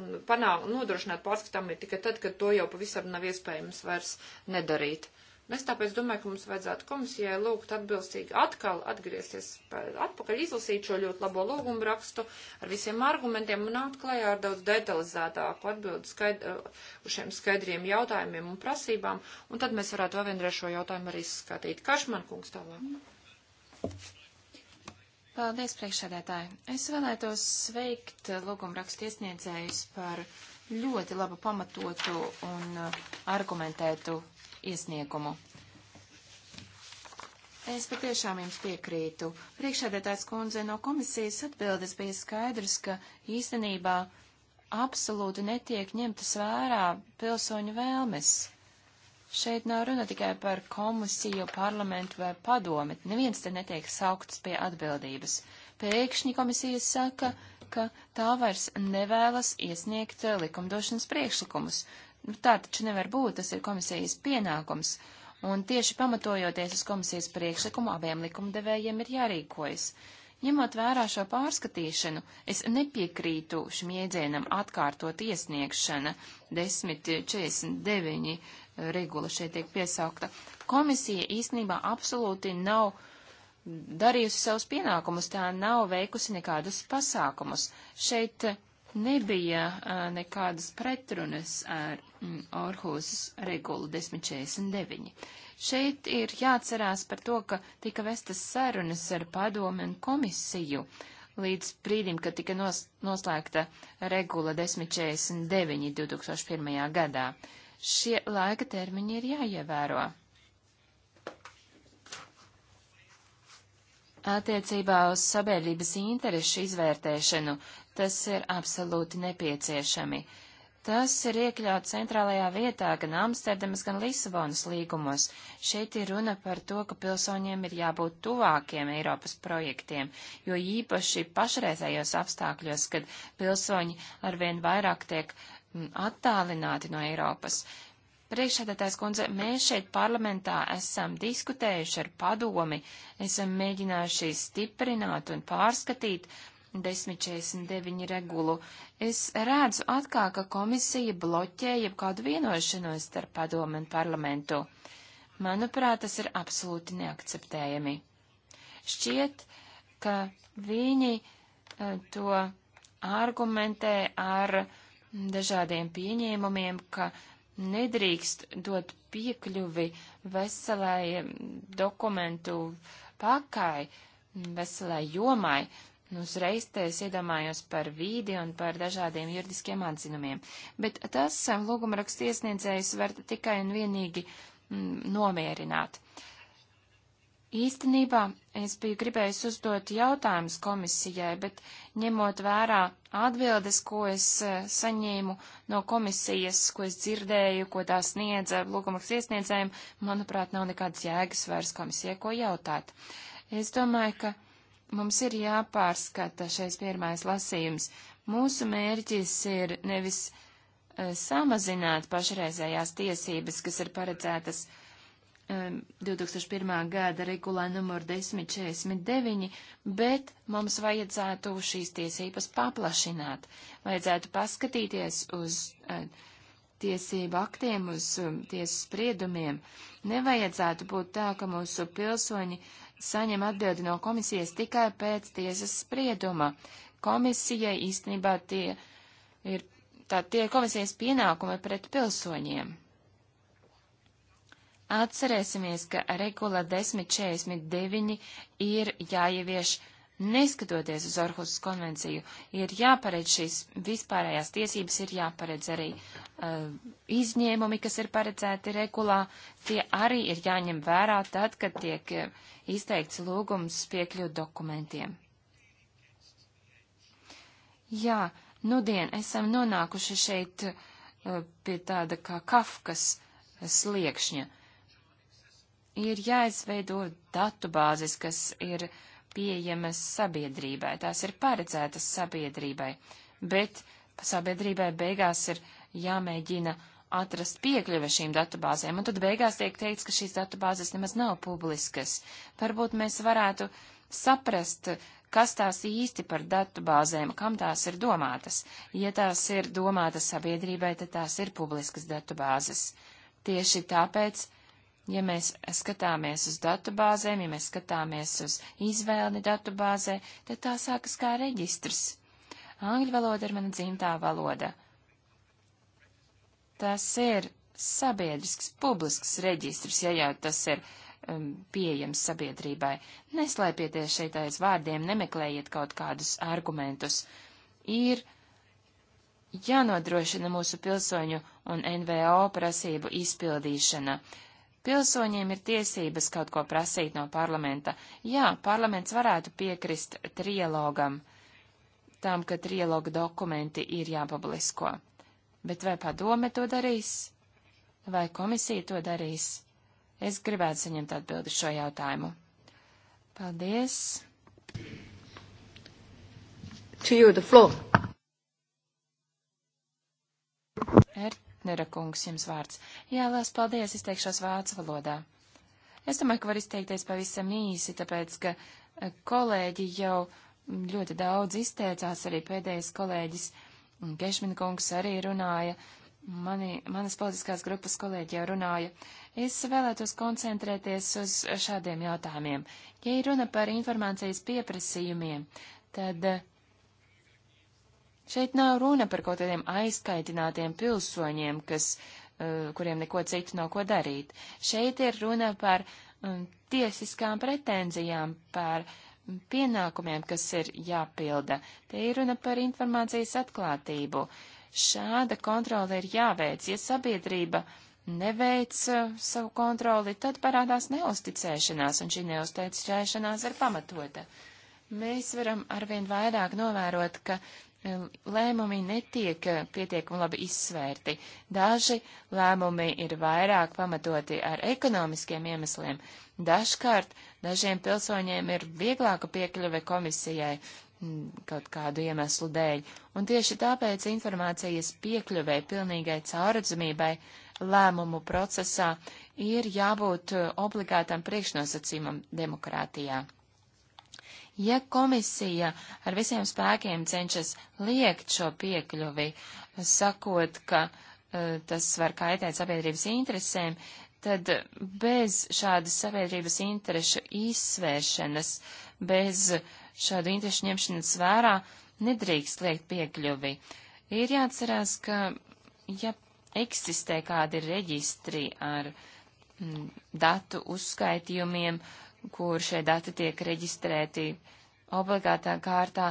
Speaker 1: un panāk, nodrošināt pārskatāmību tikai tad, kad to jau pavisam nav iespējams vairs nedarīt. Un es tāpēc domāju, ka mums vajadzētu komisijai lūgt atbilstīgi atkal atgriezties, atpakaļ izlasīt šo ļoti labo lūgumu rakstu ar visiem argumentiem un atklājā ar daudz detalizētāku atbildu skaidr, uz uh, šiem skaidriem jautājumiem un prasībām, un tad mēs varētu vēl vienreiz šo jautājumu arī izskatīt. Kašman kungs tālāk.
Speaker 3: Mm. Paldies, priekšsēdētāji. Es vēlētos sveikt lūgumrakstu iesniedzējus par ļoti labu pamatotu un uh, argumentētu iesniegumu. Es patiešām jums piekrītu. Priekšsēdētājs kundze no komisijas atbildes bija skaidrs, ka īstenībā absolūti netiek ņemtas vērā pilsoņu vēlmes. Šeit nav runa tikai par komisiju, parlamentu vai padomi. Neviens te netiek saukts pie atbildības. Pēkšņi komisija saka, ka tā vairs nevēlas iesniegt eh, likumdošanas priekšlikumus. Nu, tā taču nevar būt, tas ir komisijas pienākums. Un tieši pamatojoties uz komisijas priekšlikumu, abiem likumdevējiem ir jārīkojas. Ņemot vērā šo pārskatīšanu, es nepiekrītu šim jēdzienam atkārtot iesniegšana 1049 regula šeit tiek piesaukta. Komisija īstenībā absolūti nav darījusi savus pienākumus, tā nav veikusi nekādus pasākumus. Šeit nebija uh, nekādas pretrunas ar mm, Orhusas regulu 1049. Šeit ir jāatcerās par to, ka tika vestas sarunas ar padomi un komisiju līdz brīdim, kad tika nos, noslēgta regula 1049 2001. gadā. Šie laika termiņi ir jāievēro. Attiecībā uz sabiedrības interešu izvērtēšanu tas ir absolūti nepieciešami. Tas ir iekļauts centrālajā vietā gan Amsterdamas, gan Lisabonas līgumos. Šeit ir runa par to, ka pilsoņiem ir jābūt tuvākiem Eiropas projektiem, jo īpaši pašreizējos apstākļos, kad pilsoņi arvien vairāk tiek attālināti no Eiropas. Priekšsēdētājs kundze, mēs šeit parlamentā esam diskutējuši ar padomi, esam mēģinājuši stiprināt un pārskatīt 1049 regulu. Es redzu atkal, ka komisija bloķēja kādu vienošanos starp padomu un parlamentu. Manuprāt, tas ir absolūti neakceptējami. Šķiet, ka viņi eh, to argumentē ar uh, dažādiem pieņēmumiem, ka nedrīkst dot piekļuvi veselai mm, dokumentu pakai, mm, veselai jomai. Nu, uzreiz te es iedomājos par vīdi un par dažādiem juridiskiem atzinumiem, bet tas mm, lūgumrakstiesniedzējs var tikai un vienīgi mm, nomierināt. Uh, Īstenībā es biju gribējis uzdot jautājumus komisijai, bet ņemot vērā atbildes, ko es e, saņēmu no komisijas, ko es dzirdēju, ko tā sniedza lūgumaks iesniedzējiem, manuprāt, nav nekādas jēgas vairs komisijai, ko jautāt. Es domāju, ka mums ir jāpārskata šais pirmais lasījums. Mūsu mērķis ir nevis uh, samazināt pašreizējās tiesības, kas ir paredzētas uh, 2001. Um, gada regulā numur 1049, bet mums vajadzētu šīs tiesības paplašināt. Vajadzētu paskatīties uz uh, tiesību aktiem, uz um, tiesas spriedumiem. Nevajadzētu būt tā, ka mūsu pilsoņi saņem atbildi no komisijas tikai pēc tiesas sprieduma. Komisijai īstenībā tie ir tā tie komisijas pienākumi pret pilsoņiem. Atcerēsimies, ka regula 1049 ir jāievieš neskatoties uz Orhusas konvenciju, ir jāparedz šīs vispārējās tiesības, ir jāparedz arī uh, izņēmumi, kas ir paredzēti regulā. Tie arī ir jāņem vērā tad, kad tiek eh, izteikts lūgums piekļūt dokumentiem. Jā, nudien esam nonākuši šeit uh, pie tāda kā kafkas sliekšņa. Uh, ir jāizveido datubāzes, kas ir pieejamas sabiedrībai, tās ir paredzētas sabiedrībai, bet sabiedrībai beigās ir jāmēģina atrast piekļuve šīm datubāzēm, un tad beigās tiek teikts, ka šīs datubāzes nemaz nav publiskas. Varbūt mēs varētu saprast, kas tās īsti par datubāzēm, kam tās ir domātas. Ja tās ir domātas sabiedrībai, tad tās ir publiskas datubāzes. Tieši tāpēc Ja mēs skatāmies uz datubāzēm, ja mēs skatāmies uz izvēli datubāzē, tad tā sākas kā reģistrs. Angļu valoda ir mana dzimtā valoda. Tas ir sabiedrisks, publisks reģistrs, ja jau tas ir um, pieejams sabiedrībai. Neslēpieties šeit aiz vārdiem, nemeklējiet kaut kādus argumentus. Ir jānodrošina mūsu pilsoņu un NVO prasību izpildīšana. Pilsoņiem ir tiesības kaut ko prasīt no parlamenta. Jā, parlaments varētu piekrist trialogam, tam, ka trialoga dokumenti ir jāpublisko. Bet vai padome to darīs? Vai komisija to darīs? Es gribētu saņemt atbildi šo jautājumu. Paldies. To you the floor. Er Lepnera kungs, jums vārds. Jā, lās paldies, izteikšos vācu valodā. Es domāju, ka var izteikties pavisam īsi, tāpēc, ka eh, kolēģi jau ļoti daudz izteicās, arī pēdējais kolēģis mm, Gešmina kungs arī runāja, mani, manas politiskās grupas kolēģi jau runāja. Es vēlētos koncentrēties uz šādiem jautājumiem. Ja ir runa par informācijas pieprasījumiem, tad uh, Šeit nav runa par kaut kādiem aizkaitinātiem pilsoņiem, kas, eh, kuriem neko citu nav ko darīt. Šeit ir runa par um, tiesiskām pretenzijām, par mm, pienākumiem, kas ir jāpilda. Te ir runa par informācijas atklātību. Šāda kontrola ir jāveic, ja sabiedrība neveic uh, savu kontroli, tad parādās neusticēšanās, un šī neusticēšanās ir pamatota. Mēs varam arvien vairāk novērot, ka lēmumi netiek eh, pietiekami labi izsvērti. Daži lēmumi ir vairāk pamatoti ar ekonomiskiem iemesliem. Dažkārt dažiem pilsoņiem ir vieglāka piekļuve komisijai mm, kaut kādu iemeslu dēļ, un tieši tāpēc informācijas piekļuvē pilnīgai cauradzamībai lēmumu procesā ir jābūt eh, obligātam priekšnosacījumam demokrātijā. Ja komisija ar visiem spēkiem cenšas liekt šo piekļuvi, sakot, ka uh, tas var kaitēt sabiedrības interesēm, tad bez šādas sabiedrības interešu izsvēršanas, bez šādu interešu ņemšanas vērā nedrīkst liekt piekļuvi. Ir jāatcerās, ka ja eksistē kādi reģistri ar m, datu uzskaitījumiem, kur šie dati tiek reģistrēti obligātā kārtā,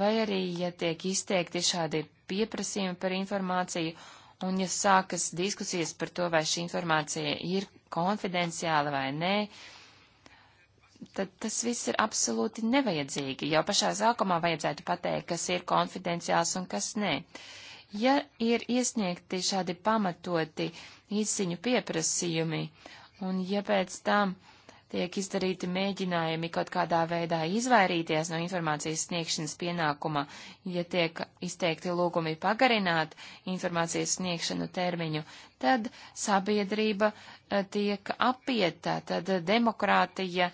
Speaker 3: vai arī, ja tiek izteikti šādi pieprasījumi par informāciju, un ja sākas diskusijas par to, vai šī informācija ir konfidenciāla vai nē, tad tas viss ir absolūti nevajadzīgi. Jau pašā sākumā vajadzētu pateikt, kas ir konfidenciāls un kas nē. Ja ir iesniegti šādi pamatoti izziņu pieprasījumi, un ja pēc tam uh, tiek izdarīti mēģinājumi kaut kādā veidā izvairīties no informācijas sniegšanas pienākuma, ja tiek izteikti lūgumi pagarināt informācijas sniegšanu termiņu, tad sabiedrība eh, tiek apieta, tad demokrātija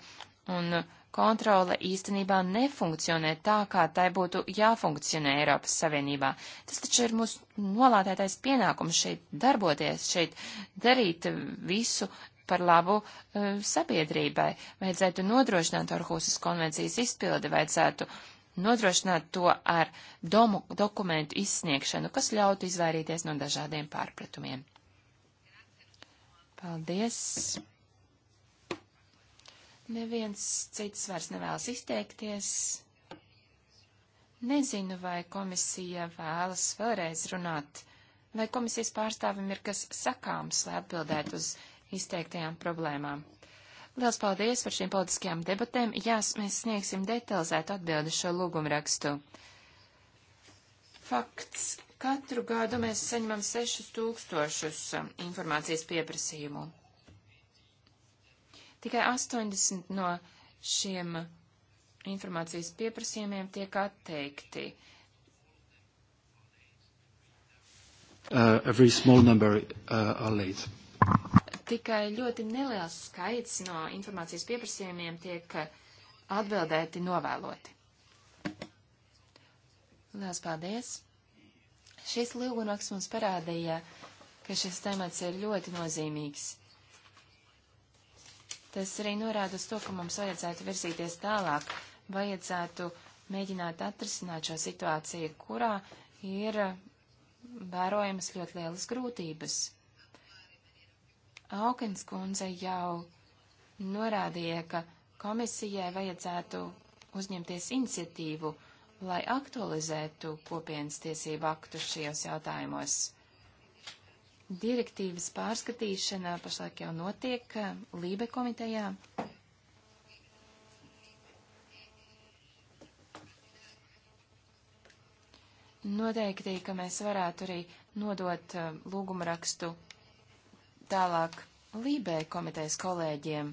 Speaker 3: un kontrole īstenībā nefunkcionē tā, kā tai būtu jāfunkcionē Eiropas Savienībā. Tas taču ir mūsu nolādētais pienākums šeit darboties, šeit darīt visu par labu uh, sabiedrībai. Vajadzētu nodrošināt Orhusas konvencijas izpildi, vajadzētu nodrošināt to ar domu, dokumentu izsniegšanu, kas ļautu izvairīties no dažādiem pārpratumiem. Paldies! Neviens cits vairs nevēlas izteikties. Nezinu, vai komisija vēlas vēlreiz runāt, vai komisijas pārstāvim ir kas sakāms, lai atbildētu uz izteiktajām problēmām. Liels paldies par šīm politiskajām debatēm. Jā, mēs sniegsim detalizētu atbildi šo lūgumrakstu. Fakts. Katru gadu mēs saņemam 6000 um, informācijas pieprasījumu. Tikai 80 no šiem informācijas pieprasījumiem tiek atteikti. Uh, every small number uh, are late. Tikai ļoti neliels skaits no informācijas pieprasījumiem tiek eh, atbildēti novēloti. Lielas paldies! Šis lūgunaks mums parādīja, ka šis temats ir ļoti nozīmīgs. Tas arī norāda uz to, ka mums vajadzētu virzīties tālāk, vajadzētu mēģināt atrisināt šo situāciju, kurā ir eh, vērojamas ļoti lielas grūtības. Aukens kundze jau norādīja, ka komisijai vajadzētu uzņemties iniciatīvu, lai aktualizētu kopienas tiesību aktu šajos jautājumos. Direktīvas pārskatīšana pašlaik jau notiek Lībe komitejā. Noteikti, ka mēs varētu arī nodot uh, lūgumrakstu tālāk Lībē komitejas kolēģiem,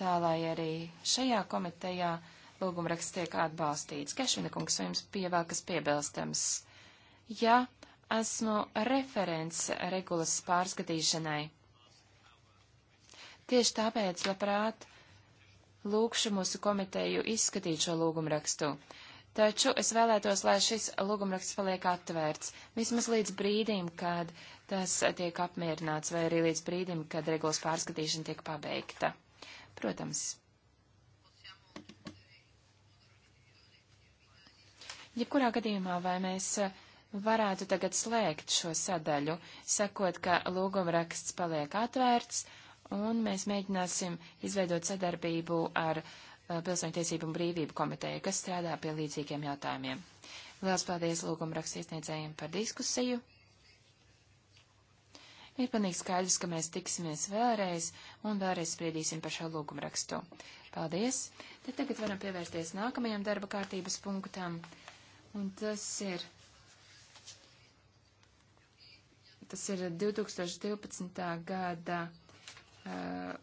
Speaker 3: tā lai arī šajā komitejā lūgumraksts tiek atbalstīts. Kešvina kungs, vai jums pie vēl kas piebilstams? Jā, esmu referents regulas pārskatīšanai. Tieši tāpēc, labprāt, lūkšu mūsu komiteju izskatīt šo lūgumrakstu. rakstu. Taču es vēlētos, lai šis lūgumraksts paliek atvērts, vismaz līdz brīdim, kad tas tiek apmierināts, vai arī līdz brīdim, kad regulas pārskatīšana tiek pabeigta. Protams. Jebkurā gadījumā, vai mēs varētu tagad slēgt šo sadaļu, sakot, ka lūgumraksts paliek atvērts, un mēs mēģināsim izveidot sadarbību ar uh, Eh, Pilsoņtiesību un brīvību komiteja, kas strādā pie līdzīgiem jautājumiem. Lielas paldies lūguma rakstiesniedzējiem par diskusiju. Ir panīgi skaidrs, ka mēs tiksimies vēlreiz un vēlreiz spriedīsim par šo lūguma rakstu. Paldies! Tad tagad varam pievērsties nākamajam darba kārtības punktam, un tas ir tas ir 2012. gada uh,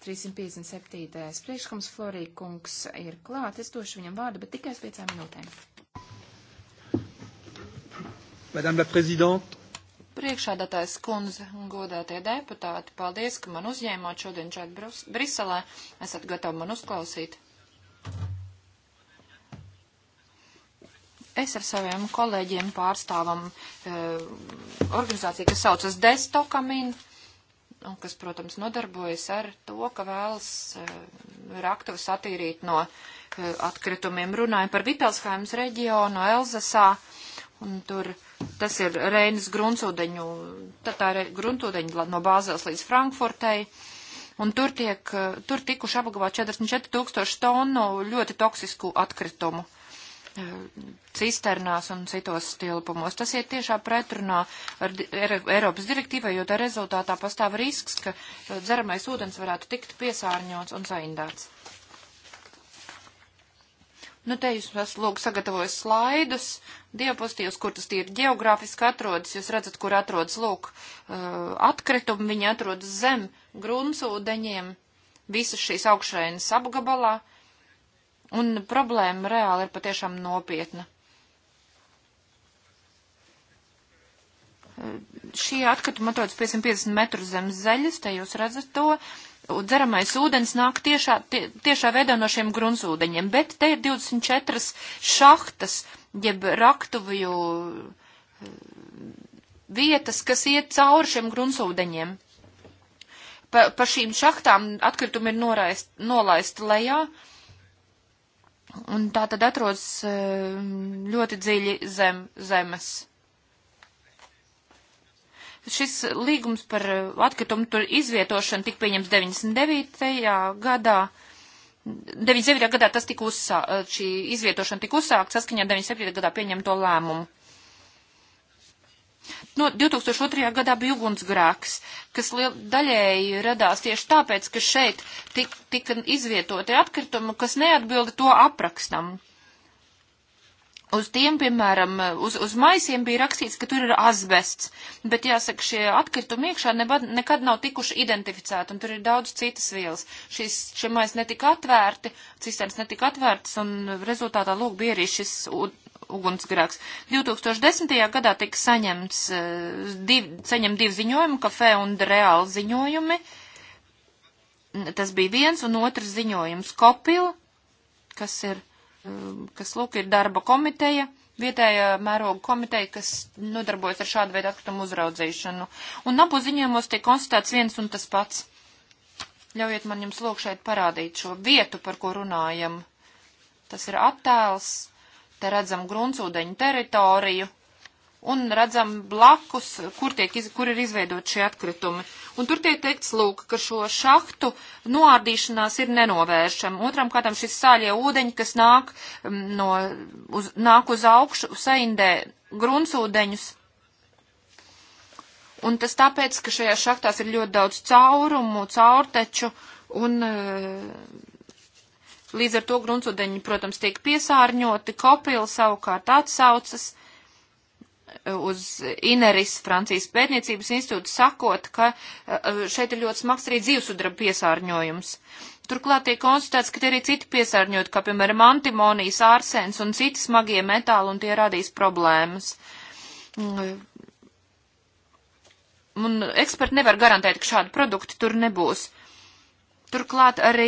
Speaker 3: 357. priekšlikums Florīkungs ir klāt. Es došu viņam vārdu, bet tikai uz piecām minūtēm.
Speaker 2: Madame la Présidente.
Speaker 1: Priekšādātājs kundze un godātie deputāti, paldies, ka man uzņēmāt šodien šeit Brus Briselē. Esat gatavi man uzklausīt. es ar saviem kolēģiem pārstāvam e, organizāciju, kas saucas Destokamin. E, un kas, protams, nodarbojas ar to, ka vēlas eh, raktuvus attīrīt no eh, atkritumiem. Runājam par Vitelshaimas reģionu Elzasā, un tur tas ir Reinas gruntsūdeņu, tā, tā ir gruntsūdeņu no Bāzels līdz Frankfurtei. Un tur, tiek, eh, tur tikuši apgabāt 44 tūkstoši tonu ļoti toksisku atkritumu. Uh, E, cisternās un citos stilpumos. Tas ir tiešā pretrunā ar Eiropas direktīvai, jo tā rezultātā pastāv risks, ka e, dzeramais ūdens varētu tikt piesārņots un zaindēts. Nu, te jūs esat, lūk, sagatavojis slaidus, diapozitīvas, kur tas ir geogrāfiski atrodas. Jūs redzat, kur atrodas, lūk, e, atkritumi, viņi atrodas zem gruntsūdeņiem, visas šīs augšējienas apgabalā Un problēma reāli ir patiešām nopietna. Šī atkrituma atrodas 550 metrus zem zeļas, te jūs redzat to. Dzeramais ūdens nāk tiešā, tie, tiešā veidā no šiem grunzūdeņiem, bet te ir 24 šahtas, jeb raktuvju eh, vietas, kas iet cauri šiem grunzūdeņiem. Pa, pa šīm šahtām atkritumi ir noraist, nolaist lejā. Uh, Un tā tad atrodas e, ļoti dziļi zem zemes. Šis līgums par atkritumu tur izvietošanu tika pieņems 99. gadā. 99. gadā tas tika uzsākts, šī izvietošana tika uzsākts saskaņā 97. gadā pieņemto lēmumu no nu, 2002. gadā bija ugunsgrāks, kas liel, daļēji radās tieši tāpēc, ka šeit tik, tika izvietoti atkritumi, kas neatbilda to aprakstam. Uz tiem, piemēram, uz, uz maisiem bija rakstīts, ka tur ir asbests, bet jāsaka, šie atkritumi iekšā nebad, nekad nav tikuši identificēti, un tur ir daudz citas vielas. Šis, šie maisi netika atvērti, cisternas netika atvērtas, un rezultātā, lūk, bija arī šis ugunsgrēks. 2010. gadā tika saņemts, eh, div, saņemt divi ziņojumi, kafē un reāli ziņojumi. Tas bija viens un otrs ziņojums Kopila, kas ir, eh, kas lūk ir darba komiteja vietējā mēroga komiteja, kas nodarbojas ar šādu veidu atkritumu uzraudzīšanu. Un abu ziņojumos tiek konstatēts viens un tas pats. Ļaujiet man jums lūk šeit parādīt šo vietu, par ko runājam. Tas ir attēls Te redzam gruntsūdeņu teritoriju un redzam blakus, kur, tiek, iz, kur ir izveidot šie atkritumi. Un tur tiek teikts, lūk, ka šo šahtu noārdīšanās ir nenovēršama. Otram kādam šis sāļie ūdeņi, kas nāk, mm, no, uz, nāk uz augšu, saindē gruntsūdeņus. Un tas tāpēc, ka šajā šaktās ir ļoti daudz caurumu, caurteču, un eh, Līdz ar to gruntsūdeņi, protams, tiek piesārņoti, kopila savukārt atsaucas e, uz Ineris Francijas pētniecības institūtu sakot, ka e, šeit ir ļoti smags arī dzīvesudraba piesārņojums. Turklāt tiek konstatēts, ka te ir arī citi piesārņot, kā piemēram antimonijas, ārsens un citi smagie metāli, un tie radīs problēmas. Mm, e, un eksperti nevar garantēt, ka šādi produkti tur nebūs. Turklāt arī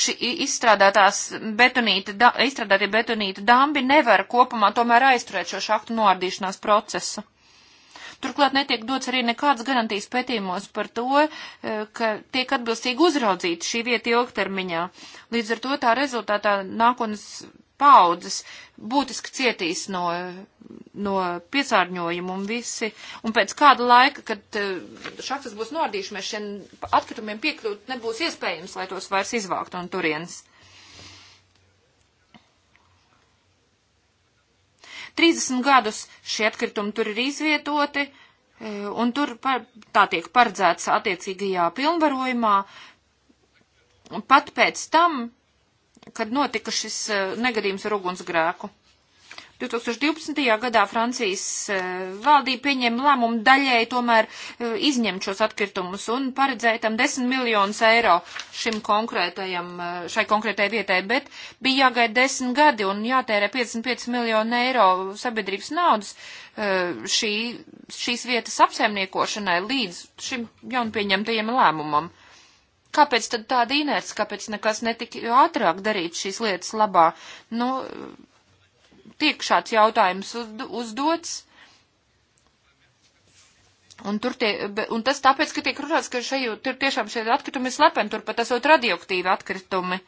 Speaker 1: šī izstrādātās betonīta, da, izstrādātie betonīta dambi nevar kopumā tomēr aizturēt šo šahtu noardīšanās procesu. Turklāt netiek dots arī nekāds garantijas pētījumos par to, e, ka tiek atbilstīgi uzraudzīta šī vieta ilgtermiņā. Līdz ar to tā rezultātā nākotnes paudzes būtiski cietīs no, no piesārņojuma un visi. Un pēc kāda laika, kad eh, šaktas būs nordīšamies, šiem atkritumiem piekļūt nebūs iespējams, lai tos vairs izvākt no turienes. 30 gadus šie atkritumi tur ir izvietoti, eh, un tur par, tā tiek paredzēts attiecīgajā pilnvarojumā. Pat pēc tam kad notika šis eh, negadījums ar ugunsgrēku. 2012. gadā Francijas eh, valdība pieņēma lēmumu daļēji tomēr eh, izņemt šos atkritumus un paredzēja tam 10 miljonus eiro šim konkrētajam, šai konkrētajai vietai, bet bija jāgaida 10 gadi un jātērē 55 miljonu eiro sabiedrības naudas šī, šīs vietas apsaimniekošanai līdz šim jaunpieņemtajam lēmumam. Kāpēc tad tāda inerts, kāpēc nekas netika ātrāk darīt šīs lietas labā? Nu, tiek šāds jautājums uzdots. Un, tie, un tas tāpēc, ka tiek runāts, ka šeit tur tiešām šie atkritumi slepeni, tur pat esot radioaktīvi atkritumi.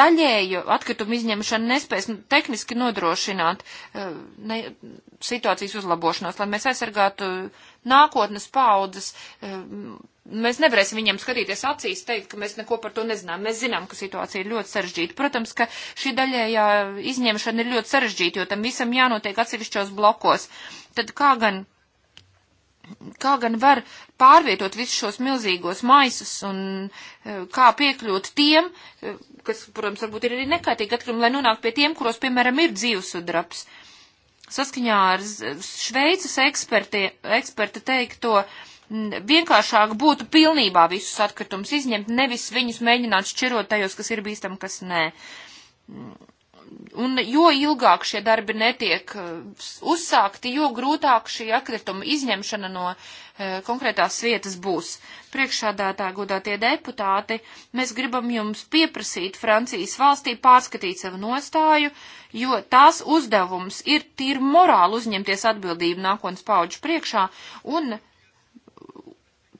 Speaker 1: Daļēju atkritumu izņemšanu nespēs tehniski nodrošināt e, ne, situācijas uzlabošanos, lai mēs aizsargātu nākotnes paudzes e, mēs nevarēsim viņiem skatīties acīs, teikt, ka mēs neko par to nezinām. Mēs zinām, ka situācija ir ļoti sarežģīta. Protams, ka šī daļējā izņemšana ir ļoti sarežģīta, jo tam visam jānotiek atsevišķos blokos. Tad kā gan, kā gan var pārvietot visus šos milzīgos maisus un e, kā piekļūt tiem, e, kas, protams, varbūt ir arī nekaitīgi atkritumi, lai nonāktu pie tiem, kuros, piemēram, ir dzīvesudraps. Saskaņā ar Šveices eksperti, eksperta teikto, uh, vienkāršāk būtu pilnībā visus atkritumus izņemt, nevis viņus mēģināt šķirot tajos, kas ir bīstam, kas nē. Un jo ilgāk šie darbi netiek uh, uzsākti, jo grūtāk šī atkrituma izņemšana no e, konkrētās vietas būs. Priekšādātā godātie deputāti, mēs gribam jums pieprasīt Francijas valstī pārskatīt savu nostāju, jo tās uzdevums ir tīri morāli uzņemties atbildību nākotnes pauģu priekšā un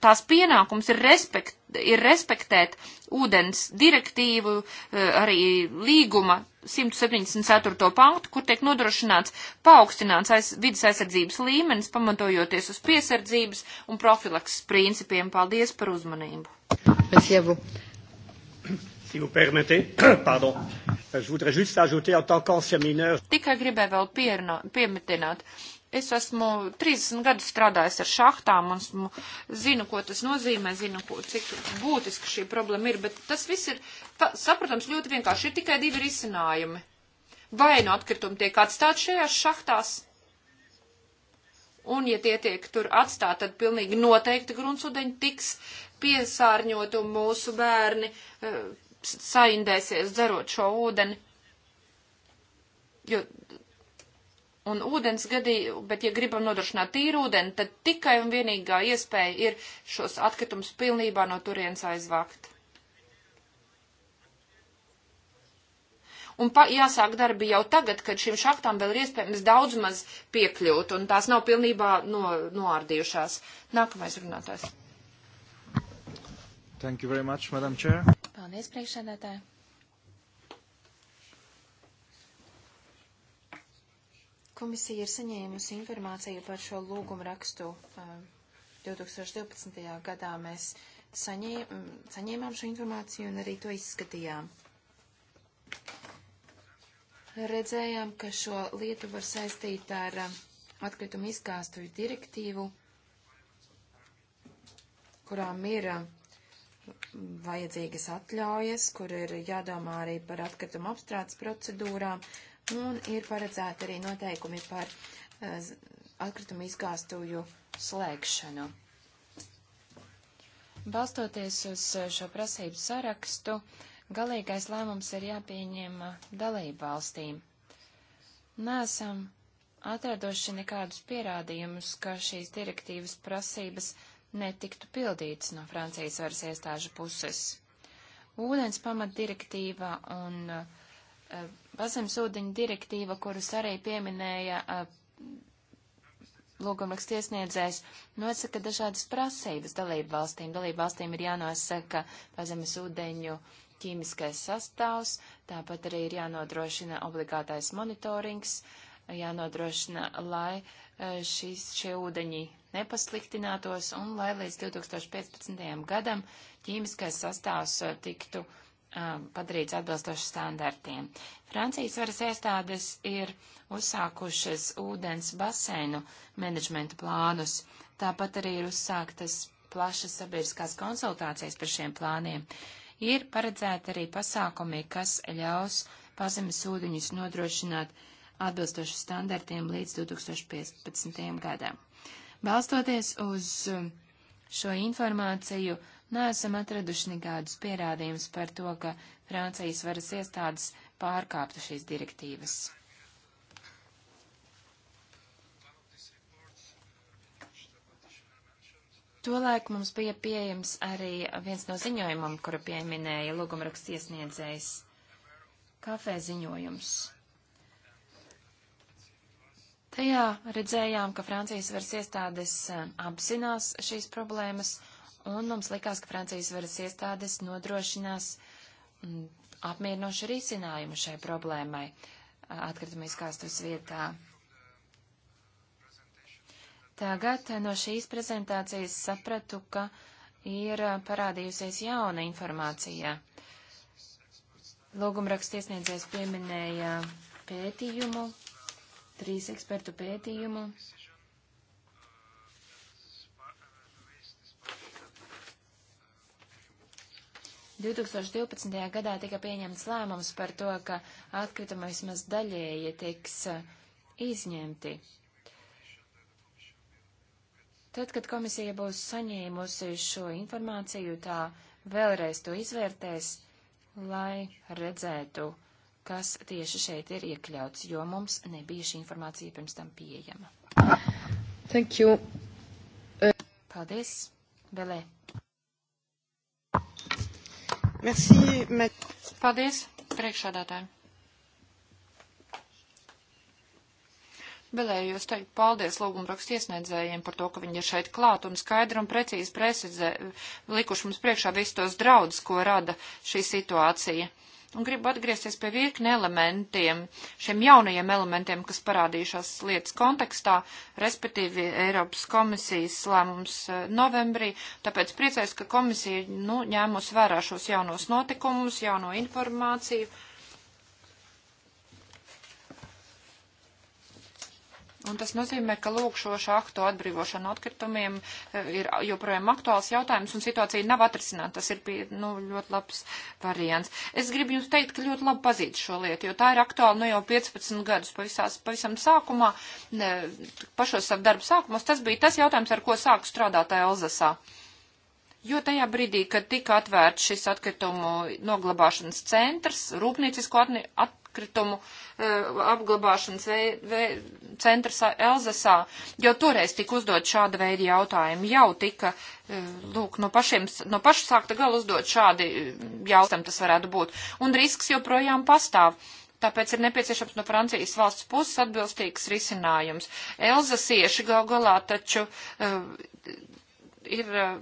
Speaker 1: tās pienākums ir, respekt, ir respektēt ūdens direktīvu, eh, arī līguma 174. pantu, kur tiek nodrošināts paaugstināts aiz, vidas aizsardzības līmenis, pamatojoties uz piesardzības un profilaks principiem. Paldies par uzmanību. Si vous permettez, pardon, je voudrais juste ajouter en tant qu'ancien mineur. Tikai gribēju vēl pierunā, piemetināt, uh, Es esmu 30 gadus strādājis ar šahtām un esmu, zinu, ko tas nozīmē, zinu, ko, cik būtiski šī problēma ir, bet tas viss ir, tā, saprotams, ļoti vienkārši. Ir tikai divi risinājumi. Vai no nu atkritumi tiek atstāti šajās šahtās, un ja tie tiek tur atstāti, tad pilnīgi noteikti gruntsūdeņi tiks piesārņot un mūsu bērni e, saindēsies dzerot šo ūdeni. Jo Un ūdens gadījumā, bet ja gribam nodrošināt tīru ūdeni, tad tikai un vienīgā iespēja ir šos atkritumus pilnībā no turienes aizvākt. Un pa, jāsāk darbi jau tagad, kad šīm šaktām vēl ir iespējams daudz maz piekļūt, un tās nav pilnībā no, noārdījušās. Nākamais runātājs.
Speaker 3: Thank you very much, Madam Chair. Paldies, priekšsēdētāji. Komisija ir saņēmusi informāciju par šo lūgumu rakstu. 2012. Um, gadā mēs saņē, mm, saņēmām šo informāciju un arī to izskatījām. Redzējām, ka šo lietu var saistīt ar um, atkritumu izkāstuju direktīvu, kurām ir um, vajadzīgas atļaujas, kur ir jādomā arī par atkritumu apstrādes procedūrām, un ir paredzēti arī noteikumi par eh, atkritumu izgāstuju slēgšanu. Balstoties uz eh, šo prasību sarakstu, galīgais lēmums ir jāpieņem eh, dalību valstīm. Nesam atraduši nekādus pierādījumus, ka šīs direktīvas prasības netiktu pildītas no Francijas varas iestāžu puses. Ūdens pamatdirektīva un uh, Pazemsūdeņu direktīva, kurus arī pieminēja lūgumraks tiesniedzējs, nosaka dažādas prasības dalību valstīm. Dalību valstīm ir jānosaka pazemsūdeņu ķīmiskais sastāvs, tāpat arī ir jānodrošina obligātais monitorings, jānodrošina, lai šis, šie ūdeņi nepasliktinātos un lai līdz 2015. gadam ķīmiskais sastāvs tiktu uh, um, padarīts atbilstoši standartiem. Francijas varas iestādes ir uzsākušas ūdens baseinu menedžmenta plānus, tāpat arī ir uzsāktas plašas sabiedriskās konsultācijas par šiem plāniem. Ir paredzēti arī pasākumi, kas ļaus pazemes ūdeņus nodrošināt atbilstoši standartiem līdz 2015. gadam. Balstoties uz šo informāciju, uh, neesam atraduši nekādus pierādījumus par to, ka Francijas varas iestādes pārkāptu šīs direktīvas. Tolēk mums bija pieejams arī viens no ziņojumam, kuru pieminēja lūgumraksts iesniedzējs - kafē ziņojums. Tajā redzējām, ka Francijas varas iestādes eh, apzinās šīs problēmas un mums likās, ka Francijas varas iestādes nodrošinās mm, apmierinošu risinājumu šai problēmai atkritumī skāstus vietā. Tagad no šīs prezentācijas sapratu, ka ir parādījusies jauna informācija. Lūgumraksts iesniedzējs pieminēja pētījumu, trīs ekspertu pētījumu, 2012. gadā tika pieņemts lēmums par to, ka atkritumi vismaz daļēji tiks eh, izņemti. Tad, kad komisija būs saņēmusi šo informāciju, tā vēlreiz to izvērtēs, lai redzētu, kas tieši šeit ir iekļauts, jo mums nebija šī informācija pirms tam pieejama. Thank you. Paldies, Belē.
Speaker 1: Merci, met... Paldies, priekšādātāji. Vēlējos teikt paldies lūgumrakstu iesniedzējiem par to, ka viņi ir šeit klāt un skaidri un precīzi precizē, likuši mums priekšā visus tos draudus, ko rada šī situācija un gribu atgriezties pie virkni elementiem, šiem jaunajiem elementiem, kas parādījušās lietas kontekstā, respektīvi Eiropas komisijas lēmums eh, novembrī. Tāpēc priecājos, ka komisija nu, ņēmus vērā šos jaunos notikumus, jauno informāciju Un tas nozīmē, ka lūk šo šahtu atbrīvošanu atkritumiem e, ir joprojām aktuāls jautājums un situācija nav atrisināta. Tas ir pie, nu, ļoti labs variants. Es gribu jums teikt, ka ļoti labi pazīst šo lietu, jo tā ir aktuāla nu jau 15 gadus pavisās, pavisam sākumā, ne, pašos savu darbu sākumos. Tas bija tas jautājums, ar ko sāku strādāt Elzasā. Jo tajā brīdī, kad tika atvērts šis atkritumu noglabāšanas centrs, rūpniecisko atni, at, atkritumu e, apglabāšanas vei, vei, centrs Elzasā, jo toreiz tika uzdot šāda veida jautājumi. Jau tika, e, lūk, no, pašiem, no paša sākta gala uzdot šādi e, jautājumi tas varētu būt. Un risks joprojām pastāv. Tāpēc ir nepieciešams no Francijas valsts puses atbilstīgs risinājums. Elzasieši gal galā taču uh, ir. Uh,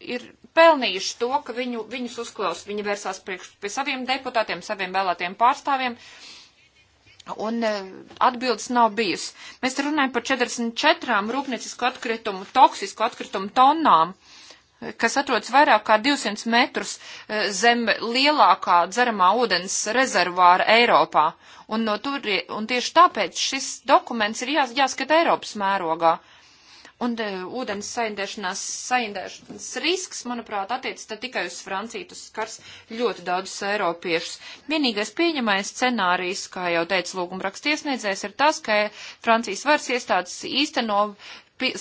Speaker 1: ir pelnījuši to, ka viņu, viņus uzklaus, viņi vērsās priekš pie saviem deputātiem, saviem vēlētiem pārstāvjiem. Un e, atbildes nav bijusi. Mēs runājam par 44 rūpniecisku atkritumu, toksisku atkritumu tonnām, e, kas atrodas vairāk kā 200 metrus e, zem lielākā dzeramā ūdens rezervāra Eiropā. Un, no tur, un tieši tāpēc šis dokuments ir jā, jāskata Eiropas mērogā. Uh, Un uh, ūdens saindēšanās, saindēšanas risks, manuprāt, attiec te tikai uz Franciju, tas skars ļoti daudzus eiropiešus. Vienīgais pieņemais scenārijs, kā jau teica lūguma rakstiesniedzējs, ir tas, ka Francijas varas iestādes īsteno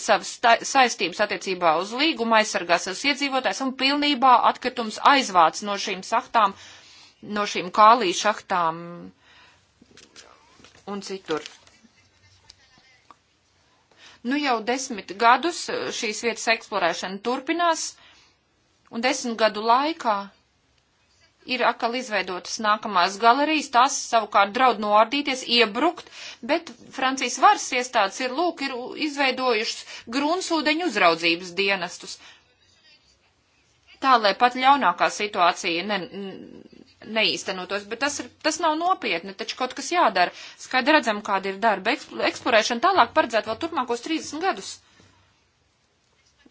Speaker 1: savas saistības attiecībā uz līgumu, aizsargā savus iedzīvotājus un pilnībā atkritums aizvāc no šīm saktām, no šīm kālī šaktām un citur. Nu jau desmit gadus eh, šīs vietas eksplorēšana turpinās, un desmit gadu laikā ir atkal izveidotas nākamās galerijas, tās savukārt draud noardīties, iebrukt, bet Francijas varas iestādes ir, lūk, ir izveidojušas grūnsūdeņu uzraudzības dienestus. Tā, lai pat ļaunākā situācija ne, neīstenotos, bet tas, ir, tas nav nopietni, taču kaut kas jādara. Skaidri redzam, kāda ir darba eksplorēšana tālāk paredzēt vēl turpmākos 30 gadus.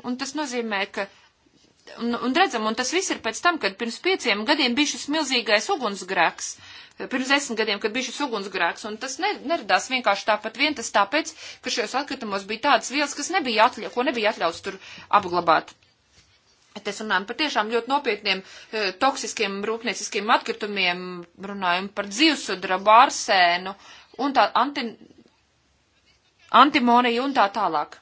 Speaker 1: Un tas nozīmē, ka un, un redzam, un tas viss ir pēc tam, kad pirms pieciem gadiem bija šis milzīgais ugunsgrēks, pirms desmit gadiem, kad bija šis ugunsgrēks, un tas ne, neradās vienkārši tāpat vien, tas tāpēc, ka šajos atkritumos bija tādas vielas, kas nebija atļau, ko nebija atļauts tur apglabāt. Mēs runājam par tiešām ļoti nopietniem eh, toksiskiem rūpnieciskiem atkritumiem, runājam par dzīvesudrabu, arsēnu un tā anti, antimoniju un tā tālāk.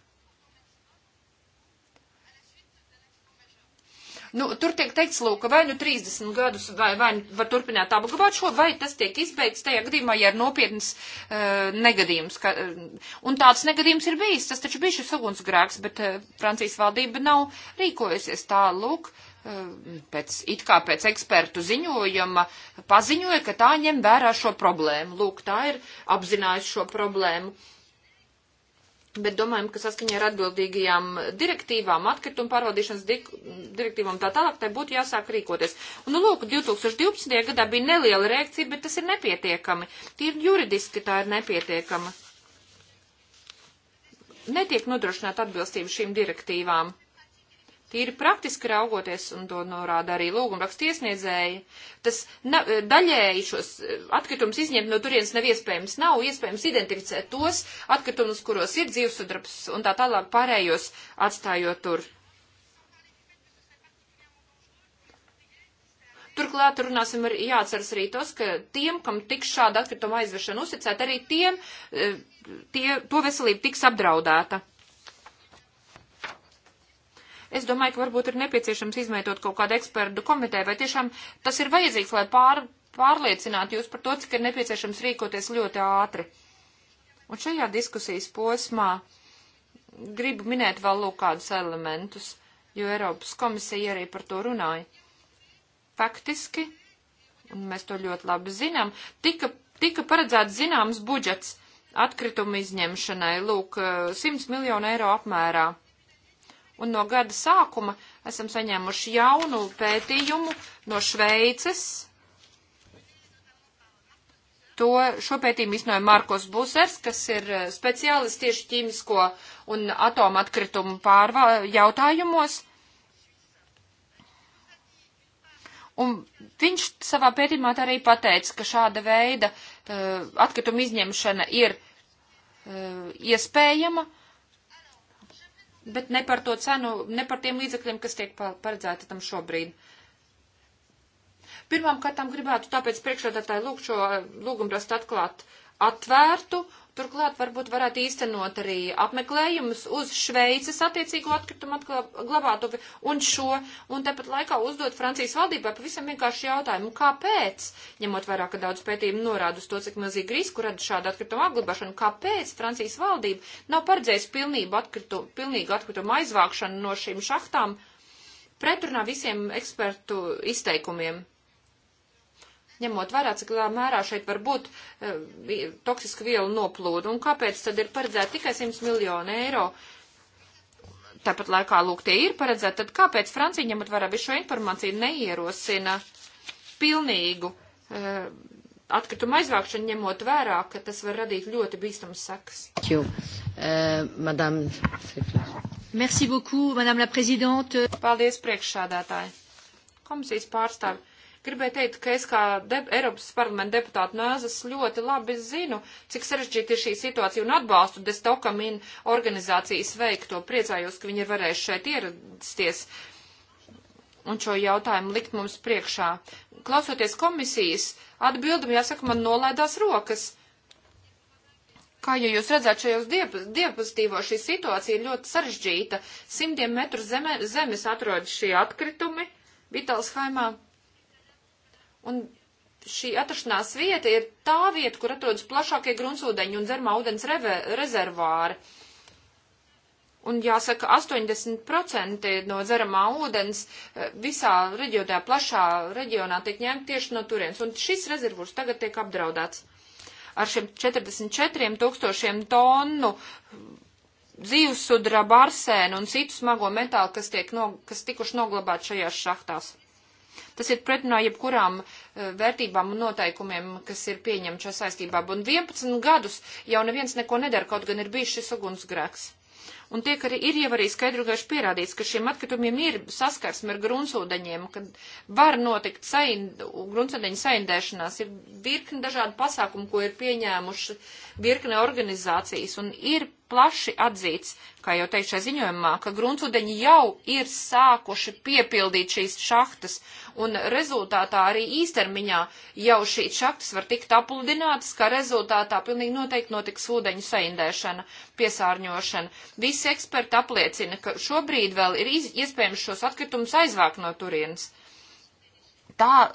Speaker 1: Nu, tur tiek teikts, lūk, vai nu 30 gadus, vai, vai var turpināt apglabāt šo, vai tas tiek izbeigts tajā gadījumā, ja ir nopietnas uh, eh, negadījums. Ka, uh, un tāds negadījums ir bijis, tas taču bija šis ugunsgrēks, bet uh, Francijas valdība nav rīkojusies tā, lūk. Uh, pēc, it kā pēc ekspertu ziņojuma paziņoja, ka tā ņem vērā šo problēmu. Lūk, tā ir apzinājusi šo problēmu. Bet domājam, ka saskaņā ar atbildīgajām direktīvām, atkritumu pārvaldīšanas di direktīvām tā tālāk, tai būtu jāsāk rīkoties. Un, nu, lūk, 2012. gadā bija neliela reakcija, bet tas ir nepietiekami. Tīri juridiski tā ir nepietiekama. Netiek nodrošināta atbilstība šīm direktīvām. Tīri praktiski raugoties, un to norāda arī lūgumrakstu iesniedzēji, tas na, daļēji šos eh, atkritumus izņemt no turienes nav iespējams. Nav iespējams identificēt tos atkritumus, kuros ir dzīvesudrabs un tā tālāk pārējos atstājot tur. Turklāt runāsim ar, jāatceras arī tos, ka tiem, kam tiks šāda atkrituma aizvešana uzticēta, arī tiem eh, tie, to veselība tiks apdraudēta. Es domāju, ka varbūt ir nepieciešams izmētot kaut kādu ekspertu komiteju, vai tiešām tas ir vajadzīgs, lai pār, pārliecinātu jūs par to, cik ir nepieciešams rīkoties ļoti ātri. Un šajā diskusijas posmā gribu minēt vēl lūk kādus elementus, jo Eiropas komisija arī par to runāja. Faktiski, un mēs to ļoti labi zinām, tika, tika paredzēts zināms budžets atkritumu izņemšanai, lūk, 100 eh, miljonu eiro apmērā. Un no gada sākuma esam saņēmuši jaunu pētījumu no Šveices. To, šo pētījumu iznoja Markos Busers, kas ir eh, speciālists tieši ķīmisko un atomu atkritumu pārvā jautājumos. Un viņš savā pētījumā arī pateica, ka šāda veida uh, atkrituma izņemšana ir uh, iespējama, uh, bet ne par to cenu, ne par tiem līdzekļiem, kas tiek paredzēti tam šobrīd. Pirmām kārtām gribētu tāpēc priekšredātāju lūgt šo eh, lūgumrastu atklāt atvērtu Turklāt varbūt varētu īstenot arī apmeklējumus uz Šveices attiecīgo atkritumu glabātuvi un šo, un tepat laikā uzdot Francijas valdībai pavisam vienkārši jautājumu, kāpēc, ņemot vairāk, ka daudz pētījumu norāda uz to, cik mazīgi risku rada šāda atkrituma apglabāšana, kāpēc Francijas valdība nav paredzējusi pilnību atkritumu, pilnīgu atkritumu aizvākšanu no šīm šahtām pretrunā visiem ekspertu izteikumiem ņemot vērā, cik lielā mērā šeit var būt e, eh, toksisku vielu noplūdu, un kāpēc tad ir paredzēta tikai 100 miljonu eiro. Tāpat laikā, lūk, tie ir paredzēti, tad kāpēc Francija, ņemot vērā visu šo informāciju, neierosina pilnīgu e, atkritumu aizvākšanu, ņemot vērā, ka tas var radīt ļoti bīstamas sekas?
Speaker 2: Eh,
Speaker 1: Merci beaucoup, madame la présidente. Paldies, priekšsādātāji. Komisijas pārstāvi Gribēju teikt, ka es kā de Eiropas parlamenta deputāta nāzas ļoti labi zinu, cik sarežģīta ir šī situācija un atbalstu Destokamin organizācijas veikto. Priecājos, ka viņi ir varējuši šeit ierasties un šo jautājumu likt mums priekšā. Klausoties komisijas, atbildam jāsaka, man nolaidās rokas. Kā jau jūs redzat, šajos diapozitīvos šī situācija ir ļoti sarežģīta. Simtiem metru zeme, zemes atrodas šie atkritumi Vitalshaimā. Un šī atrašanās vieta ir tā vieta, kur atrodas plašākie gruntsūdeņi un dzermā ūdens reve, rezervāri. Un jāsaka, 80% no dzeramā ūdens eh, visā reģionā, plašā reģionā tiek ņemta tieši no turienes. Un šis rezervūrs tagad tiek apdraudēts ar šiem 44 tūkstošiem tonu zīvesudraba, arsēnu un citu smago metālu, kas, tiek no, kas tikuši noglabāti šajās šahtās. Tas ir pretrunā jebkurām eh, vērtībām un noteikumiem, kas ir pieņemti šajā saistībā. Un 11 gadus jau neviens neko nedara, kaut gan ir bijis šis ugunsgrēks. Un tiek arī, ir jau arī skaidrgaiši pierādīts, ka šiem atkritumiem ir saskarsme ar gruntsūdeņiem, ka var notikt saind, gruntsūdeņu saindēšanās, ir virkni dažādu pasākumu, ko ir pieņēmuši virkne organizācijas, un ir plaši atzīts, kā jau teicu šajā ziņojumā, ka gruntsūdeņi jau ir sākuši piepildīt šīs šahtas, un rezultātā arī īstermiņā jau šīs šahtas var tikt apludinātas, kā rezultātā pilnīgi noteikti notiks ūdeņu saindēšana, piesārņošana. Visi eksperti apliecina, ka šobrīd vēl ir iespējams šos atkritumus aizvākt no turienes tā,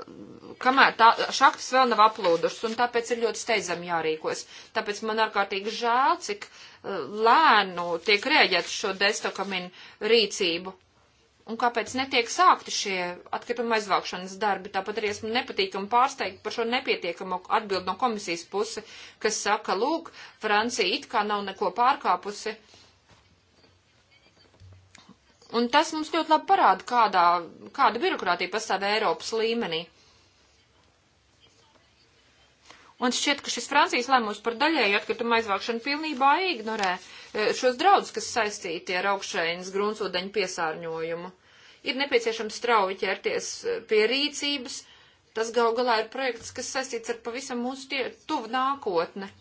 Speaker 1: kamēr tā šaktas vēl nav aplūdušas, un tāpēc ir ļoti steidzami jārīkos. Tāpēc man ārkārtīgi žēl, cik lēnu tiek rēģēt šo destokaminu rīcību. Un kāpēc netiek sākti šie atkrituma aizvākšanas darbi? Tāpat arī esmu nepatīkami pārsteigta par šo nepietiekamo atbildu no komisijas pusi, kas saka, lūk, Francija it kā nav neko pārkāpusi. Un tas mums ļoti labi parāda, kādā, kāda birokrātija pastāv Eiropas līmenī. Un šķiet, ka šis Francijas lēmums par daļēju atkritumu aizvākšanu pilnībā ignorē e, šos draudus, kas saistīti ar augšējienas gruntsūdeņu piesārņojumu. Ir nepieciešams strauji ķerties e, pie rīcības. Tas gal galā ir projekts, kas saistīts ar pavisam mūsu tie, tuvu nākotni.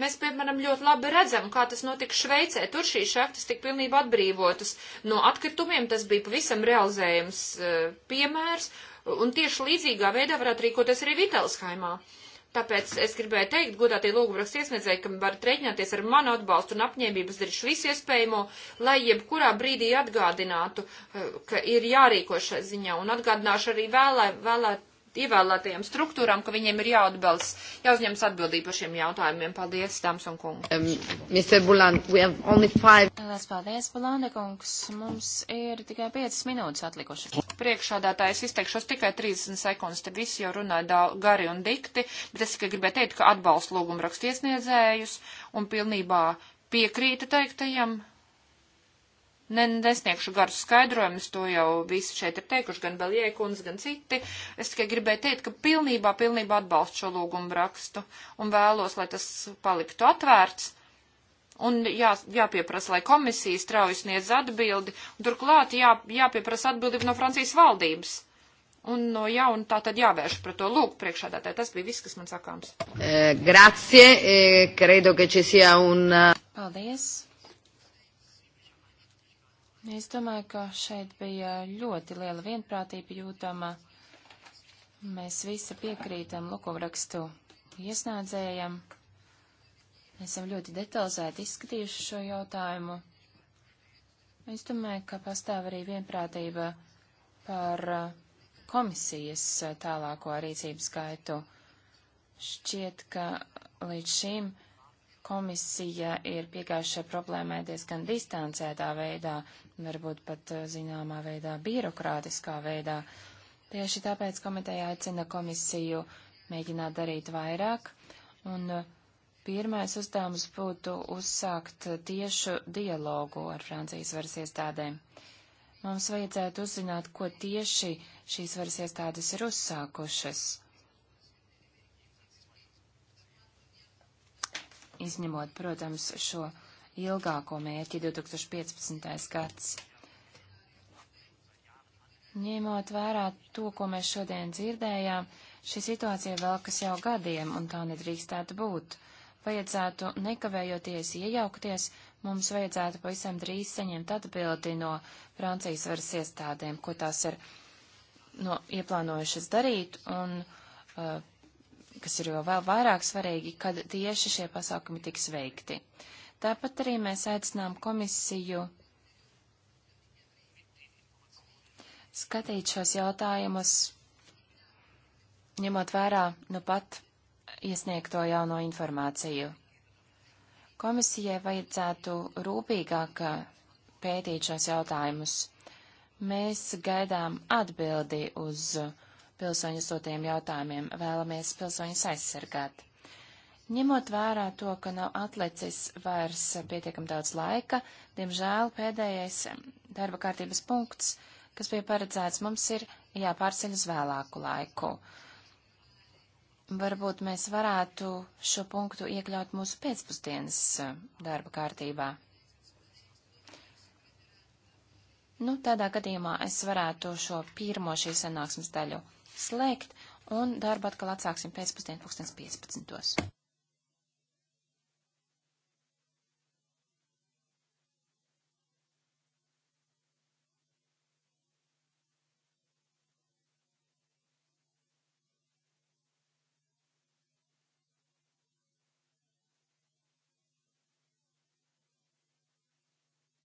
Speaker 1: Mēs, piemēram, ļoti labi redzam, kā tas notika Šveicē. Tur šīs šahtas tika pilnībā atbrīvotas no atkritumiem. Tas bija pavisam realizējams uh, piemērs. Un tieši līdzīgā veidā varētu rīkoties arī Vitelshaimā. Tāpēc es gribēju teikt, godātie lūgumraksta iesniedzēji, ka varat rēķināties ar manu atbalstu un apņēmības darīšu visu iespējamo, lai jebkurā brīdī atgādinātu, eh, ka ir jārīko šai ziņā. Un atgādināšu arī vēlē, vēlēt ievēlētajām struktūrām, ka viņiem ir jāatbalsts, jāuzņems atbildība par šiem jautājumiem.
Speaker 3: Paldies, dāmas un kungi. Um, Mr. Bulant, we have only five. Lielas paldies, Bulanda kungs. Mums ir tikai 5 minūtes atlikušas. Priekšādātājs izteikšos tikai 30
Speaker 1: sekundes, te visi jau runāja gari un dikti, bet es tikai gribēju teikt, ka atbalstu lūgumu rakstiesniedzējus un pilnībā piekrītu teiktajam Ne, nesniegšu garu skaidrojumus, to jau visi šeit ir teikuši, gan Beliekums, gan citi. Es tikai gribēju teikt, ka pilnībā, pilnībā atbalstu šo lūgumu rakstu un vēlos, lai tas paliktu atvērts. Un jā, jāpieprasa, lai komisija strauji sniedz atbildi, un turklāt jā, jāpieprasa atbildība no Francijas valdības. Un no jauna tā tad jāvērš pret to lūk priekšādātāju. Tas bija viss, kas man sakāms.
Speaker 2: E, grazie, e, credo, ka šis jau un. Eh,
Speaker 3: Paldies. Es domāju, ka šeit bija ļoti liela vienprātība jūtama. Mēs visi piekrītam likumrakstu iesnādzējam. Esam ļoti detalizēti izskatījuši šo jautājumu. Es domāju, ka pastāv arī vienprātība par komisijas tālāko rīcības gaitu. Šķiet, ka līdz šim uh, komisija ir piegājušai problēmai diezgan distancētā veidā, varbūt pat eh, zināmā veidā birokrātiskā veidā. Tieši tāpēc komiteja aicina komisiju mēģināt darīt vairāk, un eh, pirmais uzdevums būtu uzsākt tiešu dialogu ar Francijas varas iestādēm. Mums vajadzētu uzzināt, ko tieši šīs varas iestādes ir uzsākušas izņemot, protams, šo ilgāko mērķi 2015. gads. Ņemot vērā to, ko mēs šodien dzirdējām, šī situācija velkas jau gadiem, un tā nedrīkstētu būt. Vajadzētu nekavējoties iejaukties, mums vajadzētu pavisam drīz saņemt atbildi no Francijas varas iestādēm, ko tās ir no, ieplānojušas darīt, un uh, kas ir jau vēl vairāk svarīgi, kad tieši šie pasākumi tiks veikti. Tāpat arī mēs aicinām komisiju skatīt šos jautājumus, ņemot vērā nu pat iesniegto jauno informāciju. Komisijai vajadzētu rūpīgāk pētīt šos jautājumus. Mēs gaidām atbildi uz uh, pilsoņu sūtījiem jautājumiem. Vēlamies pilsoņus aizsargāt. Ņemot vērā to, ka nav atlicis vairs pietiekam daudz laika, diemžēl pēdējais um, darba kārtības punkts, kas bija paredzēts, mums ir jāpārceļ uz vēlāku laiku. Varbūt mēs varētu šo punktu iekļaut mūsu pēcpusdienas um, darba kārtībā. Nu, tādā gadījumā es varētu šo pirmo šīs sanāksmes daļu slēgt, un darbu atkal atsāksim pēcpusdien 2015.